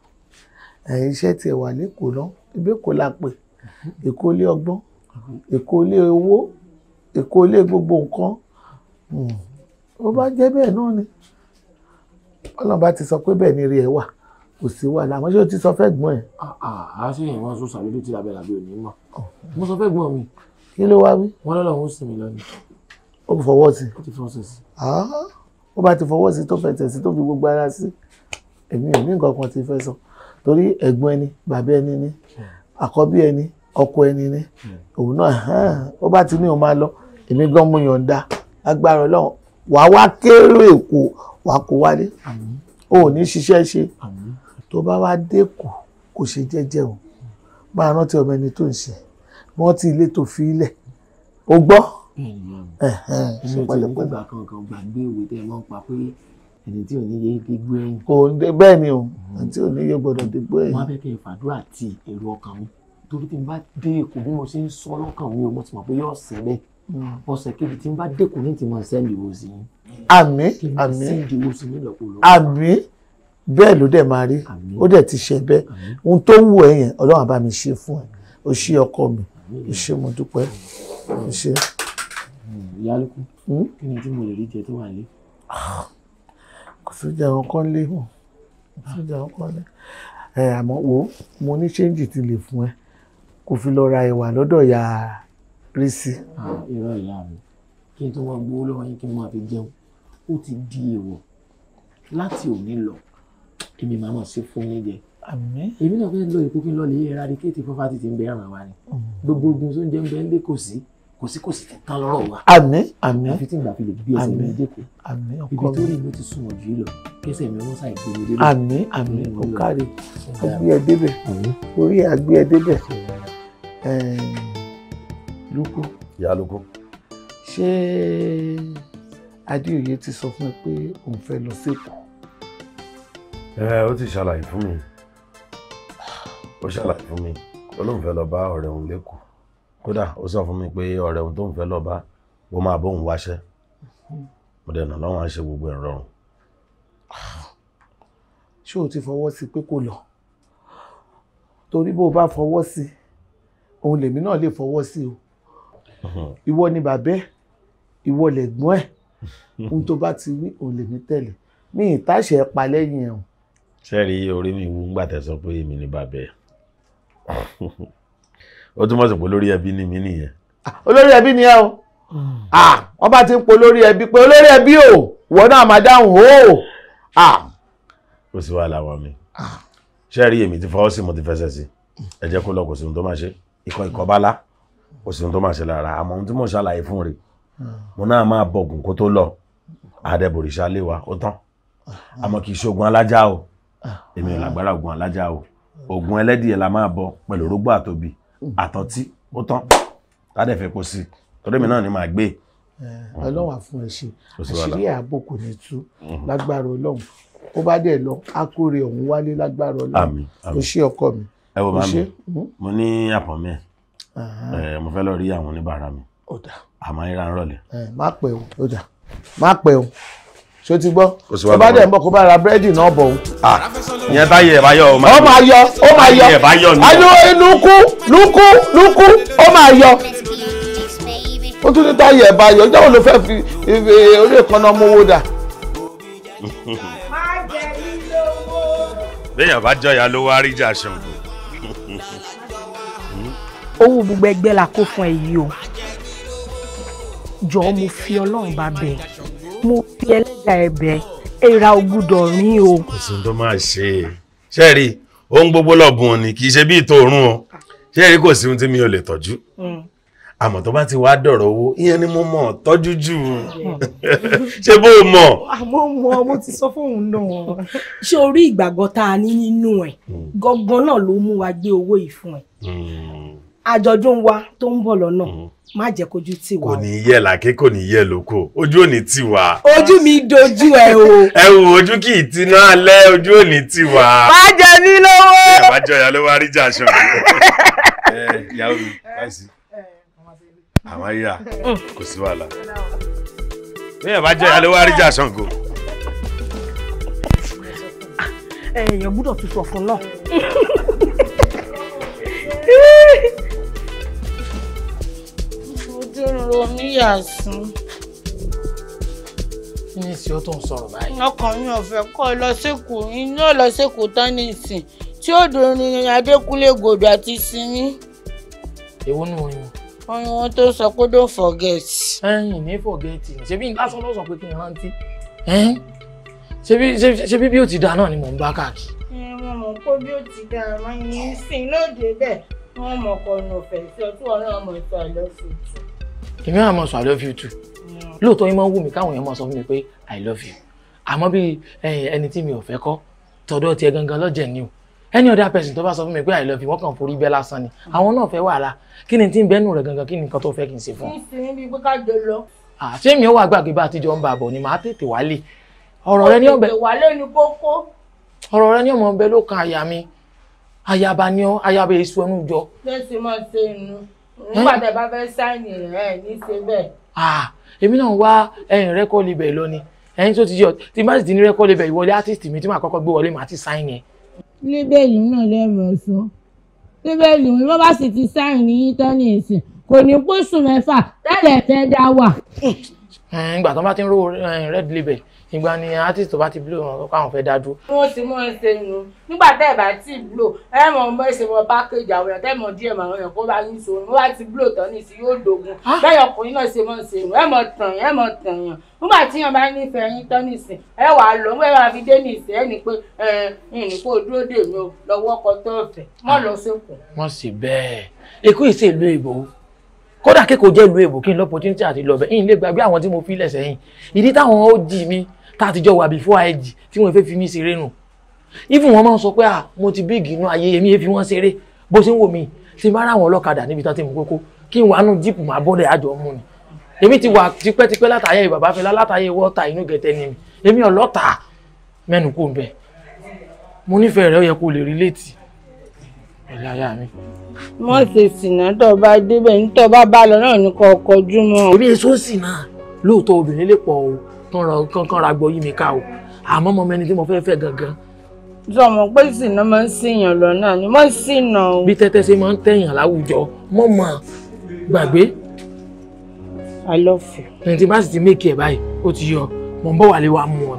iṣẹ́ tiẹ̀ wà lẹ́kọ̀ọ́ náà ibi Èkó la pè Èkó lé ọgbọ́n Èkó lé owó Èkó lé gbogbo nǹkan hmm ó bá jẹ́ bẹ́ẹ̀ náà ni ọlọ́run bá ti sọ pé bẹ́ẹ̀ ni rí ẹ wà kò sí wà láwọn ṣé o ti sọ fẹ́ gbọ́n ẹ̀. Ah, ah, a ṣe ìwọ sọ sàmì ló ti rà bẹ́ẹ̀ làbí òní mọ̀ oh. mo sọ fẹ́ gbọ́n mi. kí ló wá wí. wọn lọ́nà òun sinmi lọ ni. ó ti fọwọ́ sí. ó ti fọwọ́ sí. Ah, ó bá ti fọwọ́ sí tó fẹsẹ̀ sí tó fi gbogbo ara sí èmi ò ní nǹkan kan ti fẹ́ sọ torí ẹ̀gbọ́n ẹni bàbá ẹni ni àkọ́bí ẹni ọkọ ẹni ni hmm. òun náà ó bá ti ní òun máa lọ èmi gan mú yàn dá agbára ọlọ́run wà wá kéré èkó wà kó wálé o ò ní ṣiṣẹ́ ṣe tó bá wá dẹ́kù kò ṣe jẹ́jẹ́ o máa rántí ọmọ ẹni tó ń ṣe wọ́n ti ilé tó fi ilẹ̀ o gbọ́. ṣe pẹ̀lẹ́pẹ̀lẹ́ kankan gbàgbé òwe tẹ ẹ pa pé ẹni tí ò ní yé dégbò ẹ̀yìn. kò ń dé bẹ́ẹ̀ ni o hmm. ẹni tí ò ní yé gbọ́dọ̀ dégbò ẹ̀yìn. wọ́n á fẹ́ kẹ́ ìfàdúrà ti èrò ọkàn mi torí tí n bá dé èkó bí mo ṣe ń sọ lọ́kàn mi o mo ti mọ̀ pé yóò ṣe ọ̀sẹ̀ kejì tí n bá dẹ́kun ní ti máa sẹ́ndì owó sí yín. àmín àmín àmín bẹ́ẹ̀ ló dẹ̀ máa rí ó dẹ̀ ti ṣe bẹ́ẹ̀ ohun tó wù ẹ́ yẹn ọlọ́run àbá mi ṣe fún ẹ o ṣe ọkọ mi o ṣe mo dúpẹ́ o ṣe. ìyálùkù hmm? kí ni tí mo lè rí jẹ tó wà lé. kò sójà àwọn kan lé hàn kò sójà àwọn kan lé ẹ àmọ́ wo mo ní ṣéǹjì ti lè fún ẹ kò fi lọ ra ẹ̀wà lọ́dọ̀ yàrá rí sí. Ah, irọ́ ìyá mi kí n tó wá gbowó lọ́wọ́ yín kí n máa fi jẹun ó ti di èèwọ̀ láti òní lọ èmi màá mọ̀ sí fún yín jẹ. àmín. èmi náà fẹ́ lọ èkó kí n lọ lè eradicate poverty ti ń bẹ ẹ̀ràn wa ni gbogbo ogun tó ń jẹ́ ń bẹ ń lé kò sí kò sí kò sí ti tán lọ́rọ̀ wa. àmín àmín àfi tí n gbà fi lè bí ẹsẹ̀ mi dé ibi tó rí mi ti sunwọ̀n jù lọ kẹsẹ̀ mi wọ́n ṣàì gbèrè débẹ̀. àmín àmín ọkàrẹ̀ àgbẹ̀ orí àgbẹ̀ lóko. ìyá lóko. ṣé adéoyè ti sọ fún ẹ pé òun fẹ́ lọ sẹ́kọ̀ọ́. ẹ ó ti ṣàlàyé fún mi ó ṣàlàyé fún mi ó lóun fẹ́ lọ bá ọ̀rẹ́ òun lẹ́kọ̀ọ́ kódà ó sọ fún mi pé ọ̀rẹ́ òun tóun fẹ́ lọ bá ó máa bóun wáṣẹ́ mo dẹ̀ nà lọ́wọ́n á ṣe gbogbo ẹ̀ ṣé o ti fọwọ́ sí pé kò lọ torí bó o bá fọwọ́ sí òun lèmi náà lè fọwọ́ sí o ìwọ ni bàbá ẹ ìwọ lẹ̀gbọ́n ẹ ohun tó bá ti wí òun lèmi tẹ̀lé mi ì táṣẹ pa lẹ́yìn ẹ̀ sẹ́ẹ̀rí orí mi wú ńgbà tẹ́ pé èmi ni bàbá ẹ̀ ó túmọ̀ sí pé olórí ẹbí ni mí nìyẹn. olórí ẹbí ni ẹ o wọ́n bá ti ń po olórí ẹbí pé olórí ẹbí o ìwọ náà máa dáhùn o. ó sì wá làwọn mi sẹ́ẹ̀rí èmi ti fọwọ́ sí mo ti fẹsẹ̀ sí ẹ jẹ́ kó lọ kò sí ohun tó máa ṣe ikọ̀ ìkọ̀ bá lá kò sí ohun tó máa ṣe lára àmọ́ ohun tí mo ṣàlàyé fún rẹ̀ mo náà máa bọ̀gùn kó tó lọ àdẹ̀bòrìṣà lé wa ó tán àmọ́ kì í ṣoògùn alájà o èmi ò lágbára ògùn alájà o ògùn ẹlẹ́dìẹ̀ la máa bọ pẹ̀lú orógbó àtòbí àtọ̀tí ó tán tádẹ̀ fẹ́ sí torí mi náà ni màá gbé. Eh, ọlọ́run àfún ẹ ṣe àṣírí ààbò kò ní tú mm-hmm. lágbára ọlọ́run ó bá dẹ̀ lọ akóre ọ̀hún wálé lágbára ọlọ́run ó ṣe ọkọ mi. ẹ wo bá mi mo ní àpọ̀n mi ẹ̀ mo fẹ́ lọ rí àwọn oníbàárà mi àmọ́ ìran rọ̀lẹ́. má pẹ́ o ó dà má pẹ́ o ṣé o ti gbọ́ tó bá dẹ̀ ń bọ̀ kó bá ra búrẹ́dì náà bọ̀ o. ìyẹn táyé ẹ̀ bá yọ ọ máa yọ ó máa yọ ó máa yọ ayọ̀ lukú lukú lukú ó máa yọ ó tún ní táyé ẹ̀ bá ọjọ́ wo ló fẹ́ fi orí ìkànnà mú owó dà béèyàn bá jọyà ló wá rí jà ṣeun owó gbogbo ẹgbẹ́ la kó fún ẹ yìí o jọ̀ọ́ mo fi ọlọ́run bá bẹ̀ mo fi ẹlẹ́dà ẹ̀bẹ̀ èèrà ogúdọ̀ rín o. kò sí tó máa ṣe é ṣe rí ohun gbogbo lọ́bùn ni kì í ṣe bí ìtòòrùn o ṣe rí kò sí ohun tí mi ò lè tọ́jú hmm. àmọ́ tó bá ti wá dọ̀rọ̀ owó ìyẹn ni mo mọ̀ tọ́jú jù hmm. ṣé bó o mọ̀. àmọ́ mọ mo ti sọ fóun náà ṣé orí ìgbàgbọ́ tá a ní nínú ẹ̀ hmm. gangan náà ló mú wa gbé owó yìí fún ẹ àjọ̀dún wa tó ń bọ̀ lọ́nà mm-hmm. má jẹ́ kójú tì wá. kò ní yẹ làkè kò ní yẹ lóko ojú ò ní tì wá. ojú mi dojú ẹ o. ẹ wo ojú kì í tiná alẹ́ ojú ò ní tì wá. má jẹ mí lówó. ẹ má jọyà ló wá rí jà aṣọ mi. ìyàwó mi báyìí àwọn ayé à kò sí wàhálà. bẹ́ẹ̀ bá jọyà ló wá rí jà aṣọ nǹkan. Ah, eh, èèyàn gbúdọ̀ tutù ọ̀fun náà. ojú ń kí ni ìsìn ó tó ń sọ̀rọ̀ báyìí. ọkàn mi ò fẹ́ kọ́ lọ sẹ́kù iná lọ sẹ́kù tán ní ìsìn tí ó dùn Adékúnlé Gold àti Sinmi. èwo nù oyin. oyin wọn tó sọ pé don't forget. ẹyìn ní forget ṣebí lásán ló sọ pé kí n rántí ṣebí bí ó ti dáa náà ni mò ń bá káàkiri. wọn mọ̀ pé bí ó ti dáa máa ń sìn lóde bẹ́ẹ̀ wọ́n mọ̀ kọ́nù ọ̀fẹ́ sí ọtún ọ̀rẹ́ ọmọ ìfẹ́ lọ́sọ̀tún èmi náà mọ̀ sọ i love you too lóòótọ́ yín máa ń wù mí káwọn èèyàn máa sọ fún mi pé i love you àmọ́ bí ẹni tí mi ò fẹ́ kọ́ tọ̀dọ̀ tiẹ̀ gangan lọ́jẹ̀ ni o any other person tó bá sọ fún mi pé i love you wọ́n kàn forí bẹ́ẹ̀ lásán ni àwọn náà fẹ́ wàhálà kí ni tí ń bẹ́nu rẹ̀ gangan kí ni nǹkan tó fẹ́ kí n ṣe fún un. kí n sì ń bí pé ká jẹ lọ. àṣé mi ò wá gbàgbé bá a ti jọ ń bàbọ̀ ni màá tètè wálé ọ̀rọ̀ rẹ ní ọ̀bẹ ọ̀rọ̀ rẹ ní ọmọ ọbẹ̀ ló kan àyà mi àyàbá ni ọ àyàbá èso ẹnu jọ. bẹ́ẹ̀ sì máa ṣe inú nígbà tẹ bá fẹ́ sáìnì ẹ̀ ní ṣe bẹ́ẹ̀. èmi náà wá ẹ̀yìn rẹ́kọ̀ọ́ libẹ̀ lọ ni ẹ̀yìn tó ti yọ tí má sì ti ní rẹ́kọ̀ọ́ libẹ̀ ìwọlé átìsì mi tí màá kọ́kọ́ gbé wọlé màá ti sáìnì ẹ̀. líbẹ̀lì náà lẹ́rọ̀ sọ líbẹ̀lì wọn bá sì ti sáìnì yín tán ní ìsìn kò ní pósù mẹ́fà tẹ́lẹ̀ fẹ́ dá wà. ìgbà tó bá ti ń ró red label ìgbà ni artist tó bá ti blow wọn káwọn fẹ́ dá dúró. wọ́n ti mọ ẹsẹ̀ nù nígbà tẹ́ ẹ̀ bá ti blow ẹ mọ̀ ọmọ ẹsẹ̀ wọn package àwọn èèyàn tẹ́ mọ̀ díẹ̀ mọ̀ àwọn èèyàn kó bá yín sòrò wọ́n bá ti blow tán ní ìsìn yóò dogun ah! bẹ́ẹ̀ ọkùnrin náà ṣe mọ̀ ṣe nù ẹ mọ̀ tàn yẹn ẹ mọ̀ tàn yàn nígbà tí yàn bá nífẹ̀ẹ́ yín tán nísìn ẹ wàá lọ ẹ wàá fi dé nísìn ẹ ní pé ẹ ní kó dúró dè mí o lọ́wọ́ ọkọ tó fẹ́ mọ́ ah! lọ sóko. wọ́n sì bẹ́ẹ̀ èkó ìṣe ìlú ìbò kódà kékeré jẹ́ ìlú èbò kí n lọ́pọ̀ tí ń tẹ́ àti lọ́bẹ̀ yìí lè gbàgbé àwọn tí mo fi lẹ̀ sẹ́yìn ìdí táwọn ó jì mí tá a ti jọ wà before IG tí wọ́n fẹ́ fi mí ṣeré nù even wọ́n máa ń sọ pé ah mo ti big inú ayé èmi yẹn fi wọ́n ṣeré bó ṣe ń wò mí ti bá ráwọn ọlọ́kadà níbi tán ti mú kókó kí n wà nù jíìpù máa bọ́lẹ̀ àjọ mú ni èmi ti wà tipẹ́tipẹ́ látàyè bàbá fẹlá látàyè wọ́ọ̀tà inú gẹ̀tẹ́ ni mi èmi ọlọ́tà mẹ́nu kò ń bẹ̀ mo nífẹ̀ẹ́ rẹ̀ ó yẹ kó lè relate ẹ̀lẹ́ aya mi. mo ṣe sìnà tó bá débẹ̀ ní tó bá bá lọ náà ní kò kọjú mọ́. èmi èso sìnà lóòótọ́ obìnrin lè pọ̀ o kán ra gbọ́ yí mi ká o àmọ́ mọ mẹni tí mo fẹ́ fẹ́ gangan. sọmọ pé ìsìnà máa ń síyàn lọ́nà ni mo ń sìnà o. bí tẹ́tẹ́ ṣe máa ń tẹ̀yàn láwùjọ mọ̀ mọ̀ gbàgbé. I love you. ẹni tí bá sì ti mékì ẹ̀ báyìí ó ti yọ mọ̀ ń bọ̀ wálé wa mú ọ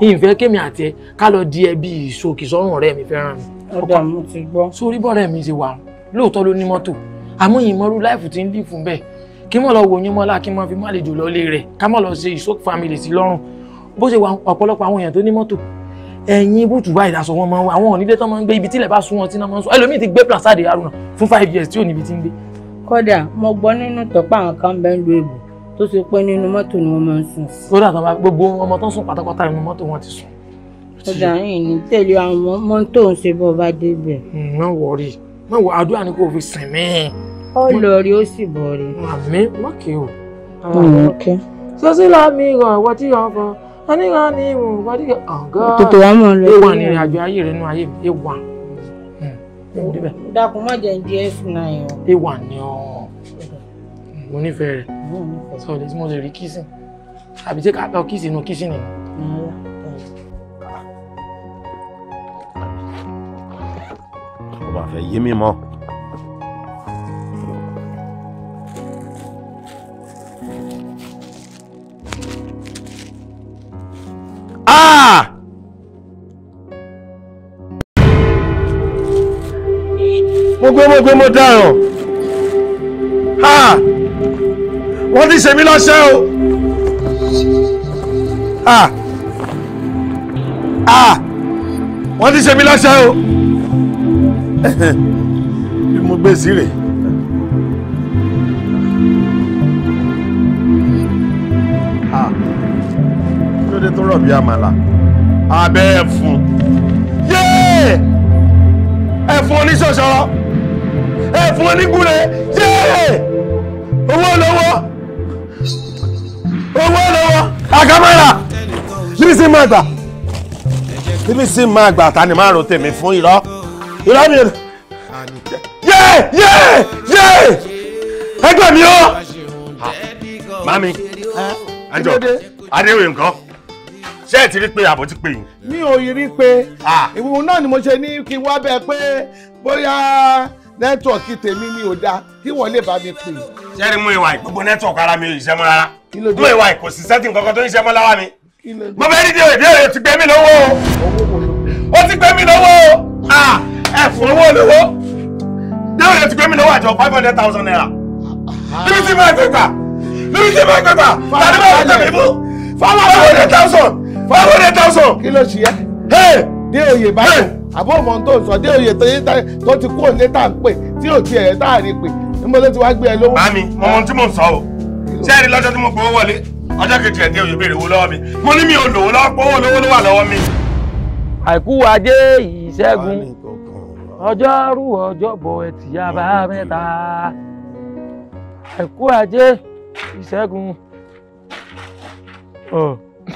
ni ìfẹ́ kémi àti ẹ ká lọ di ẹbí ìṣòkì sọ́rùn ọ̀rẹ́ mi fẹ́ràn mi. ọ̀dà mo ti gbọ́. sórí bọ́ọ̀rẹ́ mi ti wà lóòótọ́ ló ní mọ́tò àmọ́ ìmọ̀rú láìfù ti ń dì fún bẹ́ẹ̀ kí mọ̀ lọ wo yín mọ́lá kí mọ̀ fi má lè jù lọ lé rẹ̀ ká mọ̀ lọ ṣe ìṣókè family sí lọ́rùn bó ṣe wà ọ̀pọ̀lọpọ̀ àwọn èèyàn tó ní mọ́tò ẹ̀yìn bùtù báyìí dasọ wọn máa ń wá àwọn onílé tó máa ń gbé ibi tílẹ̀ bá sún wọn tí náà máa ń sún ẹlòmíì ti gbé plasade aruna fún five years tí ò níbi tí ń gbé. kódà mo gbọ́ nínú tọ́pọ̀ àwọn kan bẹ́ẹ̀ ń lo èbò tó ṣe pé nínú mọ́tò ni wọ́n máa ń sùn sí. kódà tó bá gbogbo ọmọ tó ń sùn pátápátá inú mọ́tò wọn ti sùn. kódà yìí ní tẹ̀lé àwọn mọ́tò ń ṣe bọ́ bá débẹ̀. Hmm, má wọrí má wọ àdúrà ni kò fi sìn mí ó lọ rí ó sì bọ̀ rí. àmì mọ́kì o. mọ́kì. sọ́sí la mi ràn ọ̀wọ́ tí yọ̀ fún oníran ni ìwọ̀n ọ̀wọ́ tí yọ̀ ọ̀gá. Oh, tètè wàá mọ̀ lọ. ewa ni ìrìn àjò ayé rẹ nínú ayé mi ewa. Hmm. dákun má jẹ́ di f9 o. ewa ni ọ mo nífẹ̀ẹ́ rẹ̀ sọ lè tí mo lè rí kìsìn àbí tí ká lọ kìsìn inú kìsìn nìyẹn. ọba fẹ́ yé mi mọ́. Ah! mo gbé mo gbé mo dáràn ha wọ́n ti ṣe mí lọ́ṣẹ́ o ha ha wọ́n ti ṣe mí lọ́ṣẹ́ o bí mo gbé sí rèé. tó rọ̀ bí àmàlà abẹ́ ẹ̀fun yéè ẹ̀fun oníṣọ̀ṣọ̀rọ̀ ẹ̀fun onígúnlẹ̀ yéè owó lọ́wọ́ owó lọ́wọ́ àgàmàrà níbi sí máa gbà níbi sí máa gbà ta máa ro tèmi fún irọ́ irọ́ mi yéè yéè yéè ẹgbẹ́ mi o mami ẹjọ adéwìn nǹkan ṣé ẹ ti rí pé àbọ̀ ti pè yín. mi ò rí pé ìwúwo náà ni mo ṣe ní kí n wá bẹ́ẹ̀ pé bóyá nẹ́tíwọ̀kì tèmi ni ò dáa kí wọ́n lè bá mi pè. sẹ́ni mú ìwà ìgbogbo nẹ́tíwọ̀kì ara mi ò ṣiṣẹ́ mọ́ rárá mú ìwà ìkò sí sẹ́tì nǹkan kan tó ń ṣiṣẹ́ mọ́ lára mi. mo fẹ́ rí díẹ̀ díẹ̀ o ti gbé mi lówó o ti gbé mi lówó o ẹ̀fọ́ owó lówó díẹ̀ o ti gbé mi lówó àjọ five hundred thousand naira níbi tí mo ẹgbẹ́ gbà níbi tí mo ẹgbẹ́ gbà tàbí mo ẹgbẹ́ mi mú five hundred thousand five hundred thousand. kí ló ṣe yẹ. dé oyè báyìí àbó mọ tó sọ dé oyè tó ti kú òní tá à ń pè tí ò tiẹ̀ tá à rí pè níbo ló ti wá gbé ẹ lówó. màmí mo mọ ohun tí mò ń sọ o ṣé ẹ rí lọ́jọ́ tí mo gbowó wọlé ọjọ́ kejì ẹ̀ dé oyè béèrè owó lọ́wọ́ mi mo ní mi ò lòwó lọ́wọ́ pé owó lówó ló wà lọ́wọ́ mi. àìkú ajé ìṣẹ́gun ọjọ́rú ọjọ́bọ̀ ẹtì àbámẹ́ta àìkú ajé ìṣẹ́gun.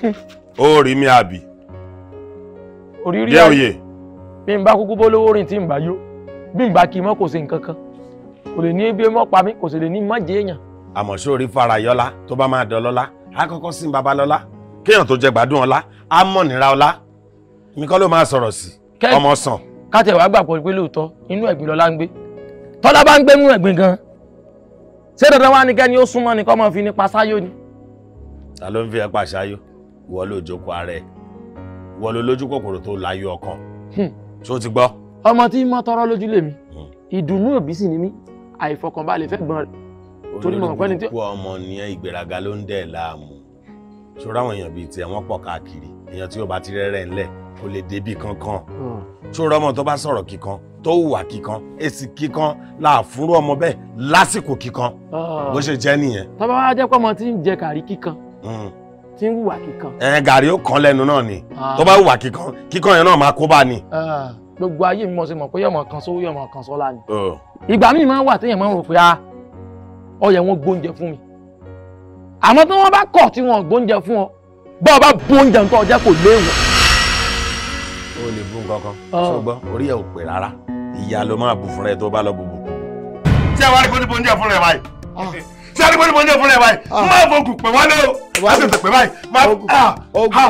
ó rí mi àbí. oríire àyè déòye. bí n bá kúkú bó lówó rìn tí n bá yó bí n bá kí mọ́ kò ṣe nǹkan kan kò lè ní ebi mọ́ pa mí kò sì lè ní mọ́ jẹ èèyàn. àmọ́ sórí farayọ́lá tó bá máa dán lọ́lá á kọ́kọ́ sin babalọ́lá kéèyàn tó jẹ gbádùn ọlá á mọ̀ nira ọlá mi kọ́ ló máa sọ̀rọ̀ sí ọmọ sàn. kátẹ wàá gbàgbọ́ pé lóòótọ́ inú ẹ̀gbin lọ́lá ń gbé tọ́lá bá ń gbé inú ẹ̀gbin gan-an ṣé dandan wá ní kẹ́ni ó súnmọ́ ni kọ́ mọ́ fi ní pa sáyó ni. ta ló ń fi ẹ pa sáyó ìwọ ló jókòó ara ẹ ìwọ ló lójú kòkòrò tó láyé ọkàn tó hmm. ti gbọ́. ọmọ tí mo tọrọ lójú lè mi hmm. ìdùnnú òbí sì ni mí àìfọkànbalẹ̀ fẹ́ gbọ́n rẹ̀ torí mo mọ̀ pé ní tí. olórí ọmọ nìyẹn ìgbéraga ló ń dẹ̀ láàmú ṣòro àwọn èèyàn bíi tiẹ̀ wọ́n pọ̀ káàkiri èèyàn tí ó bá ti rẹ́rẹ́ ńlẹ̀ kò lè débi kankan hmm. ṣòro ọmọ tó bá sọ̀rọ̀ kíkan tó hùwà kíkan èsì kíkan láàfúrú ọmọ bẹ́ẹ̀ lásìkò kíkan ah. bó ṣe jẹ́ nìyẹn. tọ́ba wa jẹ́ pé ọmọ tí ń jẹ kàrí kíkan tí ń wùwà kíkan. ẹ gàrí ó kàn lẹ́nu náà ni ah. tó bá wùwà kíkan kíkan yẹn náà máa kó bá ni. Ah, gbogbo ayé mi mọ̀ sí mọ̀ pé yọ̀mọ̀ kan sówó yọ̀mọ̀ kan sọ́lá ni. Oh. ìgbà míì máa ń wà téèyàn máa ń rò pé a ah, ọyẹ wọn gbóúnjẹ fún mi àmọ́ tí wọ́n bá kọ̀ tí wọ́n gbóúnjẹ fún ọ bá ọ bá bu oúnjẹ nǹkan kò léèwọ̀. o lè bu nǹkan kan ṣùgbọ́n orí ẹ̀ ò pè rárá ìyá ló máa bu fúnra ẹ̀ tó bá lọ bùbù. tí ẹ wá rí kó ní tí a rí bọ́lú mọ́lẹ́ fúnra ẹ̀ báyìí ah. máa fọgùn pẹ̀ wálé o láti tẹ̀ pẹ̀ báyìí máa ha ha ha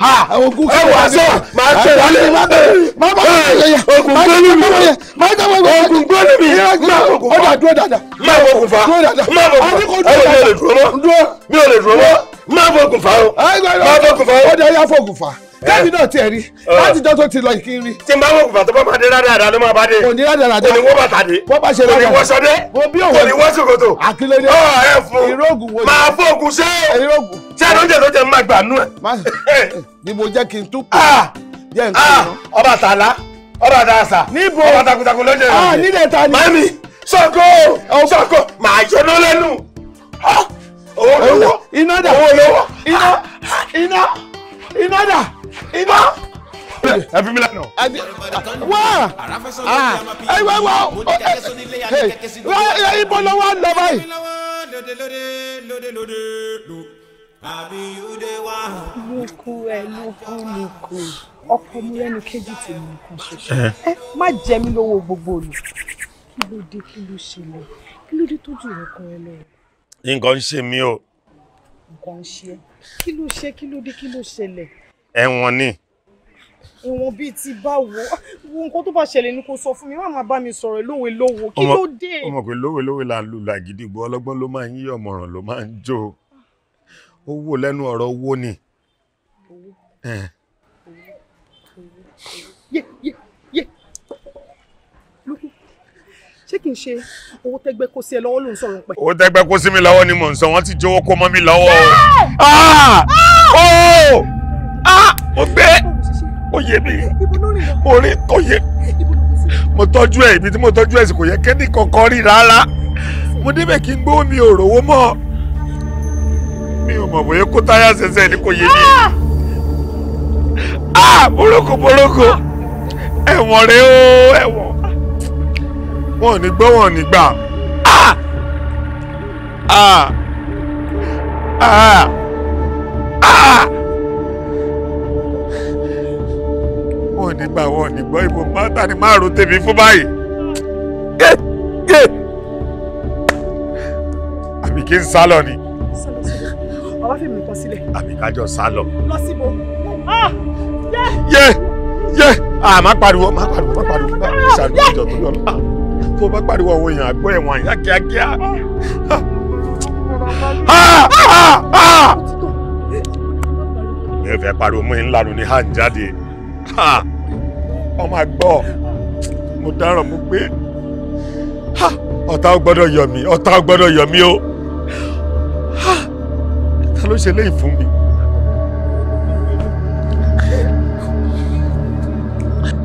ha, ogun kí wọ́n sọ máa tẹ̀ wálé máa bẹ̀rẹ̀ máa bẹ̀rẹ̀ ogun gbólú mi máa tẹ̀wọ́ ogun gbólú mi máa fọgùn fa ọ̀dà dúró dada máa fọgùn fa máa fọgùn fa mi ò lè dúró mọ́ mi ò lè dúró mọ́ máa fọgùn fa o máa fọgùn fa o ọ̀dà yà fọgùn fa káàdì eh. náà tiẹ̀ rí láti eh. jọ́ tó ti lọ ìkín rí. tí n bá wọ bàtà bá máa dé rádàrà ló máa bá dé. kò ní rádàrà dá kò ní wọ́ bàtà dé. bó bá ṣe lọ́dọ̀ kò ní wọ́ sọdẹ́ kò ní wọ́ ṣòkòtò. àkìlẹ́dẹ́ ọ̀ ẹ̀ fún ìrógùn wo ni. máa fóògùn ṣe é eh, ṣé ló ń jẹ tó jẹ máa gbà nú ẹ. ni mo jẹ́ kí n tún kù. Ah. jẹ́ nǹkan mọ́. Ah. ọba tàlá ọba dàṣà níbo ọba takuntakun ló jẹ ìròyìn. Ah, nílẹ̀ ta ni. mami sọ́kò sọ́kò oh. màá yọ̀nà lẹ́nu. owó lówó owó lówó iná iná. Inada, dà iná. ẹ fi mi lẹ́nu. wá ah! ẹ wá wá wá ibo ló wá lọ báyìí. lukú ẹ lukú lukú ọkọ mi lẹ́nu kejì tèmi nìkan ṣoṣo ẹ má jẹ mí lówó gbogbo olù kí ló dé kí ló ṣẹlẹ̀ kí ló dé tó jù rẹ kọ ẹ lọ. nǹkan ń ṣe mí o. nǹkan ń ṣe é kí ló ṣe kí ló dé kí ló ṣẹlẹ̀. ẹ̀wọ̀n ni. ẹ̀wọ̀n bíi ti báwo wo nǹkan tó bá ṣẹlẹ̀ ni kò sọ fún mi má máa bá mi sọ̀rọ̀ lówe lówo kí ló dé. ọmọ pé lówe lówe là ń lu làgídìgbò ọlọ́gbọ́n ló máa ń yí ọ̀mọ̀ràn ló máa ń jó ó wò lẹ́nu owó ni. ṣé kì í ṣe owó tẹ́gbẹ́ kó sí ẹ lọ́wọ́ ló ń sọ̀rọ̀ pẹ̀. owó tẹ́gbẹ́ kó sí mi lọ́wọ́ ni mò ń sọ wọ́n ti jówó kó mọ́ mi lọ́wọ́ o ah! Ah! Oh! Ah! gbé o yé mi orí kò yé mo tọ́jú ẹ̀ ibi tí mo tọ́jú ẹ̀ sì kò yẹ kẹ́ni kankan rí rárá mo débẹ̀ kí n gbówó mi ò rówó mọ́ mi ò mọ̀ bóyá kó táyà ṣẹ̀ṣẹ̀ ni kò yé mi ah boroko boroko ẹ̀wọ̀n rẹ o ẹ̀wọ̀n wọn ò ní gbọ́ wọn ò ní gbà. Ah! Ah! Ah! ah! wọn ò ní gbà wọn ò ní gbọ́ ìbò pátá ni máa ro tèmi fún báyìí. àbí kí n sálọ ni. bàbá fèmí kan sílẹ̀. àbí kájọ sálọ. lọ síbo. Ah! yé yé yé àmà ah, pariwo má pariwo má pariwo má pariwo sàrùkọ ìjọ tó yọ lọ tó bá pariwo àwọn èèyàn àgbọ̀ ẹ̀wọ̀n àyà kíákíá. mi ah! ò ah! ah! fẹ́ pariwo mú in lanu ní hàn jáde ọmọ àgbọ̀ mo dáràn mo pé ọ̀tá ò gbọ́dọ̀ yọ̀ mí ọ̀tá ò gbọ́dọ̀ yọ̀ mí o ta ló ṣe léyìí fún mi.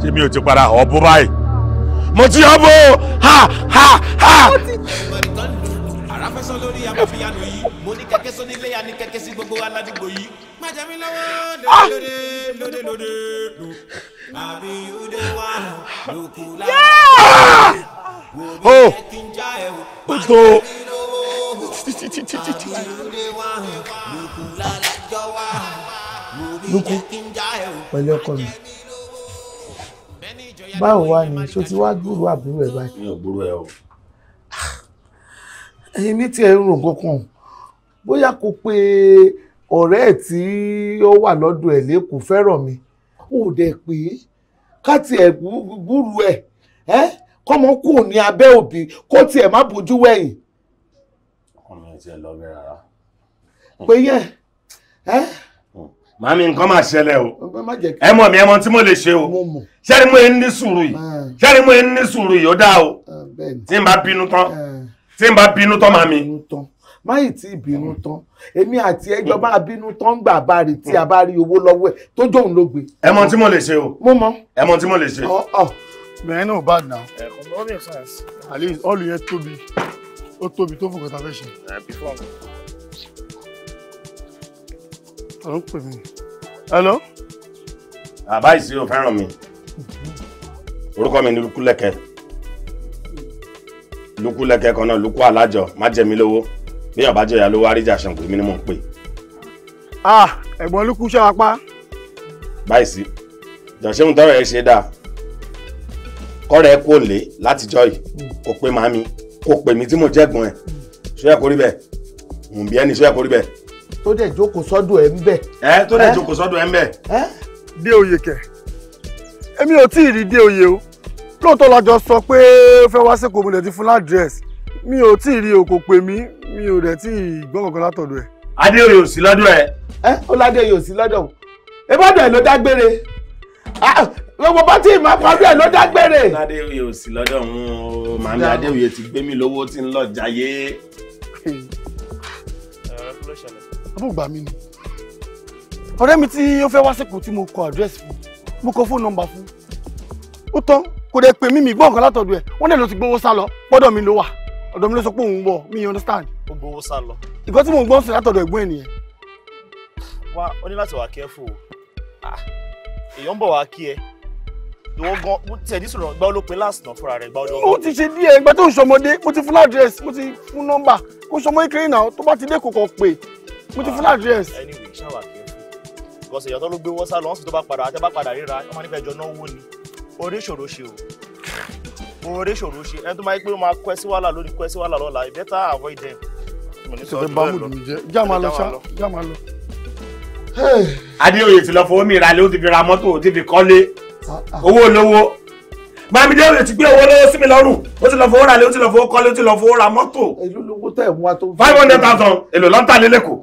ṣé mi ò ti padà ọ̀ bó báyìí mo ti ọ̀ bó ha ha ha. àràfẹ́sọ lórí amọ̀fìyànù pẹ̀lú ọkọ mi báwo wá ni ṣó ti wá gbúrú àbúrò ẹ báyìí. mi ò gbúrú ẹ o. èmi tí ẹ ń rò kankan bóyá kò pé ọ̀rẹ́ ẹ̀ tí ó wà lọ́dọ̀ ẹ̀ lẹ́kọ̀ọ́ fẹ́ràn mi kò dẹ̀ pé ká tiẹ̀ gbúrú ẹ̀ ẹ́ kọ́mọ kù ní abẹ́ òbí kó tiẹ̀ má bójú wẹ̀yìn. ọmọ ẹ ti ẹ lọ bẹ rárá. pé yẹn ẹ́ màámi nǹkan máa ṣẹlẹ̀ o ẹ mọ̀ mi ẹ mọ̀ tí mo lè ṣe o ṣẹ́ni mo ní sùúrù yìí ah. ṣẹ́ni mo ní sùúrù yìí ó dáa o ah, tí n bá bínú tán ah. tí n bá bínú tán màámi máyì tí ìbínú tán èmi àti ẹjọ bá bínú tán gbà bá rí tí a bá rí owó lọ́wọ́ ẹ̀ tó jóun ló gbé. ẹ mọ tí mo lè ṣe o. mo tí mo lè ṣe. bẹ́ẹ̀ náà bad now. ẹ kò lọ́ọ́ ní ìfẹ́ àlè ọ̀lù yẹn tóbi ó tóbi tó fún kọta fẹ́ ṣe. Eh, ló ń pè mí. hello. bàbá ìsí ò fẹ́ràn mi orúkọ mi ni lukulẹ̀kẹ́ lukulẹ̀kẹ́ kan náà lukú alájọ má jẹ mí lówó bí ọba jẹyà ló wá ríjà ṣàǹkó mi ni mò ń pè. ah ẹ̀gbọ́n lukú ṣàpá. báyìí sí jọ̀ṣẹ́hùn tọrọ ẹ ṣe dáa kọ́rẹ́ kó lé látijọ́ yìí kò pé màmí kò pè mí tí mo jẹ́gbọ́n ẹ̀ ṣóyà kórìbẹ̀ mò ń bí ẹni ṣóyà kórìbẹ̀ tó dẹ̀ jókòó sọ́dọ̀ ẹ̀ ń bẹ̀. ẹ tó dẹ̀ jókòó sọ́dọ̀ ẹ̀ ń bẹ̀. dé oyè kẹ èmi ò tí ì rí dé oyè o lóòótọ́ la jọ sọ pé ó fẹ́ wá sẹ́kọ̀ọ́ mo lè ti fún ládírẹ́sì mi ò tí ì rí o kò pè mí mi ò dẹ̀ tí ì gbọ́ kankan látọ̀dọ̀ ẹ̀. adéoyè ò sí lọ́dọ̀ ẹ. ẹ ó ládéoyè ò sí lọ́dọ̀ o ìbádọ̀ ẹ̀ ló dágbére gbogbo pátí ìmọ̀ pàdé ẹ̀ ló dágbére. ládéoyè ò sí lọ́dọ̀ òun o màmí adéoyè ti gbé mi lówó tí ń lọ jayé. ẹ ló ṣẹlẹ̀ àbúrò gbà mí ni ọ̀rẹ́ mi tí ó fẹ́ wá sẹ́kù tí mo kọ àdírẹ́sì fún mo kọ fóònù nọ́mbà fún ó tán kò dẹ̀ pè mí mi gbọ́ nǹkan látọ̀dọ̀ ẹ̀ wọ́n dẹ̀ ló ti gbowó sá lọ gbọ́dọ̀ mi ló wà ọ̀dọ̀ mi ló sọ pé òun bọ̀ mi understand. ó gbowó sá lọ. ìkọ́ tí mò ń gbọ́ sí látọ̀dọ̀ ẹ̀gbọ́n ènìyàn. wá ó ní láti wà kẹ́fù o èèyàn ń bọ̀ wá kí ẹ ìwọ gan mo tiẹ̀ ní sọ̀rọ̀ gbá ló pe last náà fúnra rẹ̀ gbá ọjọ́. mo ti ṣe díẹ̀ ìgbà tó ń ṣọmọdé mo ti fún address mo ti fún nọ́mbà kó ṣọmọ ìkẹyìn náà tó bá ti dé kò kàn pè mo ti fún address. anyway ṣáwà kí ẹ fún because èyàn tó ló gbé wọ́n sá lọ wọ́n sì tó bá padà àtẹ́ bá padà ríra wọ́n máa ní fẹ́jọ́ náwó ni oríṣòro ṣe o oríṣòro ṣe ẹni tó máa ń pé ó máa kọ́ ẹ sí wàhálà lórí kọ́ ẹ sí wàhálà lọ́la you better avoid them. ṣètò bámú mi jẹ já máa lọ ṣá já máa lọ. adéoyè ti lọ fowó mi ìralé ó ti fi ra mọ́tò ó ti fi kọ́lé ah, ah. owó olówó Bámidélé ti gbé owó lọ́wọ́ sí mi lọ́rùn ó ti lọ fowó ra lé ó ti lọ fowó kọ́lé ó ti lọ fowó ra mọ́tò. èló lówó tẹ̀ mú wa tó. five hundred thousand èló lọ́tà lélẹ́kọ̀ọ́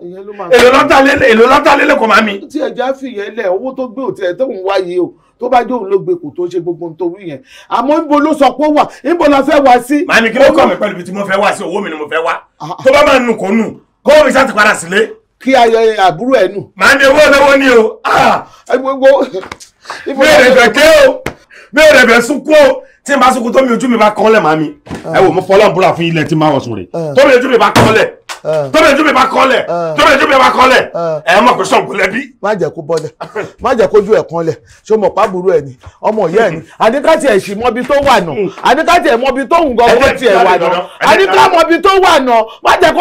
èló lọ́tà lélẹ́kọ̀ọ́ èlò lọ́tà lélẹ́kọ̀ọ́ màmí. tí ẹja fìyẹn lẹ owó tó gbé òtí ẹ tó ń wáyé o tó bá jóun ló gbé kò tó ṣe gbogbo nítorí yẹn àmọ́ níbo ló sọ pé ó wà níbo la fẹ́ wá sí. màmí kí ló kọ́ mi pẹ̀lú ibi tí mo fẹ́ wá sí owó mi ni mo fẹ́ wá ah, ah. tó bá máa nù kó nù kó mi ṣáà ti padà sílé. kí ayọ̀ àbúrò ẹ̀ nù. màmí owó lọ́wọ́ ni o. ìbéèrè ah! kẹ̀kẹ́ o mi ò rẹ̀bẹ̀ sunkún o tí n bá sunkún tó mi ojú mi bá kán lẹ̀ màmí ẹ wò mo fọlọ́n búra fún ilẹ̀ tí máa wọ̀ sùn rè tó mi ojú mi bá kán lẹ̀ tó mi ojú mi bá kán lẹ̀ tó mi ojú mi bá kán lẹ̀ ẹ mọ̀ pé sọ̀nkú lẹ́bí. má jẹ́ kó bọ́lẹ̀ má jẹ́ kójú ẹ̀ kan lẹ̀ ṣé o mọ̀ pàbùrù ẹ̀ ni ọmọ ìyá ẹ̀ ni àdínkàtì ẹ̀ sì mọbi tó wà nà àdínkàtì ẹ̀ mọbi tó ń gọ́gọ́ tiẹ̀ wà nà àdínkà mọbi tó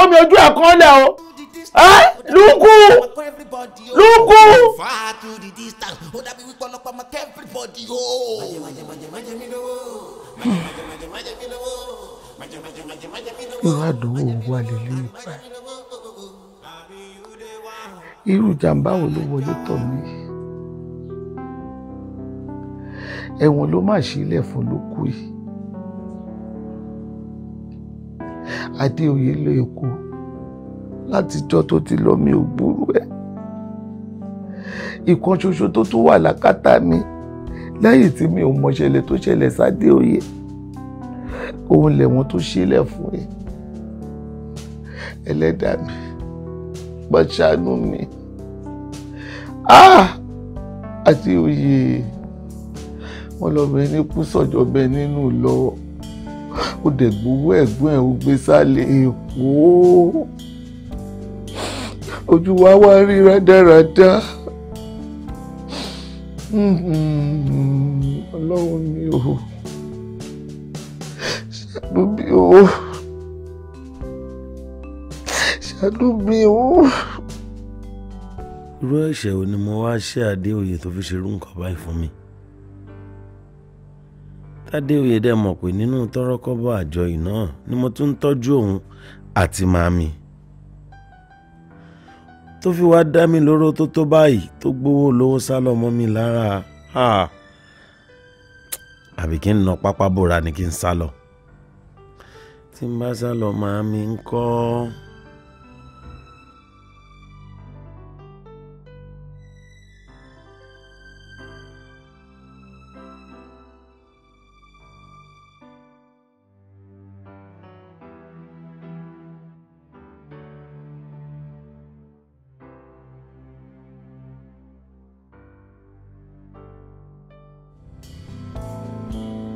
mi ojú ẹ̀ kan lẹ̀ o. Eh? lukú lukú. irú àdánwò wà lélẹ́ ìpa irú jàǹbá wo ló wọlé tọ̀ mí ẹ̀wọ̀n ló má sílẹ̀ fún lukú yìí adéoyè ló èkó látijọ́ tó ti lọ mi ò gbúrú ẹ̀ ìkan ṣoṣo tó tún wà lákàtà mi lẹ́yìn tí mi ò mọ̀ṣẹ̀lẹ̀ tó ṣẹlẹ̀ sáde òye òun lẹ̀wọ̀n tó ṣílẹ̀ fún ẹ ẹlẹ́dà mi gbọ́ṣánú mi ah! àti òye wọn lọ́mọ ẹni kú sọ̀jọ́ bẹ nínú lọ́wọ́ ó dẹ̀ gbowó ẹ̀gbọ́n ẹ̀ ó gbé sálẹ̀ èkó ojú wa wá rí rádáradá ọlọ́run mi ò ṣàánú mi ò ṣàánú mi ò. irú ẹ̀ṣẹ̀ wo ni mo wá ṣe Adéoyè tó fi ṣerú nǹkan báyìí fún mi tádéoyè dẹ̀ mọ̀ pé nínú tọ́rọ́kọ́bọ̀ àjọ yìí náà ni mo tún ń tọ́jú òun àti màmí tó fi wá dá mi lóró tó tó báyìí tó gbowó lówó sálọ mọ́ mi lára àbí kí n nà pápá bòra ni kí n sá lọ tí n bá sá lọ màámi ń kọ́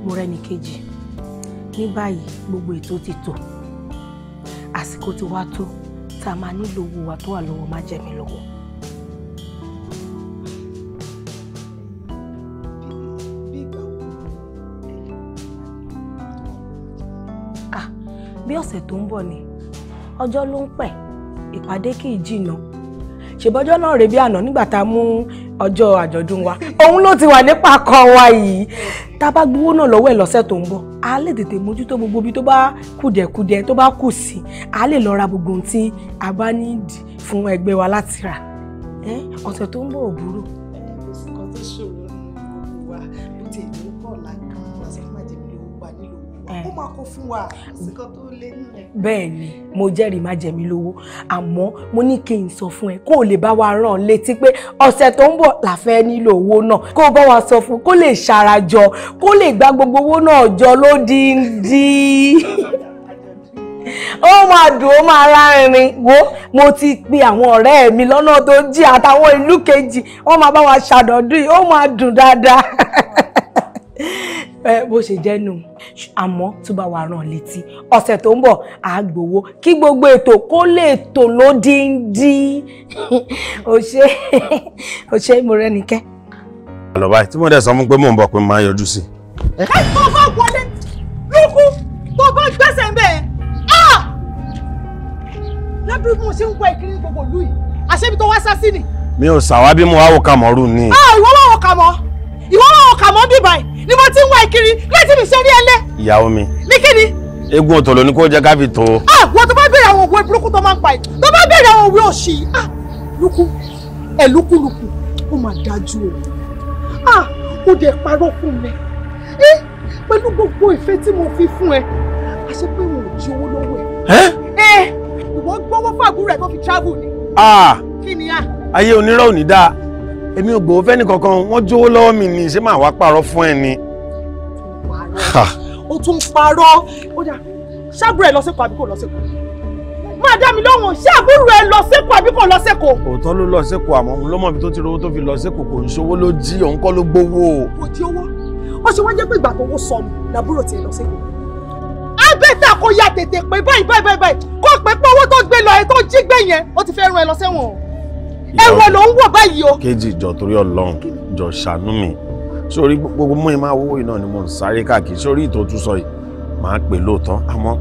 mo rẹ́ni kejì ní báyìí gbogbo ètò ti tò àsìkò ti wá tó tá a máa nílò owó wa tó wà lọ́wọ́ má jẹ́ mi lọ́wọ́. Ah, bí ọ̀sẹ̀ tó ń bọ̀ ni ọjọ́ ló ń pẹ́ ìpàdé kì í jìnnà ṣèbọjọ́ náà rèébi àná nígbà tá a mú ọjọ́ àjọ̀dún wa òun ló ti wà ní pàkọ́ wa yìí tá a bá gbowó náà lọ́wọ́ ẹ̀ lọ́sẹ̀ tó ń bọ̀ a lè tètè mójútó gbogbo ibi tó bá kùdẹ̀kùdẹ̀ tó bá kù sí a lè lọ ra gbogbo ohun tí a bá nídìí fún ẹgbẹ́ wa láti rà ọ̀sẹ̀ tó ń bọ̀ òbúrò Eh. ó máa kó fún wa síkọ tó lé nílẹ̀. bẹ́ẹ̀ ni mo jẹ́rìí má jẹ mí lówó àmọ́ mo ní kí n sọ fún ẹ kó o lè bá wa rán an létí pé ọ̀sẹ̀ tó ń bọ̀ la fẹ́ nílò owó náà kó o bá wa sọ fún kó lè ṣarajọ kó lè gba gbogbo owó náà jọ lódìndín ó máa dùn ó máa lárinrin wo mo ti pe àwọn ọ̀rẹ́ mi lọ́nà tó jí àtàwọn ìlú kejì wọ́n máa bá wa ṣàdọ̀dún yìí ó máa dùn dáadáa ẹ bó ṣe jẹ́ nù àmọ́ tó bá wà rán létí ọ̀sẹ̀ tó ń bọ̀ á gbowó kí gbogbo ètò kó lè tò lódìndín ó ṣe ó ṣe mo rẹ́ni kẹ́. àlọ́ báyìí tí mo dẹ̀ sọ fún pé mò ń bọ̀ pé máa yọjú sí. ẹ kọ́ kọ́ wọlé lókù tó bá gbẹ́sẹ̀ ń bẹ̀ ẹ́ lábẹ́ bí mo ṣe ń wá ìkíní gbogbo ìlú yìí àṣẹbi tó wá sá sí ni. mi ò sàwá bí mo wá wò kàmọ́rù ni. ìwọ wá wá wò kàmọ́ bíbáyìí ni mo ti ń wá ìkiri láti fi ṣeré ẹlẹ́. ìyàwó mi. ní kíni. eégún òtòló ni kò jẹ́ ká fi tó. àwọn ah, tó bá bèrè àwọn òwe burúkú tó máa ń pa yìí tó bá bèrè àwọn òwe òṣì yìí ah, lukú ẹ lukúlukú ó máa dájú o ah, ó dẹ̀ parọ́ fún mi eh, pẹ̀lú gbogbo ìfẹ́ tí mo fi fún ẹ àṣẹ pé mo ò jí owó lọ́wọ́ ẹ. ẹ eh, ìwọ gbọ́wọ́ fún àbúrò ẹ tó fi travel ni. kí ni a. ayé onírọ̀ ò dáa èmi ò gbòó fẹ́ni kankan wọ́n jówó lọ́wọ́ mi ni ṣé màá wá parọ́ fún ẹ ni. o tún parọ́ ó dà ṣàbùrù ẹ lọ sẹ́kọ̀ọ́ àbí kò lọ sẹ́kọ̀ọ́ máa dá mi lóhùn ṣàbùrù ẹ lọ sẹ́kọ̀ọ́ àbí kò lọ sẹ́kọ̀ọ́. òótọ́ ló lọ sẹ́kọ̀ọ́ àmọ́ òun ló mọ̀ ibi tó ti rówó tó fi lọ sẹ́kọ̀ọ́ kò ń ṣòwò ló jí òun kọ́ ló gbowó. kò tí owó ó ṣe wá jẹ́ pé ìgbà tó wó sọnù làbúrò tiẹ̀ lọ sẹ́kọ̀ọ́. abẹ́ta kò ya tètè pé báyìí báyìí báyìí kó pé pé owó tó gbé lọ ẹ tó jí gbé yẹn ó ti fẹ́ rán ẹ lọ sẹ́wọ̀n o ẹ̀wọ̀n ló ń wọ̀ báyìí o. kejì jọ torí Ọlọ́run jọ ṣàánú mi sórí gbogbo mú ìmọ̀ owó yìí náà ni mo ń sáré káàkiri sórí ìtòtún sọ yìí máa pè lóòótọ́ àmọ́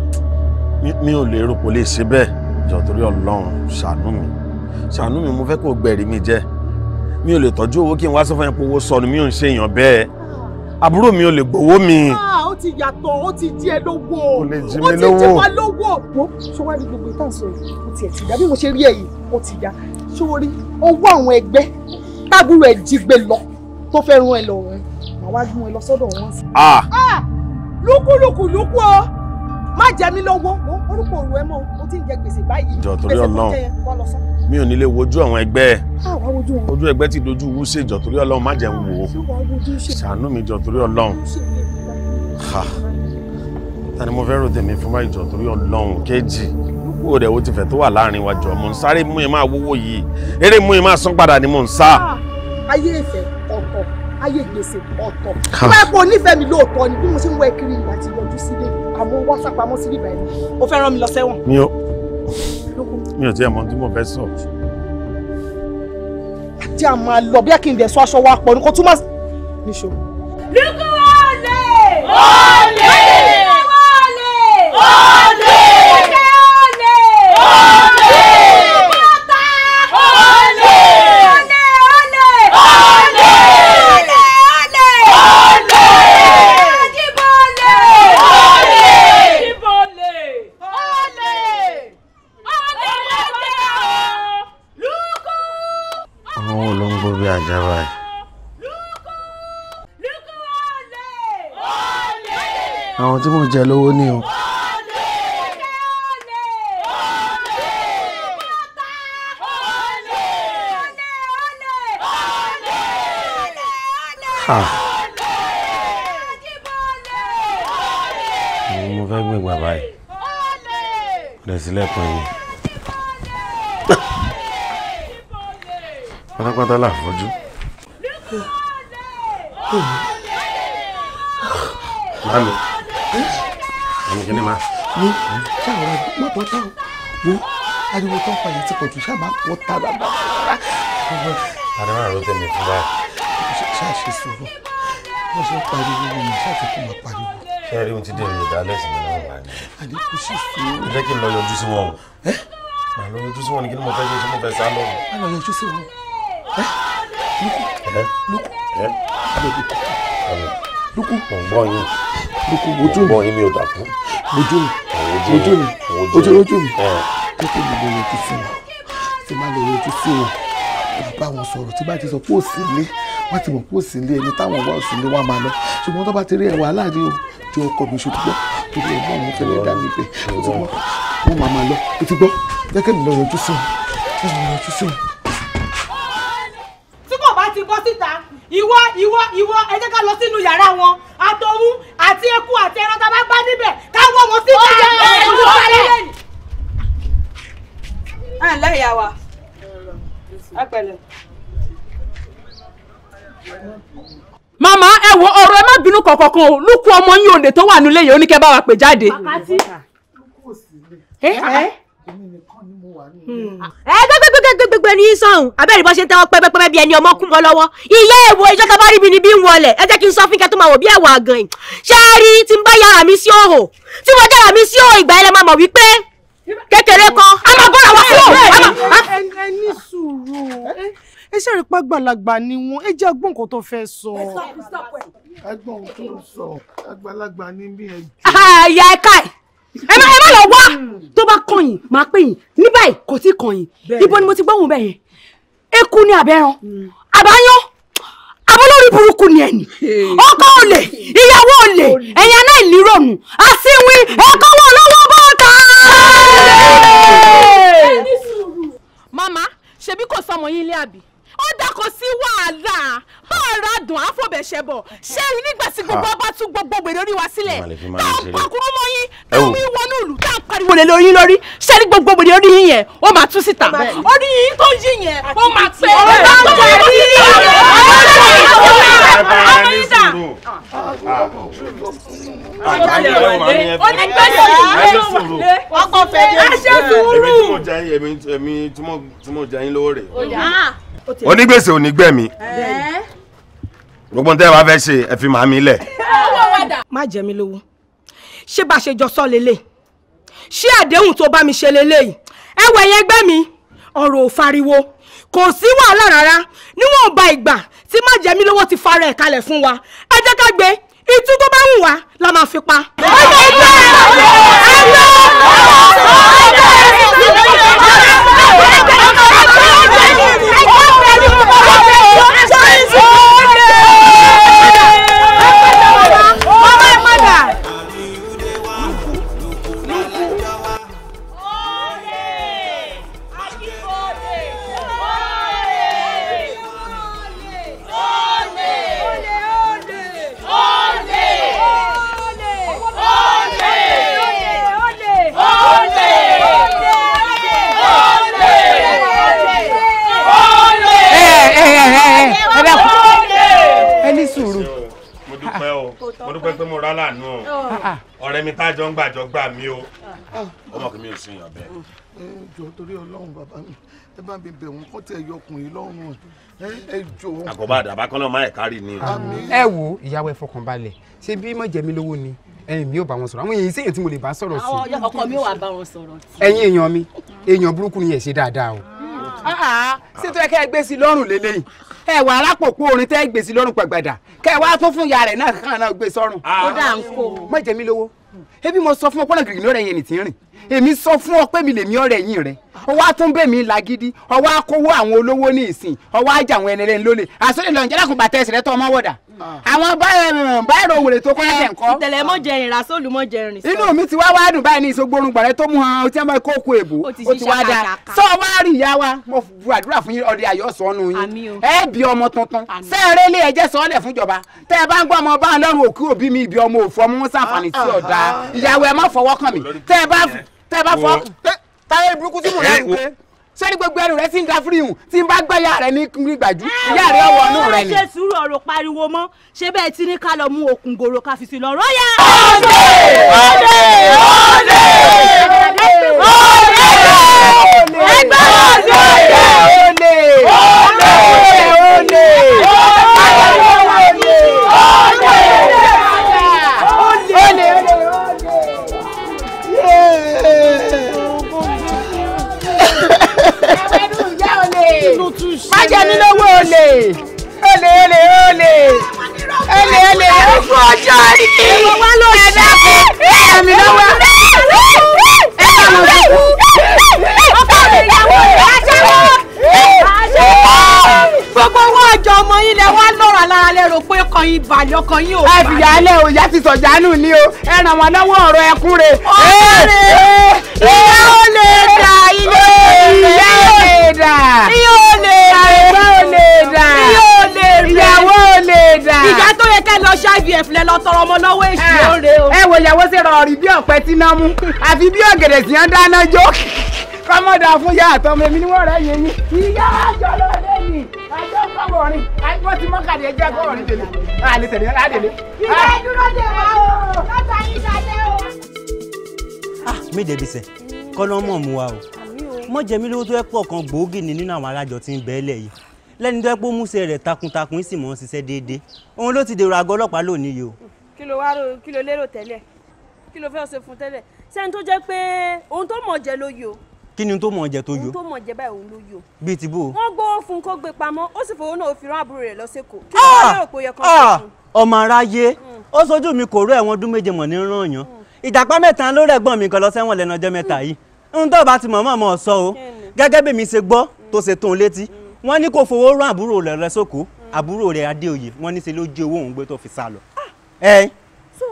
mi ò lérò kò lè ṣe bẹ́ẹ̀ jọ torí Ọlọ́run ṣàánú mi ṣàánú mi mo fẹ́ kó gbẹ̀rí mi jẹ́ mi ò lè tọ́jú owó kí n wá sọ fún ẹ pé owó sọnù mi ò ń ṣèyàn bẹ́ẹ̀ ah. àbúrò mi ò lè gbowó mi. Ah, ó ti yàtọ̀ ó ti di lówó ó ti di wa lówó. mo ṣọwọ́ ní gbogbo ìtàn sọ yìí ó ti ẹ̀ ti dá bí mo ṣe rí ẹ yìí ó ti dá sórí ọwọ́ àwọn ẹgbẹ́ tábúrò ẹ̀ jígbe lọ tó fẹ́ rún ẹ lọ́rùn màá wá gún ẹ lọ sọ́dọ̀ wọn sí. lúkúlùkù lúkú o má jẹ mí lọ́wọ́ orúkọ òru ẹ mọ o ti ń jẹ gbèsè báyìí gbèsè tó jẹ yẹn kọ́ lọ sọ. mi ò ní lè wojú àwọn ẹgbẹ́ ojú ẹgbẹ́ ti dojú wú sí ìjọ torí ọlọ́run má jẹun wò ó ṣàánú mi jọ torí ọlọ́run ha ni mo fẹ́ rò tèmi fún báyìí jọ torí ọlọ́run kéjì ó rẹ̀ ó ti fẹ̀ tó wà láàrin wa jọ mò ń sáré mú yẹn máa wówó yìí eré mú yẹn máa san padà ni mò ń sá. Ah, ayé ìfẹ́ ọ̀tọ̀ ayé gbèsè ọ̀tọ̀ wọ́n ẹ̀kọ́ onífẹ́ mi lóòótọ́ ni bí mo ṣe ń wọ ẹkiri ìwà ti yọjú sílé àmọ́ wọ́n sápamọ́ sí ibà ẹni o fẹ́ rán mi lọ sẹ́wọ̀n. mi ò mi ò tiẹ̀ mọ tí mo fẹ́ sọ. àti àmọ́ àlọ́ bí akéǹdẹ̀ sọ aṣọ wa pọ̀ ní kò túmọ̀ níṣó. lukú wọlé. Ah! àwọn tí mò ń jẹ lówó ni o. mo fẹ́ gbé bàbá yìí rẹ̀ sílẹ̀kùn yìí pátápátá làfọ́jú. Mami àmì kìíní ma. ní ṣé àwọn ẹgbẹ́ má bọ́ tá o wo ariwo tó ń fa yẹn ti pọ̀ jù ṣáà má bọ́ tá dáadáa. àdé máa ro tèmi fún báyìí. ṣáà ṣe sòrò wọ́n ṣe ń pariwo mi ṣáà ti kó máa pariwo. ṣé ẹ rí ohun tí dèrò ìdálẹ́ sí mi náà wà ní. àdé kò ṣe sòrò. ẹ jẹ́ kí n lọ yọjú sí wọn o. màá lọ yọjú sí wọn ni kí ni mo fẹ́ ṣe ṣé mo fẹ́ sá lọ. má lọ yọjú sí wọn lukú lukú lukú mọ̀ ń gbọ́ yín kókó ojú mi. ọyìn mi ò dàkú. ojú mi ojú mi ojú ojú mi kókó mi lè rojú sí wọn tí má lè rojú sí wọn bàbá wọn sọ̀rọ̀ tí bá ti sọ pé ò sí ilé wọ́n ti mọ̀ pé ò sí ilé ẹni táwọn wá ò sí ilé wọn máa lọ ṣùgbọ́n tó bá ti rí ẹ̀wọ̀ aláàdé o ju ọkọ mi ṣe dúpẹ́ torí ẹ̀gbọ́n òun fẹ́lẹ́ dá mi bẹ̀ ó ti gbọ́ wọn máa máa lọ ó ti gbọ́ jẹ́kẹ́ mi lọ rojú sí wọn mi lọ rojú sí wọn. tí kò bá ti bọ́ síta ìwọ ìwọ ìwọ ẹ jẹ́ ká lọ sínú yàrá wọn àtọ̀hún àti eku àti ẹran tá bá gbá níbẹ̀ káwọ́ wọn sí ká ẹ̀rù sálẹ̀. à ah, ń lẹ́yà wa ẹ pẹ̀lẹ́. màmá ẹ wo ọ̀rọ̀ ẹ má bínú kankan o lukú ọmọ yín òde tó wà nílé yìí oníkẹ́ bá wa pè jáde. ẹ ẹ. Eh? Eh? wà ní ilé. ẹ hmm. ah. eh, gbẹgbẹgbẹgbẹgbẹ ní sọhùn abẹ́rẹ́ bó ṣe ń tẹ́wọ́ pẹ́pẹ́pẹ́ bí ẹni ọmọ kún bọ́ lọ́wọ́ iye èwo ìjọ tó bá rí mi ni bí ń wọlé ẹ jẹ́ kí n sọ fún kẹ́ tó máa wò bí ẹ̀wà gan-an ṣé ẹ rí tí n bá yàrá mi sí òhò tí mo yàrá mi sí òhò ìgbà ẹlẹ́ máa mọ̀ wípé kékeré kan a máa bọ́ra wá kúrò. ẹ ní sùúrù ẹ ṣe rí pa gbàlagbà ni wọn ẹ jẹ́ agbọn nǹkan tó fẹ́ sọ. ẹgbọn tó sọ àgbàlagbà ni bí ẹ jẹ. ìyá ẹ káì ẹ má ẹ má lọ wá tó bá kàn yín máa pè yín ní báyìí kò tí kàn yín ibo ni mo ti gbóhùn bẹ́ẹ̀ yẹn eku ni àbẹ́ran àbáyán abolórí burúkú ni ẹni ọkọ olè ìyàwó olè ẹ̀yàn náà nírònú àsìnwín ẹ̀kọ́ wọn lọ́wọ́ bọ́ta. mama ṣebí kò sọmọ yín ilé àbí ó dákọ sí wàhálà bá ọ̀rọ̀ àdùn àfọ̀bẹ̀ṣẹ̀ bọ̀ ṣé rí nígbà tí gbogbo ah. ọba tún gbogbo gbèrè orí wa sílẹ̀ tá a pàkúrú mọ́ yín tá a mú wọnú ìlú tá a pariwo lè lórí lórí ṣé rí gbogbo gbèrè orí yín yẹn ó máa tú síta orí yín tó yí yẹn ó máa pẹ́ ọ̀rọ̀ bá ń jẹ́ rí rí onígbẹ́sọ̀rọ̀ ọkọ̀ fẹ́ẹ́ ṣe sùúrù. èmi tí mo jẹ́ yín lówó rẹ̀ onígbèsè ò ní gbẹ̀mí gbogbo tẹ́ ẹ bá fẹ́ ṣe ẹ fi màmí lẹ̀. má jẹ mí lówó ṣé bá a ṣe jọ sọ lélẹ̀ ṣé àdéhùn tó bá mi ṣe lélẹ̀ yìí ẹ wẹ̀ yẹn gbẹ́ mi ọ̀rọ̀ ò fariwo kò sí wàhálà rárá níwọ̀nba ìgbà tí má jẹ mí lówó ti fara ẹ̀ kalẹ̀ fún wa ẹ jẹ́ ká gbé itú tó bá wù wá la máa fi pa. ọjọ́ ìgbà ẹ̀rọ ẹ̀rọ ọjọ́ ìgbà ẹ̀rọ ọjọ́ ìgbà ẹ̀rọ. pé mo rà láàánú o ah, ah. ọ̀rẹ́ mi tájọ ń gbàjọ gbà mí o ah. ọmọ kì mí yàn bẹ́ẹ̀. ẹ torí Ọlọ́run bàbá mi ẹ bá mi bẹ̀ wọ́n kọ́ tẹ yọkùnrin lọ́rùn ẹ jọ. àdàbà kan náà má ẹ̀ kárì ni. ẹ wo ìyàwó ẹ fọkàn balẹ̀ ṣé bí mọ̀ jẹ́ lówó ni ẹ̀yin mi ò bá wọn sọ̀rọ̀ àwọn èèyàn sẹ́yìn tí mo lè bá sọ̀rọ̀ sí. ọkọ mi ò wá bá wọn sọ̀rọ̀. ẹ̀yin èèyàn mi èèyàn burúkú ni ẹ ṣe dáadáa o ṣé tó yẹ kẹ́ ẹ gbé sí lọ́rùn lélẹ́yìn ẹ wà arápòpó orin tẹ́ ẹ gbé sí lọ́rùn pàgbàdà kẹ́ ẹ wá tó fún ìyá rẹ̀ náà kàn náà gbé sọ́rùn. Ah. ó dà ń kó. má jẹ lówó ebi mo sọ fún ọ pọ́nà gírígì lọ́rẹ̀ yẹn nì tí ń rìn èmi sọ fún ọ pé mi lèmi ọ̀rẹ́ yín rẹ̀ ọwọ́ àtúnbẹ̀ mi lagidi ọwọ́ akówó àwọn olówó ní ìsìn ọwọ́ ajá àwọn ẹni lẹ́nu lólè àsọdẹ lọ́njẹ́ lákùnbà tẹ̀sí rẹ tọ́ ọmọ wọ̀dà ah. àwọn eh, báyìí òwòlè tó kọ́lá tẹ̀kọ́. ìtẹ̀lẹ̀ mọ jẹ ìrìn àsọlù mọ jẹ ìrìn. inú mi ti wá wá dùn báyìí ní ìṣògbórun gbọ̀rẹ́ tó mú hàn ó ti máa oko èbó ó ti wá dáa sọ wá rí ìyá wa mo bu àdúrà fún ọdẹ ayọ̀ sọnù yín ẹ bí ọmọ tuntun sẹ́ẹ̀rẹ́ lé ẹ̀jẹ̀ sọ́ọ̀lẹ̀ fúnjọba tẹ́ ẹ bá ń gbọ́ ọmọ bá ń lọ́rùn òkú òbí mi ibi ọmọ òfò ọmọ sàǹfààní sí ah, ah, ọ̀dà ìyàwó ẹ má fọwọ́ kàn mí tẹ́ ẹ bá fọ́ táyé burúkú tí mò ń rẹ́ ń pé sẹ́ni gbogbo ẹnu rẹ̀ sì ń da fíríhùn tí n bá gbọ́ ìyá rẹ̀ ní gbàjú ìyá rẹ̀ ọwọ́ inú rẹ̀ ni. ẹ ṣe sùúrù ọ̀rọ̀ pariwo mọ́ ṣé bẹ́ẹ̀ ti ní ká lọ mú okùn gòrò ká fi sí lọ́rọ́ yá. ọ̀dẹ̀ ọ̀dẹ̀ ọ̀dẹ̀ ọ̀dẹ̀ ẹgbẹ́ ọ̀dẹ̀ ọ̀dẹ̀ ọ̀dẹ̀ ọ̀dẹ̀. má jẹ mí lówó olè olè olè olè olè olè ẹ̀fọ́ ọjọ́ rí ẹ̀fọ́ wá ló ṣe ẹ̀fọ́ ẹ̀mí lówó ẹ̀fọ́ ló ṣe ọkọ rẹ̀ ìyàwó rẹ̀ aṣẹ́wó gbogbo owó ọjọ́ ọmọ yín lẹ wá lọ́rọ̀ lára lẹ rò pé ọkàn yín balẹ̀ ọkàn yín ò balẹ̀. ẹ fìyà alẹ́ o ìyá ti sọ̀jánù ni o ẹ ràn wọ́n lọ́wọ́ ọ̀rọ̀ ẹkún rẹ̀. ọ̀rẹ́ ìyá ò lè dà ilé ìyá ò lè dà dà ìyàwó ò lè dà ìjà tó yẹ kẹ́ lọ ṣáìvf lẹ lọ tọrọ ọmọ lọ́wọ́ èṣù ah. lóore o. ẹ wo ìyàwó ṣe rọrì bí ọ̀pẹ tí náà mú àfi bí ọ̀gẹ̀dẹ̀ sì ń dáná jó kọ́mọ́dà fún yá àtọmọ èmi ni wọ́n rẹ̀ yé mi. ìyá àjọ ló dé mi àjọ kọ́kọ́rin àìkú ti mọ́kàdé ẹjẹ́ kọ́kọ́rin dèlè àlè tẹ̀lé àdèlè. ìyá ah. dúró dè wá o látàrí ìdájẹ́ o. ah méje bisẹ kọ́lọ́mọ̀ mu wa o mọ̀jẹ̀mí lówó tó yẹ pọ̀ kan gbòógì ni nínú àwọn alájọ tí ń bẹ́ẹ̀ lẹ̀ yìí lẹ́ni tó ẹ́ pé múṣe rẹ̀ takuntakun sì mọ̀ ń ṣiṣẹ́ déédéé òun ló ti dèrò àgọ́ ọlọ́pàá lónìí yìí o. kí ló wá kí ló lérò tẹ́lẹ̀ kí ló fẹ́ ṣe fún tẹ́lẹ̀ sẹ́ni tó jẹ́ pé ohun tó mọ̀ jẹ́ ló yọ. kí ni tó mọ̀ jẹ́ tó yọ. ohun tó mọ̀ jẹ́ báyìí òun ló yọ. bíi ti bò. wọ́n gbówó fún kó gbé pamọ́ ó sì fowó náà ó fi rán àbúrò rẹ̀ lọ sẹ́kọ̀ọ́ kí ló ah! wá lérò pé ó yẹ kó ṣe ah! fún. ọmọ aráyé hmm. ó sojú mi kò rú ẹ̀wọ̀n ọdún méje mọ̀ ní ràn hmm. hmm. tó gẹ́gẹ́ bí mi ṣe gbọ́ tó ṣe tó ń létí wọ́n ní kò fowó rán àbúrò rẹ̀ lọ sóko àbúrò rẹ̀ adéoyè wọ́n ní ṣe ló jí owó òun gbé tó fi sá lọ. Ah! so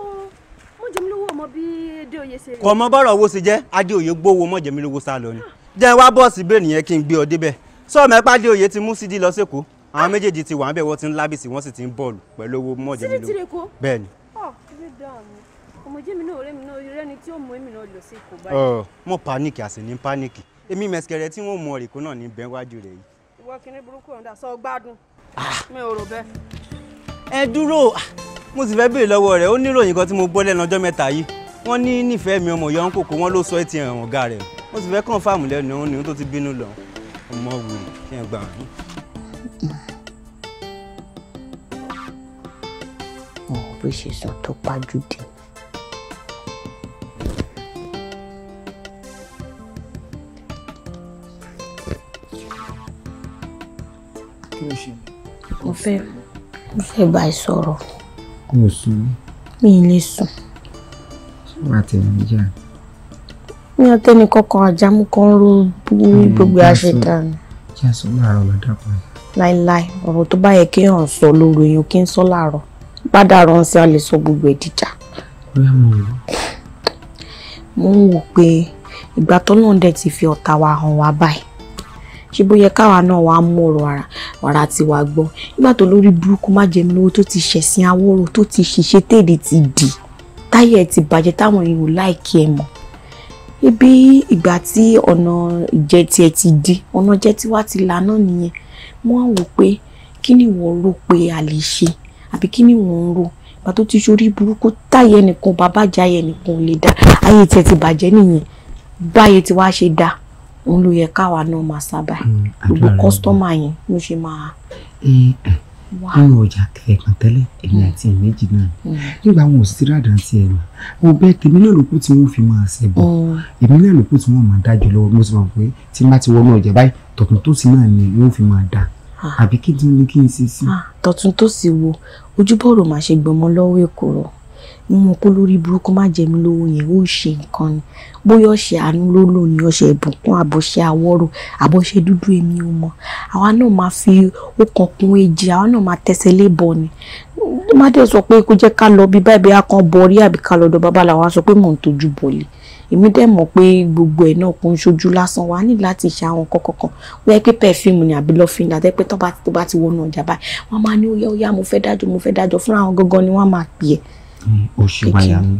mọ̀jẹ̀mílówó ọmọ bí adéoyè ṣe rí. kò mọ bọ́rọ̀ owó ṣe jẹ́ adéoyè gbówó mọ̀jẹ̀mílówó sá lọ ni. Ah! jẹ́ wá bọ́ọ̀sì bẹ́ẹ̀ nìyẹn kí n gbé ọ débẹ̀ sọ́ọ̀mọ́ ẹ̀pá adéoyè ti mú sídìí lọ sẹ́kọ̀ọ́ àwọn ah! méjèèjì ti wà ń bẹ̀ wọ́n ti ń lábìsì wọ́n sì ti ń bọ́ọ̀lù pẹ̀lú owó mọ̀jẹ̀mílówó bẹ́ẹ̀ ni ọmọdé mi náà ọ̀rẹ́ mi náà rẹ́ni tí ó mọ èmi náà lọ sí kò báyìí. mo panic èmi mẹsìkẹrẹ tí wọn mọ rèkó náà ní bẹẹ wájú rẹ yìí ìwọ kìnní burúkú ọ̀dà sọ gbádùn ah. mi ò rò bẹ́ẹ̀. ẹ dúró mo sì fẹ́ béèrè lọ́wọ́ rẹ̀ ó níròyìn kan tí mo gbọ́ lẹ́nu ọjọ́ mẹ́ta yìí wọ́n ní nífẹ̀ẹ́ mi ọmọ yọ̀ǹkò kó wọ́n ló sọ ẹ̀ ti ọ̀gá rẹ̀ mo sì fẹ́ kàn fáàmù lẹ́nu òun ni ó ti bínú lọ ọmọ wùrì kí ẹ gbà wọ́n. mo ò ṣe sọ tó pájú dé. kí ló ṣe mí. mo fẹ́ mo fẹ́ bá ẹ sọ̀rọ̀. mo sùn. mi ì lè sùn. ṣé wàá tẹ̀lé mi jà. mi ò tẹ́ni kankan ajámú kan ró gbogbo àṣetà kí a sọ láàárọ̀ lọ dápọ̀ láíláí ọ̀rọ̀ tó bá yẹ kéèyàn sọ lóru èèyàn kí n sọ láàárọ̀ bá dàrọ̀ a lè sọ gbogbo ẹ̀ dìjà. bóyá mo rò. mo ń wò pé ìgbà tó náà dẹ̀ ti fi ọ̀tá wa hàn wá báyìí ṣé bó yẹ káwa náà wàá mú ọ̀rọ̀ wàrà wàrà tí wàá gbọ́ nígbà tó lórí burúkú má jẹ mí lówó tó ti ṣẹ̀sìn awóró tó ti ṣiṣẹ́ tèdè ti dì táyà ẹ̀ ti bàjẹ́ táwọn èèyàn láìkí ẹ̀ mọ̀ ibi ìgbà tí ọ̀nà ìjẹ tiẹ̀ ti di ọ̀nà jẹ́ tí wàá ti là náà nìyẹn wọ́n á wò pé kí ni wọ́n rò pé a lè ṣe àbí kí ni wọ́n ń rò ìgbà tó ti ṣorí burúkú táyà ẹnìkan bàbá àjà ẹnìkan ò lè dá ayé tiẹ̀ ti bàjẹ́ nìyẹn báyé tí wàá ṣe dáa òun ló yẹ káwa náà máa sábà mm, gbogbo kọ́sítọ́mà yẹn ló ṣe máa. Eh, eh, nínú ọjà kẹẹkan tẹ́lẹ̀ èmi mm. àti ẹ méjì náà mm. nígbà wọn ò sí ràdà àti ẹ mà wọn bẹ tèmi náà lókù tí wọn fi máa ṣe èmi náà lókù tí wọn máa dájú lọ́wọ́ mo sì mọ pé tí n bá ti wọnú ọjà báyìí tọkùn tó sì náà ni wọn fi máa dà ah. àbí kí ni kí n ṣe sí. Ah, tọ̀tún tó sì wo ojúbọ̀rọ̀ máa ṣe gbọmọ lọ́wọ́ èkó mo mọ̀ pé lórí burúkú má jẹ mí lówó yẹn ó ṣe nǹkan ni bóyá ọṣẹ àánú ló lò ní ọṣẹ ìbùkún àbọṣẹ àwọrò àbọṣẹ dúdú èmi ò mọ̀ àwa náà máa fi ọkàn kún èjì àwa náà máa tẹsẹ̀ lébọ ni má dẹ̀ sọ pé kó jẹ́ ká lọ bí báyìí bí kan bọrí àbí ká lọ́dọ̀ babaláwo á sọ pé mò ń tọ́jú bọ̀lì èmi dẹ̀ mọ̀ pé gbogbo ẹ̀ náà kò ń lásán wa ní láti ṣe àwọn nǹkan kankan wọ́n pé pẹ̀fíìmù ni àbí lọ́fíìn àti pé tó bá ti wọnú ọjà báyìí wọ́n máa ní ó yá ó yá mo fẹ́ dájọ́ mo fẹ́ dájọ́ fúnra wọn gangan ni wọ́n máa pè é òṣèwáyà mi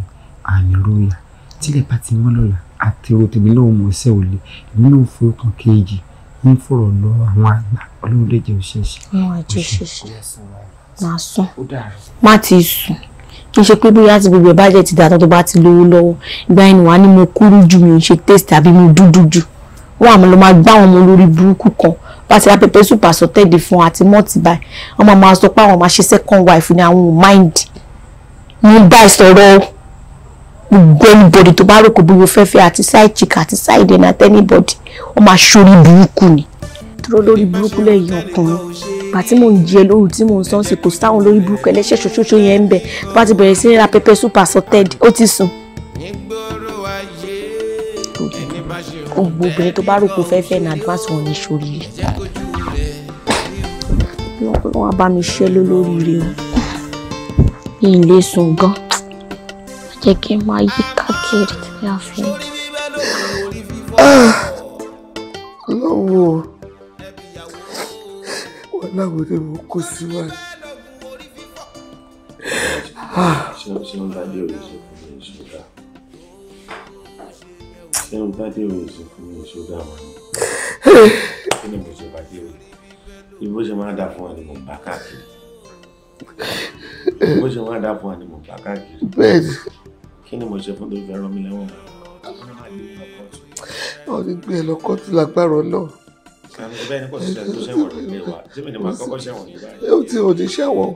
àmìlóyà tílẹ̀ bá ti mọ́ lọ́la àtẹ̀rò tèmi náà mọ̀ ṣẹ́ ò lè èmi náà fún ọkàn kejì ń fọ̀rọ̀ lọ àwọn àgbà ọlọ́run lè jẹ́ òṣèṣe. wọn á jẹ òṣèṣe máa sùn má ti sùn kì í ṣe pé bóyá ti gbogbo ẹ̀ bá jẹ́ ti dàtọ́ tó bá ti lówó lọ́wọ́ ìgbà ẹni wàá ní mo kúrú ju mi ò ṣe taste àbí mo dúdú ju wọn àmọ́ ló máa gbá àwọn ọmọ lórí burúkú kan láti ra pẹpẹ súpà sọtẹ́ẹ̀dì fún àti mọ́ọ̀tì báyìí wọn máa máa sọ pé àwọn máa ṣe second wife ni àwọn ò máìndì mo ń bá ẹ sọ̀rọ̀ gbogbo anybody tó bá rò kó bóyá fẹ́fẹ́ àti side chick àti side in at anybody ó máa ṣorí burúkú ni. dúró lórí burúkú lẹ́yìn ọkùnrin bá tí mò ń jẹ lóru tí mò ń sọ́n sí kò sáwọn lórí burúkú ẹlẹ́ṣẹ̀ ṣoṣoṣo yẹn ń bẹ̀ bá ti bẹ̀rẹ̀ sí ní ra pẹpẹ super sorted ó ti sùn. gbogbo obìnrin tó bá rò kó fẹ́fẹ́ ní advance wọn ní ṣoríire. wọ́n bá mi ṣẹ́ lólórí rẹ̀ o mi ì lè sùn gan jẹ́ kí n máa yí káàkiri tí a fi ń. lọ́wọ́ wọn láwọn ni mo kó síwájú. Ah. ṣé ń bá dé òye sọ fún mi ṣọ́dá ṣé ń bá dé òye sọ fún mi ṣọ́dá wọn kí ni mo ṣe bá dé òye ìbò ṣe máa dà fún wa ni mo bá káàkiri bó ṣe wọ́n dáfún àni mo gbà káàkiri. bẹ́ẹ̀ni. kí ni mo ṣe fún tó fẹ́ rán mi lẹ́wọ̀n. wọ́n ti gbé ẹ lọ kóòtù lágbára náà. bẹ́ẹ̀ ni kò sí ẹni tó ṣẹ̀wọ̀n nílé wa tí mi ni màá kọ́kọ́ ṣẹ̀wọ̀n yìí báyìí. ó ti òní ṣẹ̀wọ̀n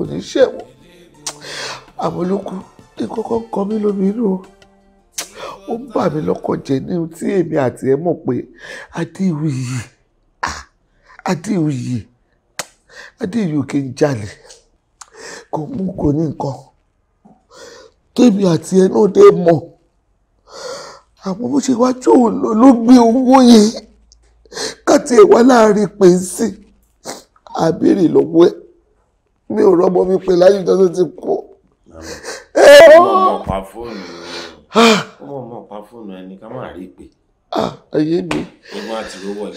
òní ṣẹ̀wọ̀n àmọ́lókù ní kọ́kọ́ kọ́ mi lóminú ó ń bà mí lọ́kàn jẹ́ ní tí èmi àti ẹ mọ̀ pé adéwìyí ah, adéwìyí adéyòkè ń jalè kò mú kò ní nǹkan tèmi àti ẹnu dé mọ̀ àmọ́ bó ṣe wá jóun lọ ló gbé owó yẹn káti ẹ̀ wá láàrin pé ń sìn àbèrè lọ́wọ́ ẹ̀ mi ò rọ́mọ mi pé láyé ìjọ tó ti kú. ọmọ pa fóònù ah. ọmọ pa fóònù ẹni ká má rí i pé. Ah, ayé mi. ìwọ àti owó ẹ̀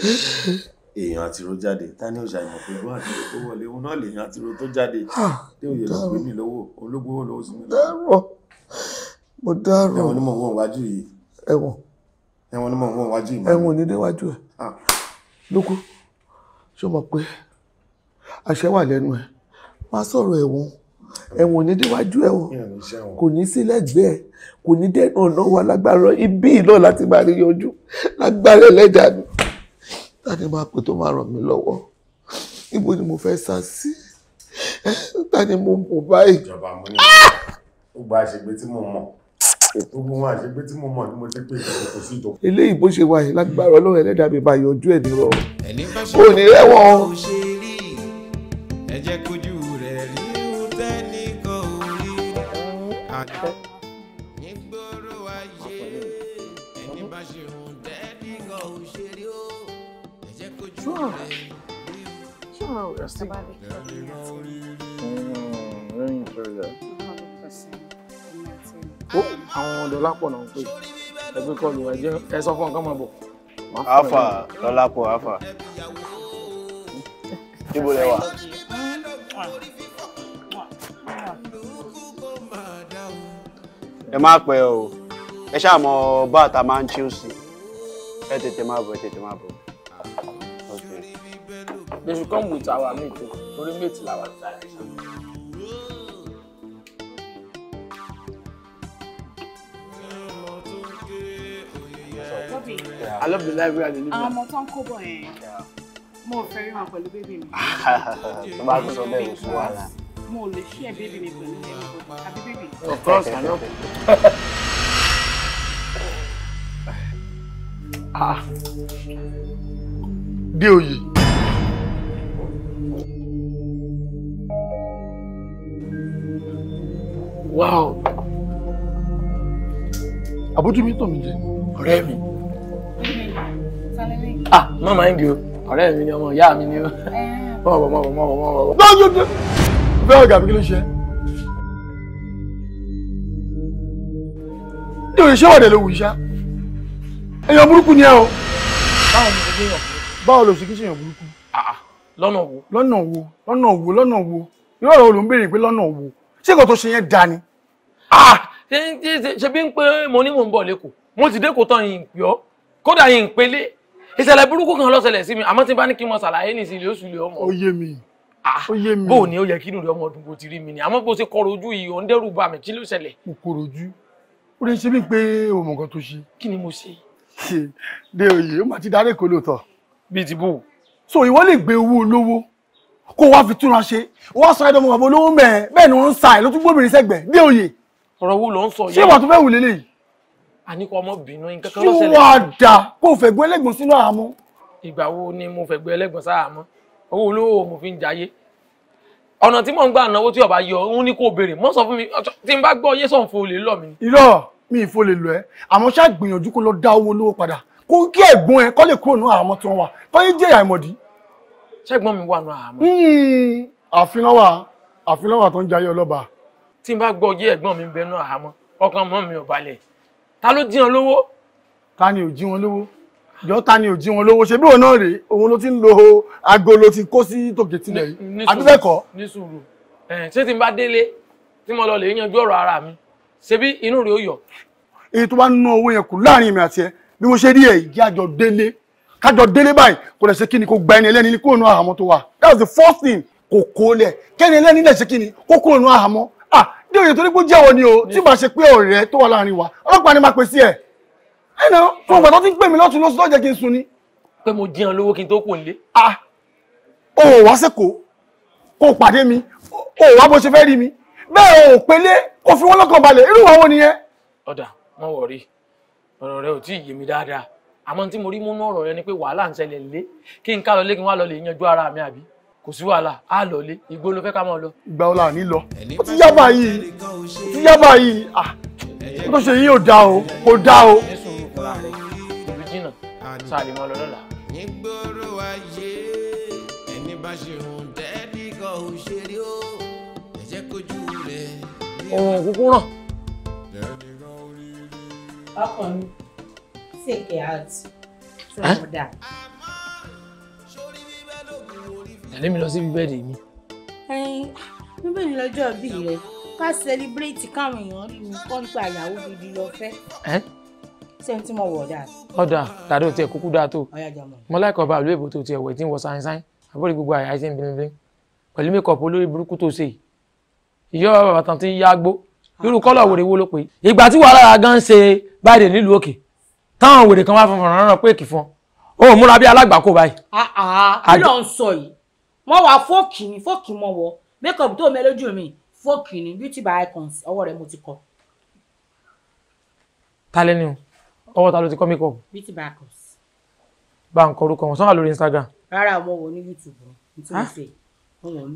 èèyàn àti jáde tani ò ṣàyàn pé wọn àti ro tó wọlé òun náà lèèyàn àti ro tó jáde tí ah, òye lọ gbé mi lọ́wọ́ ológun ó lọ́wọ́ sí mi. dárò mo dárò ẹ̀wọ̀n ni mo wọ iwájú yìí ẹ̀wọ̀n ẹ̀wọ̀n ni mo wọ iwájú yìí. ẹ̀wọ̀n ní déwájú ẹ ah. lóko ṣó mọ̀ pé àṣẹ wà lẹ́nu ẹ máa sọ̀rọ̀ ẹ̀wọ̀n ẹ̀wọ̀n ní déwájú ẹ kò ní sí lẹ́gbẹ̀ẹ́ kò ní dẹ́nu ọ̀nà wa lágbára ibi ìlọ láti máa rí yọjú lágbára ẹlẹ́dàá ni tani máa pè tó máa ràn mí lọ́wọ́ ibo ni mo fẹ́ sá sí tani mo mọ̀ báyìí. ìjọba mo ní gbogbo àṣegbè tí mo mọ̀ gbogbo wọn àṣegbè tí mo mọ̀ ni mo ti pè é kò sí ìjọba. eléyìí bó ṣe wà yìí lágbára ọlọ́run ẹlẹ́dàá mi bá yọjú ẹ̀ nírọ̀ o ní rẹ́wọ̀n. ẹ jẹ́ kójú rẹ̀ rí tẹ́nìkan ò rí. Sure. Sure, we're still about it. Mm, let me try that. 100%. Oh, àwọn Dọlápọ̀ náà ń pè. Ẹgbẹ́ kọlù ẹ̀jẹ̀ ẹ sọ fún ọ̀gá máa bọ̀. Alfa Dọlápọ̀ Alfa. Ibo lẹ wà? Ẹ má pẹ́ o, ẹ ṣáà mọ bá àtà máa ń chill sí. Ẹ tètè máa bọ̀, ẹ tètè máa bọ̀. They should come with our meat too. Torí mate làwa. Yeah. I love the library and the library. Àwọn ọmọ tó ń kó bọ̀ yẹn. Mo fẹ́ rí wọn pẹ̀lú bébì mi. Tó bá sọ bẹ́ẹ̀ kò fún wàhálà. Mo lè ṣí ẹ bébì mi pẹ̀lú ẹni kò Of course, I know. Ah. Dé oyè. wow àbójú mi tàn mí jẹ ọ̀rẹ́ mi. ah má máa ń di o ọ̀rẹ́ mi ni ọmọ ìyá mi ni o eh. mọ̀ bọ̀ mọ̀ bọ̀ mọ̀ bọ̀ mọ̀ bọ̀. báyọ̀ dé bẹ́ẹ̀ ọ̀gá mi kí ló ṣe. ní òye ṣéwọ̀dẹ̀ ló wù iṣá èèyàn burúkú ni ẹ o. báwo ló ṣe kéèyàn báwo ló ṣe kí ṣèyàn burúkú. Ah, ah. lọ́nà wo lọ́nà wo lọ́nà wo lọ́nà wo irú ọ̀rọ̀ wo ló ń béèrè pé lọ́nà wo ṣé kò tó ṣe yẹn dá ni. Ah! ṣe bí ń pé mo ní mò ń bọ̀ lẹ́kọ̀ọ́ mo ti dẹ́kọ̀ọ́ tán yìí yọ kódà yìí ń pélé ìṣẹ̀lẹ̀ burúkú kan ló ṣẹlẹ̀ sí mi àmọ́ tí bá ní kí n mọ ṣàlàyé nìsí ilé oṣù ilé ọmọ. ó mi ah! ó yé mi. bó o ní ó yẹ kí nìrì ọmọ ti rí mi ni àmọ́ bó o ṣe kọrọ ojú yìí òun dẹ́rù bà mí kí ló ṣẹlẹ̀. mo kọrọ ojú ó lè ṣe o mọ nǹkan tó ṣe. kí ni mo ṣe. ṣe de oye, o mà ti darí kó lóòótọ́. bíi ti bù. so ìwọ lè gbé owó olówó kó wá fi túnra ṣe wá sọ ẹdọmọ bàbá olówó mẹ bẹ́ẹ̀ ni wọn ń sa ẹ ló tún gbóbìnrin sẹgbẹ de oyè ọ̀rọ̀ wo ló ń sọ yẹn. ṣé ìwà tó fẹ́ wù lélẹ̀ yìí. àníkọ ọmọ bínú nǹkan kan ló ṣẹlẹ̀. ṣíwọ́ àdá kó o fẹ̀gbọ́n ẹlẹ́gbọ̀n sínú àhámọ́. ìgbà wo ni mo fẹ̀gbọ́n ẹlẹ́gbọ̀n sáhámọ́ owó olówó mo fi ń jayé ọ̀nà tí mò ń gbà náwó tí ọba yọ òun ni kò béèrè mọ́ sọ fún mi tí n bá gbọ́ yé sọ̀n fòlè lọ mi. irọ́ mi ìfò lè lọ ẹ́ àmọ́ ṣáà gbìyànjú kó lọ dá owó olówó padà kó kí ẹ̀gbọ́n ẹ kọ́ lè kúrò ní àhámọ́ tí wọ́n wà kọ́ yé jẹ́ àìmọ̀dí. ṣẹ́gbọ́n mi wà ní àhámọ́. Hmm, àfihàn wà àfihàn wà tó ń jayé ọlọ́ba tí n bá gbọ́ yé ẹ̀gbọ́n mi bẹnu àhámọ́ ọkàn mọ́ mi ò ta ló jí wọn lówó. ta ni ò jí wọn lówó yọ ta ni ò jí wọn lówó ṣe bí òun náà rèé òun ló ti ń lo aago ló ti kó sí tòkè tilẹ̀ yìí àbíbẹ̀kọ́. ní sùúrù ṣé tí n bá délé tí mo lọ lè yanjú ọ̀rọ̀ ara mi ṣebí inú rẹ̀ ó yọ. èyí tó bá ń ná owó yẹn kù láàrin èmi àti ẹ bí mo ṣe rí ẹ ìjẹ́ àjọ délé kájọ délé báyìí kò lè ṣe kí ni kò gba ẹni ẹlẹ́ni kúrò nínú àhámọ́ tó wà that was the first thing kò kó lẹ̀ kẹ́ni ẹlẹ́ni lè ṣe kí ni kó kúrò nínú àhámọ́ ní òye tó ní kó jẹ́wọ́ ni o tí màá ṣe pé ọ̀rẹ́ tó wà láàrin wa ọlọ́pàá ni máa pè sí ẹ̀ ẹ̀nà fún ọgbà tó ti ń pè mí lọ́tún lọ́sùn lọ́jẹ́ kí n sun ni. pé mo jiyàn lówó kí n tó kò nílé. a ò wá sẹ́kọ̀ọ́ kó o pàdé mi ò wá bó ṣe fẹ́ rí mi bẹ́ẹ̀ ò pélé kó fi wọ́n lọ́kàn balẹ̀ irú àwọn nìyẹn. ọ̀dà má wọ̀rí ọ̀rọ̀ rẹ ò tí ì yé mi dáadáa àmọ́ tí mo rí múnú ọ̀rọ̀ rẹ ni pé wàhálà ń ṣẹlẹ̀ lé kí n ká lọ lé kí n wá lọ lè yanjú ara mi àbí kò sí wàhálà á lọ lé igbó fẹ́ ká máa lọ. ìgbà wo la ní lọ ó ti yá báyìí ó ti yá báyìí ah ó tó ṣe yín ò dá o kò dá o. ìlú jìnnà sáà lè máa lọ lọ́la. nígboro ayé ẹni bá ṣe hùn tẹ́ẹ̀dì kan ò o ẹ̀jẹ̀ kojú rẹ̀. ọ̀rọ̀ kúkú ràn. ọkàn mi take it out tẹ̀lé mi lọ sí bíbẹ́ẹ̀dì mi. bíbẹ́ẹ̀dì lọ́jọ́ bí rẹ̀ ká sẹlẹbírẹ́tì káwọn èèyàn lù ú kọ́ nípa ìyàwó gidi lọ fẹ́. sẹ́yìn tí mo wọ̀ dáa. ọ̀dà tàdó tiẹ̀ kúkú dáa tó mo láìkọ̀ bá àlọ́ èbó tó tiẹ̀ wẹ̀ tí ń wọ sáyẹ́nsáyẹ́n àbúrò gbogbo àyà ṣe ń bínibín pẹ̀lú mékọ̀pù olórí burúkú tó ṣe ìyọ́ bàbá tán ti yá gbó irú kọ́lọ̀ wèrè wo ló pé ìgbà tí wàhálà ara gan ṣe báyìí nílùú òkè táwọn wèrè kan wá fọnfọn rán pé kì fún ọ ò múra bí alágbàkó báyìí. àà ah, ah, kí ló ń sọ yìí wọ́n wá fóòkì ni fóòkì mọ̀ wọ́ makeup tó mẹ́ lójú mi fóòkì ni beauty by icons ọwọ́ rẹ̀ mo ti kọ́. ta lẹ́nu ọwọ́ ta ló ti kọ́ makeup. beauty by icons. bá ń kọ orúkọ wọn sọ́wọ́n lórí Instagram. rárá mo wò ní YouTube nítorí fẹ́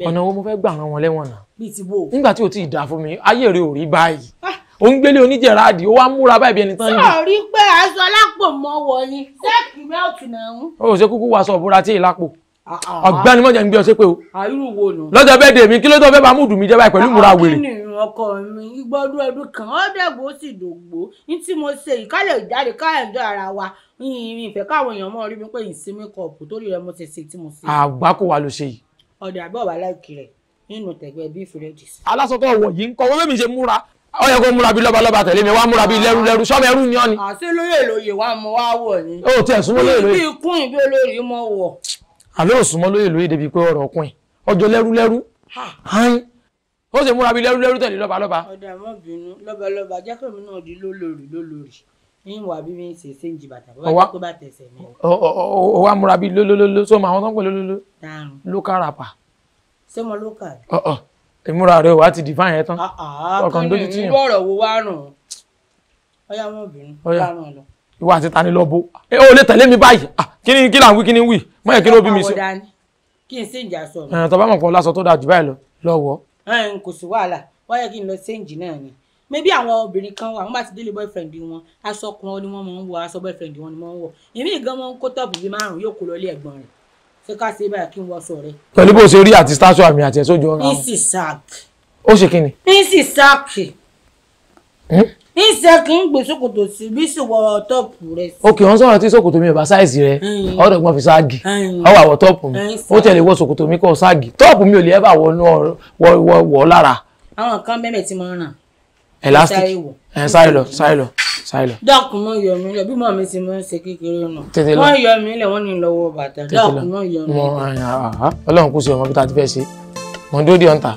ọ̀nà owó mo fẹ́ gbà àwọn lẹ́wọ̀n náà. bíi ti wo. nígbà tí o ti dà fún mi ayé rẹ ò rí báyìí ó ń gbélé oníjẹ̀ráàdì ó wá múra báyìí bí ẹni tán yìí. sọ̀rí pé aṣọ lápò mọ́ wọ ni sẹ́ẹ̀kì mẹ́ọ̀tì náà ń. o ò ṣe kúkú wàṣọ ọ̀bùra tí ì lápò ọ̀gbẹ́ni mọjà ń gbé ọsẹ pé o ah, lọ́jọ́ bẹ́ẹ̀ dèmi kí ló tó fẹ́ bá múdù mi jẹba pẹ̀lú ìmúra wèrè. àwọn ah, ènìyàn ọkọ mi gbọdún ọdún kan ó dẹgbò ó sì dògbò ní tí mo ṣe ìkálẹ̀ ìjáde káyọ̀dọ̀ ara wa ìrìn ìfẹ́ káwọn èèyàn mọ́ rí mi pé ìsinmi kọ̀ọ̀pù torí rẹ mo ti ṣe tí mo ṣe. àgbá kò wá ló ṣe yìí. ọ̀dọ̀ àbẹ́ ọ̀bá láìkì rẹ̀ nínú tẹ̀gbẹ́ bí fúrẹ́dì. alásọtọ̀ wọ̀ yìí ń kọ́ wọ́n mẹ́mi ṣe múra ó yẹ kó múra bí lọ́balọ́ba tẹ̀lé mi wá múra bí lẹ́rú lẹ́rú sọ́mọ ẹrú ni ọ́ ni. àṣé ah, lóyè lóyè wa mo wá wọ̀ ni. ó tiẹ̀ súnmọ́ lóyè lóyè. bí ikún ìbí olórí mo wọ̀ àlọ́ òsùnmọ́ lóye lóye débi pé ọ̀rọ̀ ọkùnrin ọjọ́ lẹ́rú lẹ́rú hàn ó sì múra bí lẹ́rú lẹ́rú tẹ̀lé lọ́ba lọ́ba. ọ̀dà mọ́ bínú lọ́ba lọ́ba jẹ́kọ̀ mi náà di lólórí lólórí níwà bí mi ṣe ṣe ń jì bàtà bọ́ wá tó bá tẹ̀sẹ̀ mi. ó wá múra bí lólólóló sọ ma àwọn tó ń pè lólóló lókà rapa. ṣé mo lókà. ìmúra rẹ wàá ti dìfà yẹn tán ah, ah, ọkàn dójú tì yàn. irú ọ̀rọ̀ wo wá rùn ọ̀yà mọ́ bínú. ìwà àti tani lọ bo ó lè tẹ̀lé mi báyìí ah, kíni kí là ń wí kíni wí mọ́yẹ̀ kí ló bí mi sí. kí n ṣèǹjì aṣọ mi. ẹ̀ẹ́n tọ́ba mọ̀ kọ́ lásọ tó dáa jù báyìí lọ lọ́wọ́. ẹ̀ẹ́n kò sí wàhálà wọ́n yẹ kí n lọ ṣèǹjì náà ni maybe àwọn obìnrin kan wà wọ́n bá ti délé boyfriend wọn aṣọ ọkùnrin ni wọ́n máa ń wọ aṣọ boyfriend wọn ni wọ́n ń wọ èmi gan mọ́ ń kó tọ́ọ̀bù bíi márùn-ún yóò kó lọlé ẹ̀gbọ́n rẹ̀ ṣé ká ṣe báyà kí n wọ aṣọ rẹ̀. pẹ̀lú bó ṣe rí àti stasio àmì àti ẹ̀sọ́ jọ ra wọn. ó ṣe kí ni ìṣẹ́kùn ń gbé ṣòkòtò sí bí ṣùwọ́ tọ́pù rẹ̀ sí. ok wọn sọ̀rọ̀ tí ṣòkòtò mi ò bá sáìsì rẹ ọ̀dọ̀ gbọ́n fi ságì ọwọ́ àwọ̀ tọ́pù mi ó tẹ̀lé wọ ṣòkòtò mi kọ́ ságì tọ́pù mi ò lè ẹ́ bá wọ lára. àwọn kan bẹ́ẹ̀ tí mo ràn. elastic ẹ sáré lọ sáré lọ sáré lọ. dákun mọ yọ mi lẹ bí mọ mi ti mọ ṣe kékeré nù. tètè lọ wọn yọ mi lẹ wọn ní lọ́wọ́ bàtà dákun mọ yọ mi lẹ. Ọlọ́run kù sí ọmọ bí ta ti fẹ́ ṣe mọ̀ ń dó dé ọ̀ǹtà.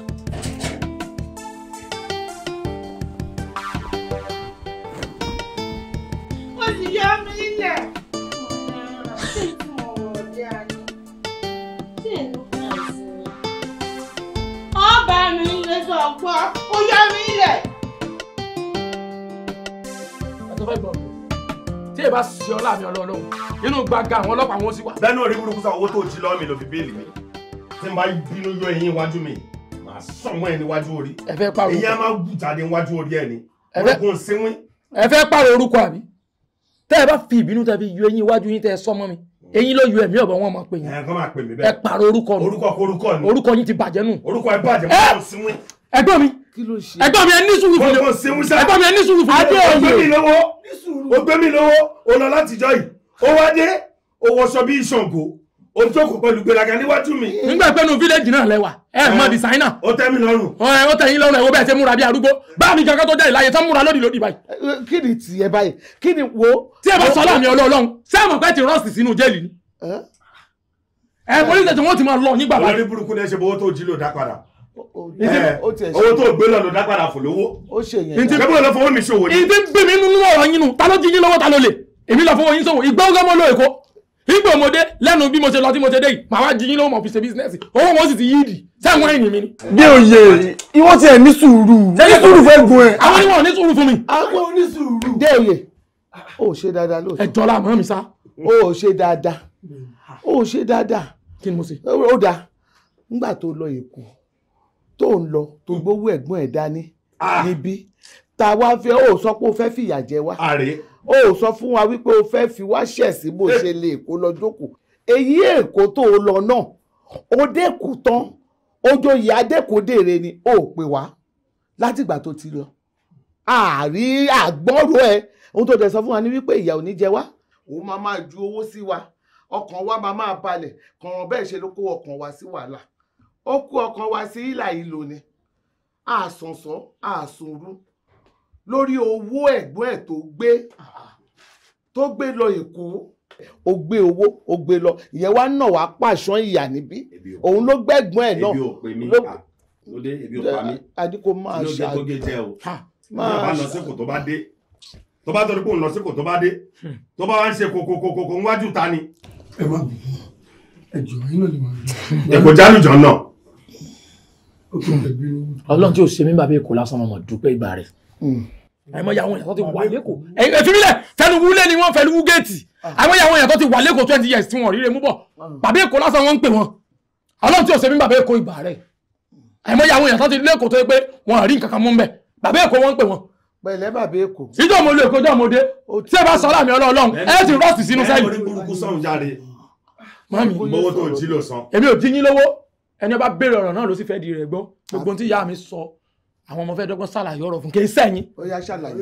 ìbọn tí èyí bá ṣe ọlá mi ọlọ́run inú gbàgà àwọn ọlọ́pàá wọn sì wà. lẹ́nu orí burúkú sáà owó tó jí lọ́ọ́ mi ló fi béèlì mi tí n bá bínú yọ eyín iwájú mi màá sọ̀wọ́n ẹ̀ níwájú orí èyí á máa wù jáde níwájú orí ẹ̀ ni orúkún síwín. ẹ fẹ́ pààrọ̀ orúkọ àbí tẹ́ ẹ bá fi ìbínú tẹ́ yọ eyín iwájú yín tẹ́ ẹ sọ́mọ́ mi eyín ló yọ ẹ̀mí ọ̀bọ̀ wọn máa pè yín ẹ pààrọ̀ orúkọ nù orúkọ yín ti bàjẹ́ nù orúkọ ẹ bàjẹ́ mọ́ síwín. ẹgbẹ́ mi kí ló ṣe. ẹ̀gbọ́n mi ẹ ní sùúrù fún mi. kò ṣe wúṣà ẹ̀gbọ́n mi ẹ ní sùúrù fún mi. adé ògbé mi lówó ògbé mi lówó ó lọ látijọ́ yìí ó wá dé ó wọṣọ bí ìṣàngó ó jókòó pẹ̀lú gbèlàgà níwájú mi. nígbà pẹ́ẹ́nu fílẹ̀jì náà lẹ́wà ẹ mọ dìsáínà. ó tẹ́ mi lọ́rùn. ó tẹ́ yín lọ́rùn ẹ wo bẹ́ẹ̀ ṣe múra bí arúgbó bá mi kankan tó jẹ́ ìlàyé tán múra lódì lódì báyìí. kí ni tìyẹ báyìí kí ni wo. tí ẹ bá sọ láàmì ọlọ́ọ̀lọ́hún ṣé àmọ̀ pẹ́ ti rọ́ọ̀sì sínú jẹ́ẹ̀lì ni. ẹ polisi tẹ̀sán wọn ti máa lọ nígbà báyìí. olórí burúkú ni ẹ ṣe bọ́wọ́ tó jí lò dá padà owó tó gbé lọ ló dá padà fò lówó kẹ́kọ̀ọ́ lọ fọwọ́ mi ṣòwò ni. ìdí bí mi nínú ọ̀rọ̀ yín nu ta ló jí yín lọ́wọ́ ta ló lè èmi lọ fọwọ́ yín ṣòwò ìgbà ọgá mọ́ lọ èkó ìgbà òmòdé lẹ́nu bí mo ṣe lọ tí mo ṣe dé yìí màá wá jí yín lọ́wọ́ mọ̀ fi ṣe bísínẹ́sì owó wọn sì ti yí ìdì sẹ́wọ̀n ẹ̀yìn mi ni. bí òye ìwọ ti ẹ̀ ní sùúrù ní sùúrù fẹ́ gun ẹ̀. àwọn oníwọ̀n ní sùúrù fún mi. àwọn onísùúrù. o ò ṣe dáadáa lóòótọ́. ẹ jọlá mọ́ mi sá. o ò ṣe dáadáa o ò ṣe dáadáa. kí ni mo ṣe. ó dáa nígbà tó lọ tó ń lọ tó hmm. gbówó ẹ̀gbọ́n ẹ̀ dání ah. níbí ta wá fẹ́ ó sọ pé ó fẹ́ fìyà jẹ wá ah, ó sọ fún wa wípé ó fẹ́ fi wá ṣẹ̀ sí bó ṣe lè kó lọ jókòó èyí èkó tó lọ náà ó dẹ́kun tán ojo yìí adẹ́kọ̀ọ́dẹ̀rẹ̀ ni ó pè wá látìgbà tó ti lọ àárí àgbọ́rò ẹ ohun tó dẹ̀ sọ fún wa ni wípé ìyà ò ní jẹ wá òun máa máa ju owó sí wa ọkàn wa máa máa balẹ̀ kọ̀ọ̀ràn bẹ́ẹ̀ ṣe ló kó ọkàn wa sí wàhálà ó kó ọkàn wa sí ìlà ìlò ni àsànsán àsòrú lórí owó ẹ̀gbọ́n ẹ̀ tó gbé tó gbé lọ èkó ó gbé owó ó gbé lọ ìyẹn wá náà wá pàṣán ìyà níbí òun ló gbẹ́gbọ́n ẹ̀ náà lóde ah, máa ṣe àgbà tó o máa lọ sí kò tó bá dé tó bá torí pé òun lọ sí kò tó bá dé tó bá wá ń ṣe kòkòkòkò níwájú ta ni. ẹ jọ inú ni màá. ẹ kò jálùjọ náà ọlọ́run tí ò ṣe mí bàbá èkó lásán ọmọ dúpẹ́ ìgbà rẹ̀ hmm. àìmọ̀ ìyàwó èèyàn tó ti wà lẹ́kọ̀ọ́ ẹ̀yìn ìfimilẹ̀ fẹnu wúlé ni wọ́n fẹnu wú géètì ah. àìmọ̀ ìyàwó èèyàn tó ti wà lẹ́kọ̀ọ́ twenty years tí wọ́n rí rẹ̀ mú bọ̀ ah. bàbá èkó lásán wọ́n ń pè wọ́n ọlọ́run tí ò ṣe mí bàbá èkó ìgbà rẹ̀ àìmọ̀ ìyàwó èèyàn tó ti lẹ́kọ̀ọ́ tó yẹ pé wọ́n rí nǹkan kan mú ń bẹ̀ bàbá èkó wọ́n ń pè wọ́n pẹ̀lẹ́ bàbá èkó. ìjọ mo lo èkó jọ mo dé tí ẹ mo wọ́n tó jí lò san. èmi ò dín yín ẹni ọba béèrè ọ̀rọ̀ náà ló sì fẹ́ di rẹ̀ gbọ́ gbogbo tí ìyá mi sọ àwọn ọmọ fẹ́ dọ́gbọ́n ṣàlàyé ọ̀rọ̀ fún kéésì ẹ̀yìn. ó yá ṣàlàyé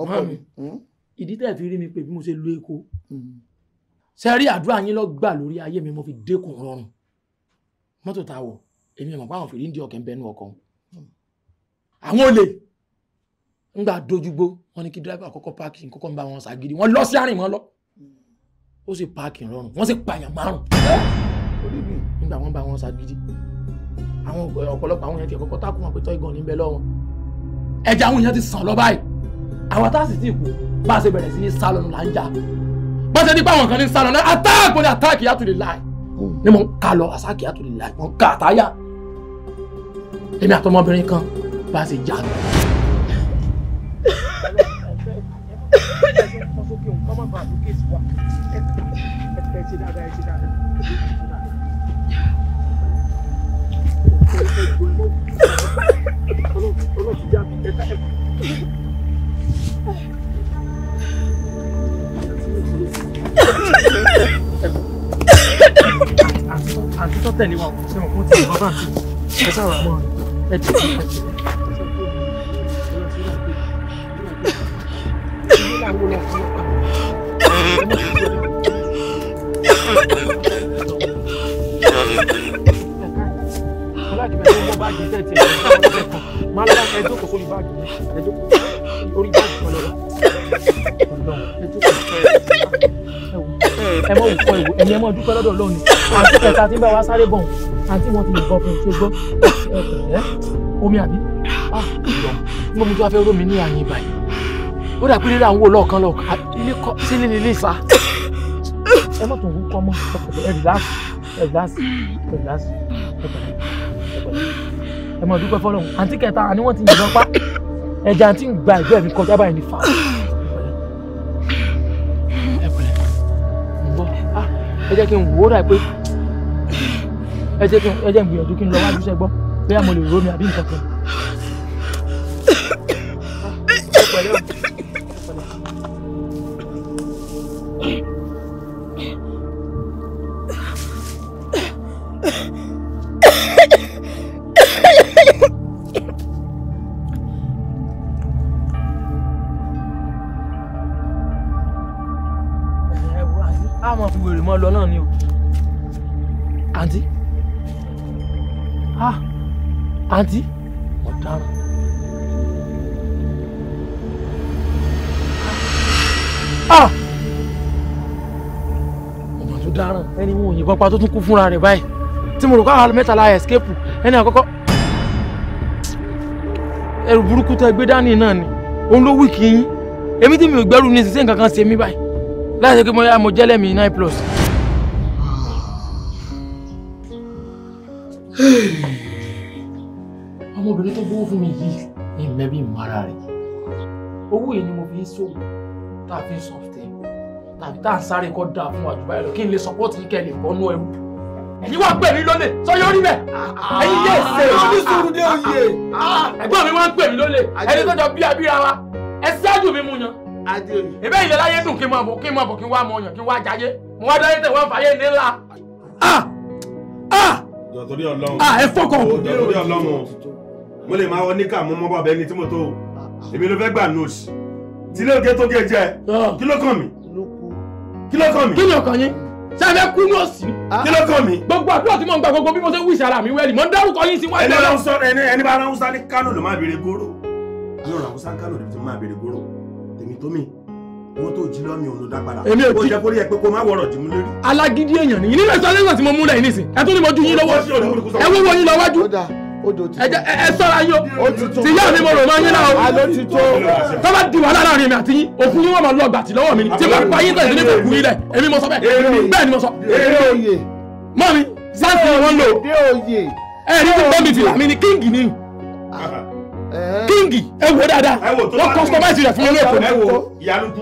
ọkọ mi. Hmm? ìdí tẹ̀ fi rí mi pé bí mo ṣe lu èkó hmm. ṣe rí àdúrà yín lọ gbà lórí ayé mi mo fi dẹ́kun rọrùn mọ́tò tá a wọ̀ èmi mọ̀ pé àwọn fèrè ń di ọ̀kẹ́ ń bẹnu ọkọ̀ àwọn olè ń gbà dojúgbó wọn ni kí dírẹ́fà kọ́kọ́ páàkì kọ́kọ́ ń bá wọn ṣàgídí wọn lọ sí àrìn wọn lọ hmm. ó sì páàkì rọrùn wọn sì pààyàn márùn-ún orí mi nígbà wọn bá wọn ṣàgídí àwọn ọ̀pọ̀lọpọ̀ àwọn yẹn ti kọ́kọ́ tá kó wọn pé tọ́ ìgàn níbẹ̀ lọ́wọ́ ẹja àwọn yẹn ti sàn lọ báyìí àwọn tá a sì ti kú bá a ṣe bẹ̀rẹ̀ sí ní sálọnù là ń bá a ṣe ní bá àwọn kan ní sálọnù náà attack ní attack yàtò lè láì ni mo ń ka lọ attack yàtò lè láì mo ń ka àtàyà èmi àtọmọbìnrin kan bá a ṣe jà lọ. ẹ ẹ ṣe dáadáa ẹ ṣe dáadáa àti tó tẹ̀lé wọn ṣe mọ̀ kó tẹ̀lé bàbá àti ẹ sára mọ́ ẹ jẹ́ ẹ jẹ́. Thank you. báàgì tẹ̀ tiẹ̀ máa lọ ẹ jókòó sórí báàgì ẹ jókòó orí báàgì kan lọ ẹ mọ òkú ẹwò ẹ̀yin ẹ mọ dúpẹ́ lọ́dọ̀ lọ́hùn ni àti kẹta tí ń bá wa sáré bọ̀ àti wọn ti lè bọ̀ fún un ṣe gbọ́ ẹ omi àbí ah, mo mú tí wàá fẹ́ rómi ní àyìn ìbàyìí ó dà pé rírà ń wò lọ́ọ̀kan lọ́ọ̀kan ah, ilé kọ́ sílé ní ilé ìfà ẹ mọ̀ tó ń kọ́ mọ́ ẹ rìláàsì ẹ rìláàsì ẹ rìláàsì ẹ mọ̀ dúpẹ́ fọlọ́run àǹtí kẹta àní wọ́n ti yìnbọn pa ẹ̀jẹ̀ àǹtí ń gba ìgbẹ́ mi kọjá báyìí ní fa. Ah, ẹ jẹ́ kí n wò ó dà pé ẹ jẹ́ kí n ẹ jẹ́ n gbìyànjú kí n lọ wájú sẹ́gbọ́ bóyá mo lè rómi àbí nǹkan kan. Ah, àǹtí ọ̀daràn. ọmọ ah dáràn ẹni wọn ò yìnbọn pa tó tún kú fúnra rẹ̀ báyìí tí mo rò ká àlọ́ mẹ́ta la ẹ̀skẹ́pù ẹni àkọ́kọ́ ẹrù burúkú tẹ gbé dání náà ni òun ló wí kì í yín èmi tí mi ò gbẹ́rù ní sísẹ́ nǹkan kan ṣe mí báyìí láì nine plus. Hey gbówó fún mi yìí ní mẹ́bí ìmọ̀ra rẹ̀ owó yìí ni mo fi ń ṣòwò tá a fi ń sọ̀tẹ̀ tàbí tá a sáré kọ́ dáa fún àjùbá ẹ̀ lọ kí n lè sọpọ́ọ̀tì yìí kẹ́ lè bọ́nú ẹrú ẹ̀yin wá pè mí lólè sọyọ́ rí bẹ́ẹ̀ ẹ̀yin yé ṣe é ní sùúrù dé oyè ẹ̀gbọ́n mi wá pè mí lólè ẹni tó jọ bí abíra wa ẹ ṣáájú mi mu yan ìbẹ́ ìlẹ̀ láyé dùn kí n máa bọ̀ kí n máa bọ̀ kí n wá mọ ọyàn kí n wá jayé mo wá dáyé tẹ̀ wá fàyè nílá. a a a ẹ fọkàn mo lè máa wọ níkà mo mọ bàbá ẹni tí mo tó o èmi ló fẹ́ gbà nọ́ọ̀sì tí ilé òkè tó gé jẹ kí ló kàn mí kí ló kàn mí. kí ló kàn yín ṣé ẹ fẹ́ kú nọ́ọ̀sì. Ah. kí ló kàn mí. gbogbo àdúrà tí mo ń gba gbogbo bí mo ṣe ń wíṣẹ ara mi wẹ́ẹ̀lì mo ń dárúkọ yín sí wọ́n. ẹni bá ń sọ ẹni ẹni bá ń sá ní kánò ló máa béèrè góró ní ọ̀rọ̀ àwọn sáńkánò ló ti máa béèrè góró tèmi tó mi owó tó jí lọ́mí òun ló dá èmi ò jí ó jẹ́ pé kó má wọ̀rọ̀ dì mú lórí. alágídí èèyàn nìyí nínú ìsọlẹ́sọ̀ tí mo mú lẹ́yìn nísìn ẹ tó ní mo ju yín lọ́wọ́ ẹ wọ́wọ́ yín lọ́wọ́jú ẹ sọ́ra yín o ti yá mi mo rò máa yín náà o tó bá di wàhálà láàrin mi àti yín òkú yín wọ́n máa lọ gbà tí lọ́wọ́ mi ni tí bá pa yín tẹ̀sí nípa òkú yín lẹ̀ èmi mo sọ bẹ́ẹ̀ bẹ́ẹ̀ ni mo sọ. mọ́ mi sáǹsì ni wọ́n lò ẹ rí ti bọ́mì tìlà mi ni kíngì ni kíngì ẹ wò dáadáa wọ́n customize rẹ̀ fún mi lóòótọ́.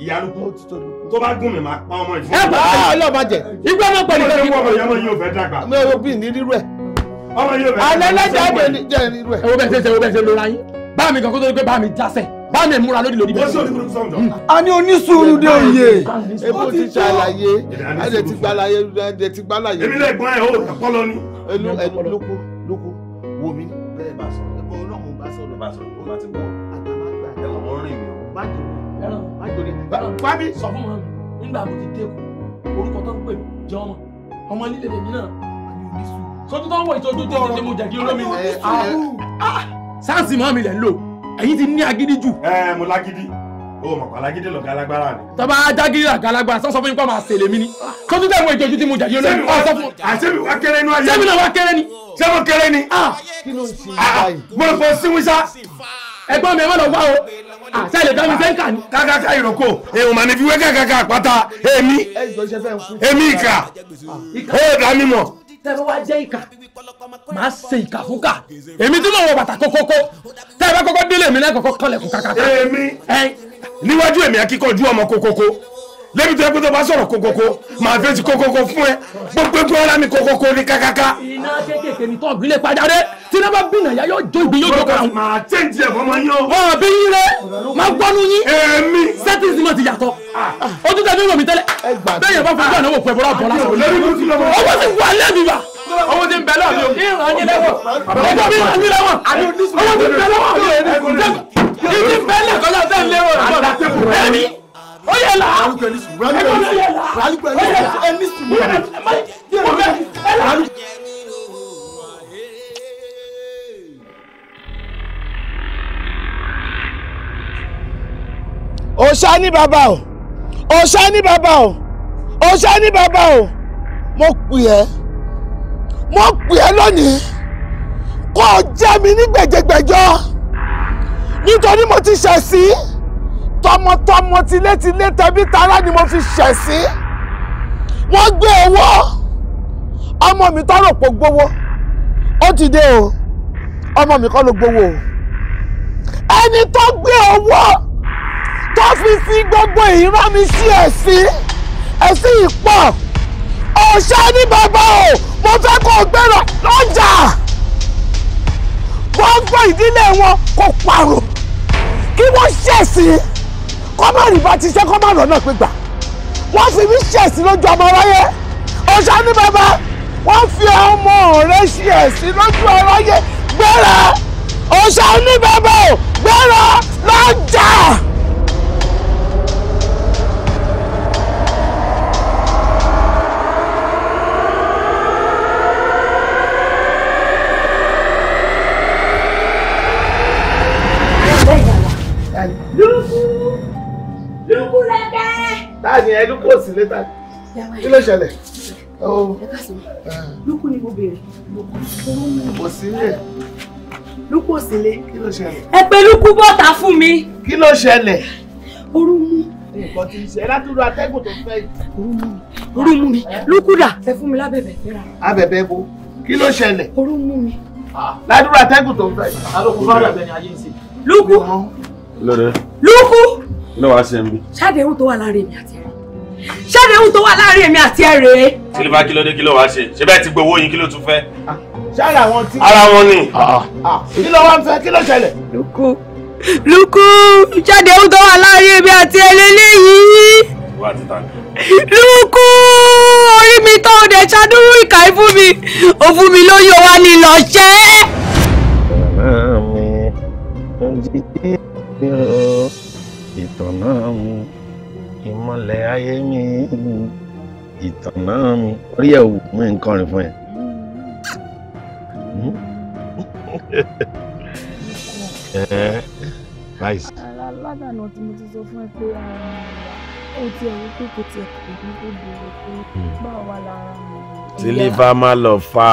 ẹ tó bá gún mi máa pa ọmọ ìfún. ẹ bá ah, ọlọ́ọ̀bàjẹ́ ìgbà máa pẹ̀lú kẹ́kẹ́. ọmọ ìyá máa mi ò bí ní rírú ẹ̀ ọmọ yóò bẹ̀rẹ̀ alẹ́ lẹ́jà jẹ́ jẹ́ irú ẹ̀. ẹ wo bẹ́ẹ̀ ṣe ṣe wo bẹ́ẹ̀ ṣe lóra yín bá mi kan kó tó pé bá mi jásẹ̀ bá mi múra lórí lórí bẹ́ẹ̀. Hmm. a ní onísùúrù dé òye epo ti ṣàlàyé ẹ̀jẹ̀ ti gbàlàyé ẹ̀jẹ̀ ti gbàlàyé. èmi lẹ́gbọ́n ẹ̀ o kọ́lọ́ ni. ẹnu ẹnu lóko lóko wo mi. bẹ́ẹ̀ bá sọ ẹ̀kọ́ ọlọ́run bá sọ bá sọ kó bá ti bọ̀ ẹ̀wọ̀n wọn rìn mí o. bájò sọ fún mi nígbà mo ti dé orúkọ tó ń pè jẹ́ ọmọ ọmọ líle lèmi náà a ní onísùúrù sojú tó ń wọ ìtọ́jú tó ń mú jẹ̀gí olómi ni. Ah. Ah! sáǹsì mọ́ mi lẹ̀ ń lò ẹ̀yin ti ní agídí jù. ẹ mo lágídí o mọ̀ pàlágídí lọ̀gá alágbára ni. tọ́ba ajágídí lọ̀gá alágbára sọ́sọ́ fún yín pa máa ṣèlè mi ni. sojú tó ń wọ ìtọ́jú tí mo jẹ̀gí olómi. sẹ́mi wá kéré ní ayé. sẹ́mi náà wá kéré ni. sẹ́mi kéré ni. Ah! kí ló ń ṣe báyìí. mo lọ fọ síwísá ẹ̀gbọ́n mi ẹ má lọ wá o àṣàlẹ bá mi fẹ́ kà ní. kákàkà ìrókò èèyàn mà ní fi wé kàkàkà àpáta èmi èmi ìkà ó dá mi mọ̀ tẹ́lẹ̀ wá jẹ́ ìkà máa ṣe ìkà fúkà èmi tí mo wọ bàtà kókókó tẹ́lẹ̀ bá kọ́kọ́ délé mi náà kọ́kọ́ kọ́lẹ̀kùn kàkàkà. èmi níwájú èmi akíkanjú ọmọ kókókó lẹ́bi tó yẹ kó tó bá sọ̀rọ̀ kokoko màá fèsì kokoko fún ẹ gbogbo ẹgbẹ́ ọ̀la mi kokoko ní kákáká. iná kékèké ni tọ́ọ̀gì lè padà dé tí iná bá bínà yá yóò jó ìgbín yóò jó kàrà. màá tẹ̀sí ẹ̀ fọmọ yín o. ọ̀ bí yín rẹ máa gbọ́nu yín. èmi. settings náà ti yàtọ̀ o tún tẹ̀sí lómi tẹ́lẹ̀ bẹ́ẹ̀ yẹn bá fún gbọ́dọ̀ wò pẹ̀ bọ́lá bọ́lá sọ̀rọ̀ owó ti ń bẹ lọ́wọ́ mi o. ìran yín lẹ́wọ̀n. ọjọ́ mi ìran yín lẹ́wọ̀n. owó ti ń bẹ lọ́wọ́ mi o. ìdí ń bẹ lẹ́kọ̀ọ́ lọ́sẹ̀ ń léwọ̀n. ní bàbá o òòṣà ní bàbá o òòṣà ní bàbá o mo pè ẹ́ mo pè ẹ́ lónìí kó o jẹ́ mi ní gbẹ̀jẹ̀gbẹ̀jọ nítorí mo ti ṣẹ̀ sí tọmọtọmọ tilétilé tẹbí tará ni mo fi ṣẹ̀ sí wọ́n gbé owó e ọmọ mi tọrọ pò gbowó ó ti dé o ọmọ mi kọ́ ló gbowó o ẹni tó gbé owó tó fi sí gbogbo ìran mi sí ẹ̀sìn ẹ̀sìn ìpọ̀ ọ̀ṣẹ́ ní bàbá o mo fẹ́ kó o gbéra lọ́jà gbogbo ìdílé wọn kò parọ́ kí wọ́n ṣẹ̀sìn kọ́mọ̀rì bá ti ṣe kọ́mọ̀rì náà pé gbà wọ́n fi mí ṣẹ̀sìn lójú ọmọ aráyé ọ̀ṣẹ́ ní bàbá wọ́n fi ọmọ rẹ̀ ṣẹ̀sìn lójú ọmọ aráyé gbéra ọ̀ṣẹ́ ní bàbá o gbéra lọ́jà. ni ẹnu kò sí létà kí ló ṣẹlẹ̀. lókù ni mo béèrè kò sí lè. lókù ò sí lè. kí ló ṣẹlẹ̀. ẹ pé oh. ah. lókù bọ́ta fún mi. kí ló ṣẹlẹ̀. orú mú. nǹkan ti ṣe látúrú atẹ́gùn tó fẹ́ orú mú orú mú mi lókù dà ẹ fún mi lábẹ̀bẹ̀ fẹ́ra. abẹ̀bẹ̀ bo kí ló ṣẹlẹ̀. orú mú mi. ládùúrà ah. atẹ́gùn tó fẹ́ yìí. alókùn bá rẹ̀ bẹ́ẹ̀ ni ayé ń ṣe. lókù. lóde. lókù. ló wàá ṣe ń bí. ṣáde ohun tó wà láàrin èmi àti ẹ ṣáde ohun tó wà láàrin èmi àti ẹ rèé. sílífà kí ló dé kí ló wá ṣe ṣé bẹ́ẹ̀ ti gbowó yín kí ló tún fẹ́. Ah, ṣáàrà wọn ti. ara wọn ni. Ah, ah, kí ló wá ń fẹ́ kí ló ṣẹlẹ̀. lukú lukú ṣáde ohun tó wà láàrin èmi àti ẹ lélẹ́yìí. lukú orí mi tó o dẹ̀ ṣàdúró ìkà ìfún mi òfun mi ló yọ wá ní lọ ṣẹ́. màmá mi ò jí dé ìtàn náà mu ìmọ̀lẹ̀ ayé mi ìtànná mi orí ẹ̀ wò mí nǹkan rìn fún ẹ. Hmm? Eh, láìsí. tí mo ti sọ fún ẹ pé ah, ó ti ẹ̀rú pé kò tiẹ̀ kò ní kó bèrè pé hmm. báwo wà lára mi. sílífà má lọ fà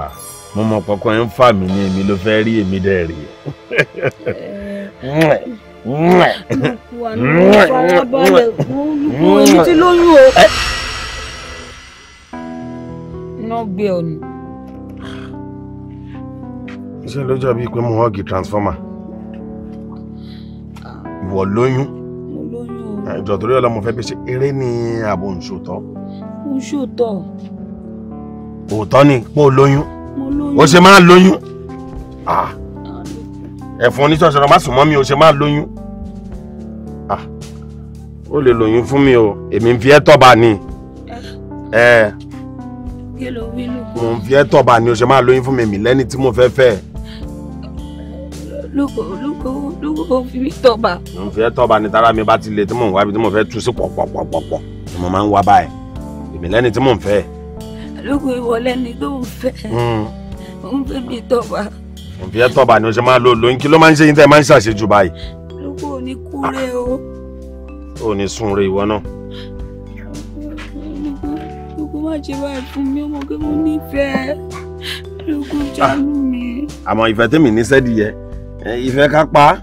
á mo mọ pọpọ ẹ ń fà mí ní èmi ló fẹ́ rí èmi dẹ̀ rí. Eh wà ní farabalẹ̀ kú èyí tí lóyún o. iná gbé ọ ni. ṣé ló jọ bíi pé mo hàn gí transformer ìwọ lóyún ìjọ torí ọlọmọ fẹ́ pèsè eré ní ààbò nsòtọ. nsòtọ. òótọ́ ni pé o lóyún o ṣe máa lóyún ah. ẹ̀fọn oníṣọ́ṣọ́rọ̀ má sùn mọ́ mi o ṣe máa lóyún o lè lóyún fún mi o èmi ń fi ẹ́ tọ́ba ni ẹ eh. eh. mo ń fi ẹ́ tọ́ba ni o ṣe máa lóyún fún mi mi lẹ́ni tí mo fẹ́ fẹ́. lóko lóko lóko fi mi tọ́ba. mo ń fi ẹ́ tọ́ba ni tara mi bá ti le tí mò ń wá bí tí mo fẹ́ tu sí pọ̀pọ̀pọ̀pọ̀ ni mo máa ń wá báyìí èmi lẹ́ni tí mò ń fẹ́. lóko ìwọ lẹ́ni tó ń fẹ́ mo hmm. ń fi mi tọ́ba. mo ń fi ẹ́ tọ́ba ni o ṣe máa lo lóyún kí ló máa ń ṣe yín tẹ́ ẹ máa ń ṣàṣejù báyìí. lóko ò ní kúrẹ́ o ò ní sunre ìwọ náà. olùkọ́ má ṣe báyìí fún mi ọmọ kí mo nífẹ̀ẹ́ olùkọ́ jánu mi. àmọ́ ìfẹ́ tèmi ní sẹ́ẹ̀dì yẹ ìfẹ́ ká pa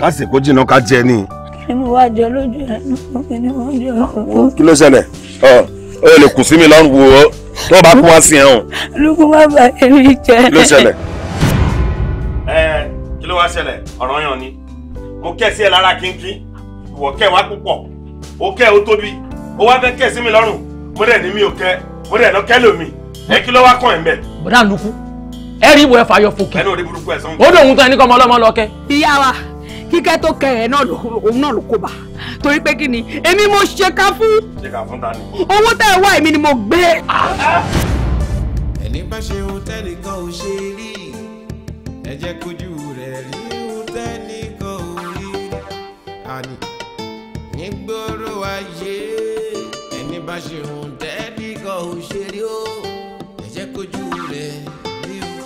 ká sì kó jìnnà ká jẹ ni. kí ni wàá jẹ lójú ẹ kí ni wàá jẹ lójú. kí ló ṣẹlẹ̀ ọ ò lè kù sí mi lọ́rùn wò ó tó bá kú wá sí ẹ hàn. olùkọ́ má bàa èmi jẹ. kí ló ṣẹlẹ̀. ẹ kí ló wá ṣẹlẹ̀ ọ̀rọ̀ yàn ni mo kẹ́ sí ẹ lára kínkín ìwọ kẹ́ wa púpọ̀ o kẹ́ o tóbi o wá fẹ́ kẹ́ sí mi lọ́rùn mo rẹ̀ ní mi ò kẹ́ mo rẹ̀ lọ kẹ́ lómi ẹ kí ló wá kàn ẹ̀ mẹ́. bọ́dà ń lukú ẹ rí ìwọ ẹ fàyọ fòkè. ẹnu òde burúkú ẹ sọ́n. ó dòun tán ẹni kọ́ ọmọ ọlọ́mọ lọ kẹ́. ìyá wa kíkẹ́ tó kẹ ẹ̀ náà òun náà ló kó bá torí pé kí ni èmi mo ṣèkà fún. ṣèkà fún ta ni. owó tẹ́ ẹ wá èmi ni mo gbé. ẹni bá ṣe hòtẹ́ẹ̀lì kan ò ṣe rí ẹ jẹ́ kójú rẹ̀ rí hòtẹ́ẹ̀lì kan ò rí nígboro ayé ẹni bá ṣe hùn tẹ́ẹ̀dì kan ò ṣe rí ó ẹ̀jẹ̀ kojú rẹ̀ rí ó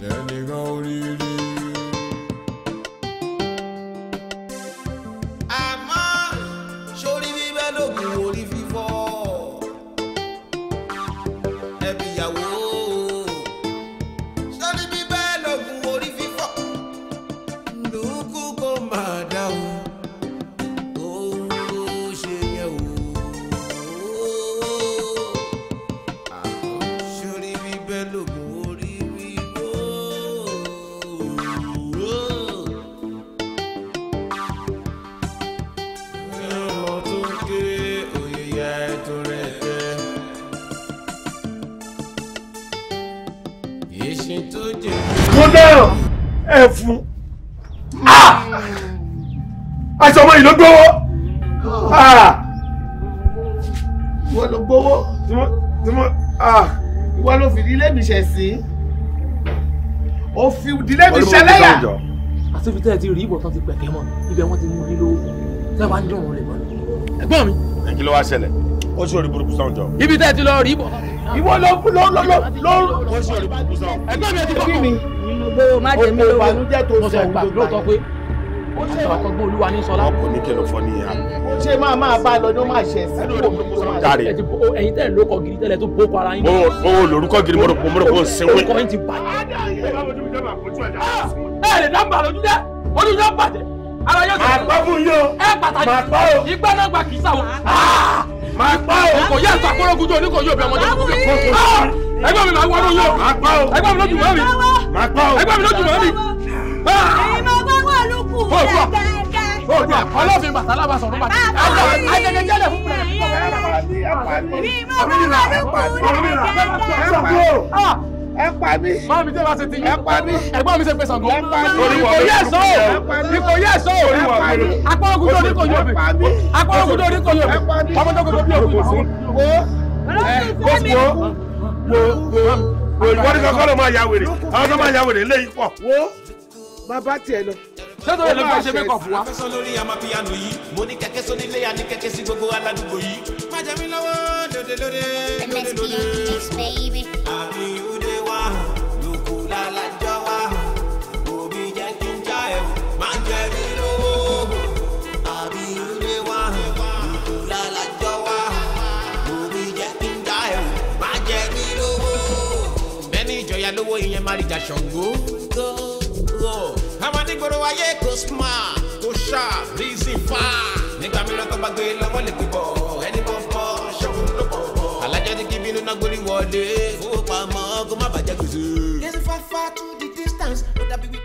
tẹ́ẹ̀dì kan ò ẹ̀ fún aṣọ ah! ọmọ yìí ló gbowó ah! ìwọ ló gbowó ah! ìwọ ló fìdí ilé mi ṣẹ̀ sí òfin ìdílé mi ṣẹlẹ́yà àti fi tẹ́ ẹ ti rí ìbọn tán ti pẹ̀kẹ́ mọ́ ibẹ̀ wọ́n ti mú nílò ogun tẹ́ wàá ń dùn òun lè mọ́ ẹ̀gbọ́n mi. ẹ ló wá ṣẹlẹ̀ ó ṣe orí burúkú sáwọn jọ. ibi tẹ́ ti lọ rí ìbọn. ìwọ ló ló ló ló ó ṣe orí burúkú sáwọn. ẹ̀gbọ́n mi ẹ ti kọ́kọ́ gbogbo má jẹ mí lówó. mo sọ ògbà lóòótọ́ pé àtọkọgbọ́n olúwa ní sọlá. ọkọ ní kẹlẹ fọ ní ìhà. ó ṣe máa máa bá a lọ ní ó máa ṣe ẹ̀yin tẹ́lẹ̀ ló kọ gidi tẹ́lẹ̀ tó bó kọ yín. mo ò lórúkọ gidi mo rò pé ó ń sinwi. orúkọ ìgbà náà gba kìsà o. Ah! màá pa o. kò yẹ àtàkùn ológun oníkòyò bí ọmọdé kò fi kó ẹgbẹ́ mi máa wọ́n ló yọ. máa pa o. ẹgbẹ́ mi ló jù mọ́ mi. máa pa o. ẹgbẹ́ mi ló jù mọ́ mi. èyí máa bá wà lókù rẹ̀ dáadáa. o gbà ọlọ́fin bàtàlà bá sọ̀rọ̀ bàtà. àgbà àjẹjẹjẹlẹ fún mi. èyí máa bá wà lókù rẹ̀ dáadáa ẹ pa mí. máa mi tẹ́ bá ṣe ti yín. ẹ pa mí. ẹ̀gbọ́n mi ṣe pé Ṣàngó. ẹ pa mí. ìkò yẹ sọ o ìkò yẹ sọ o. ẹ pa mí. apá ogun tó ní kò yóò bì. apá ogun tó ní kò yóò bì. ọmọ wo wọ́n ní kọ́kọ́ ló máa ya wèrè àwọn tó máa ya wèrè lé yìí wo bàbá tiẹ̀ lọ. sọ́dọ̀ yẹn ló fẹ́ ṣe mẹ́kọ̀ fún wa. afẹ́sọ́ lórí amapiano yìí mo ní kẹ̀kẹ́ sọ nílé àní kẹ̀kẹ́ sí gbogbo aládùúgbò yìí. má jẹ mí lọ́wọ́ lóde lóde lóde lóde. àbí wa lukú lálàjọ wa òbí jẹ́ kí n já ẹ̀wù má jẹ́ mi. lówó ìyẹn má rí jà ṣàngó. àwọn adigboro ayé kò smart kò sharp reason far. nígbà mìíràn tó bá gbé e lọ́wọ́ lè pípọ̀ ẹni bọ́ bọ́ ṣọ́kùn ló bọ̀ bọ̀. alájọ ti kí bínú náà gbórí wọlé fowópamọ́ kó má bàjẹ́ gbèsè. yẹn fà fà to the distance ó dàbí wí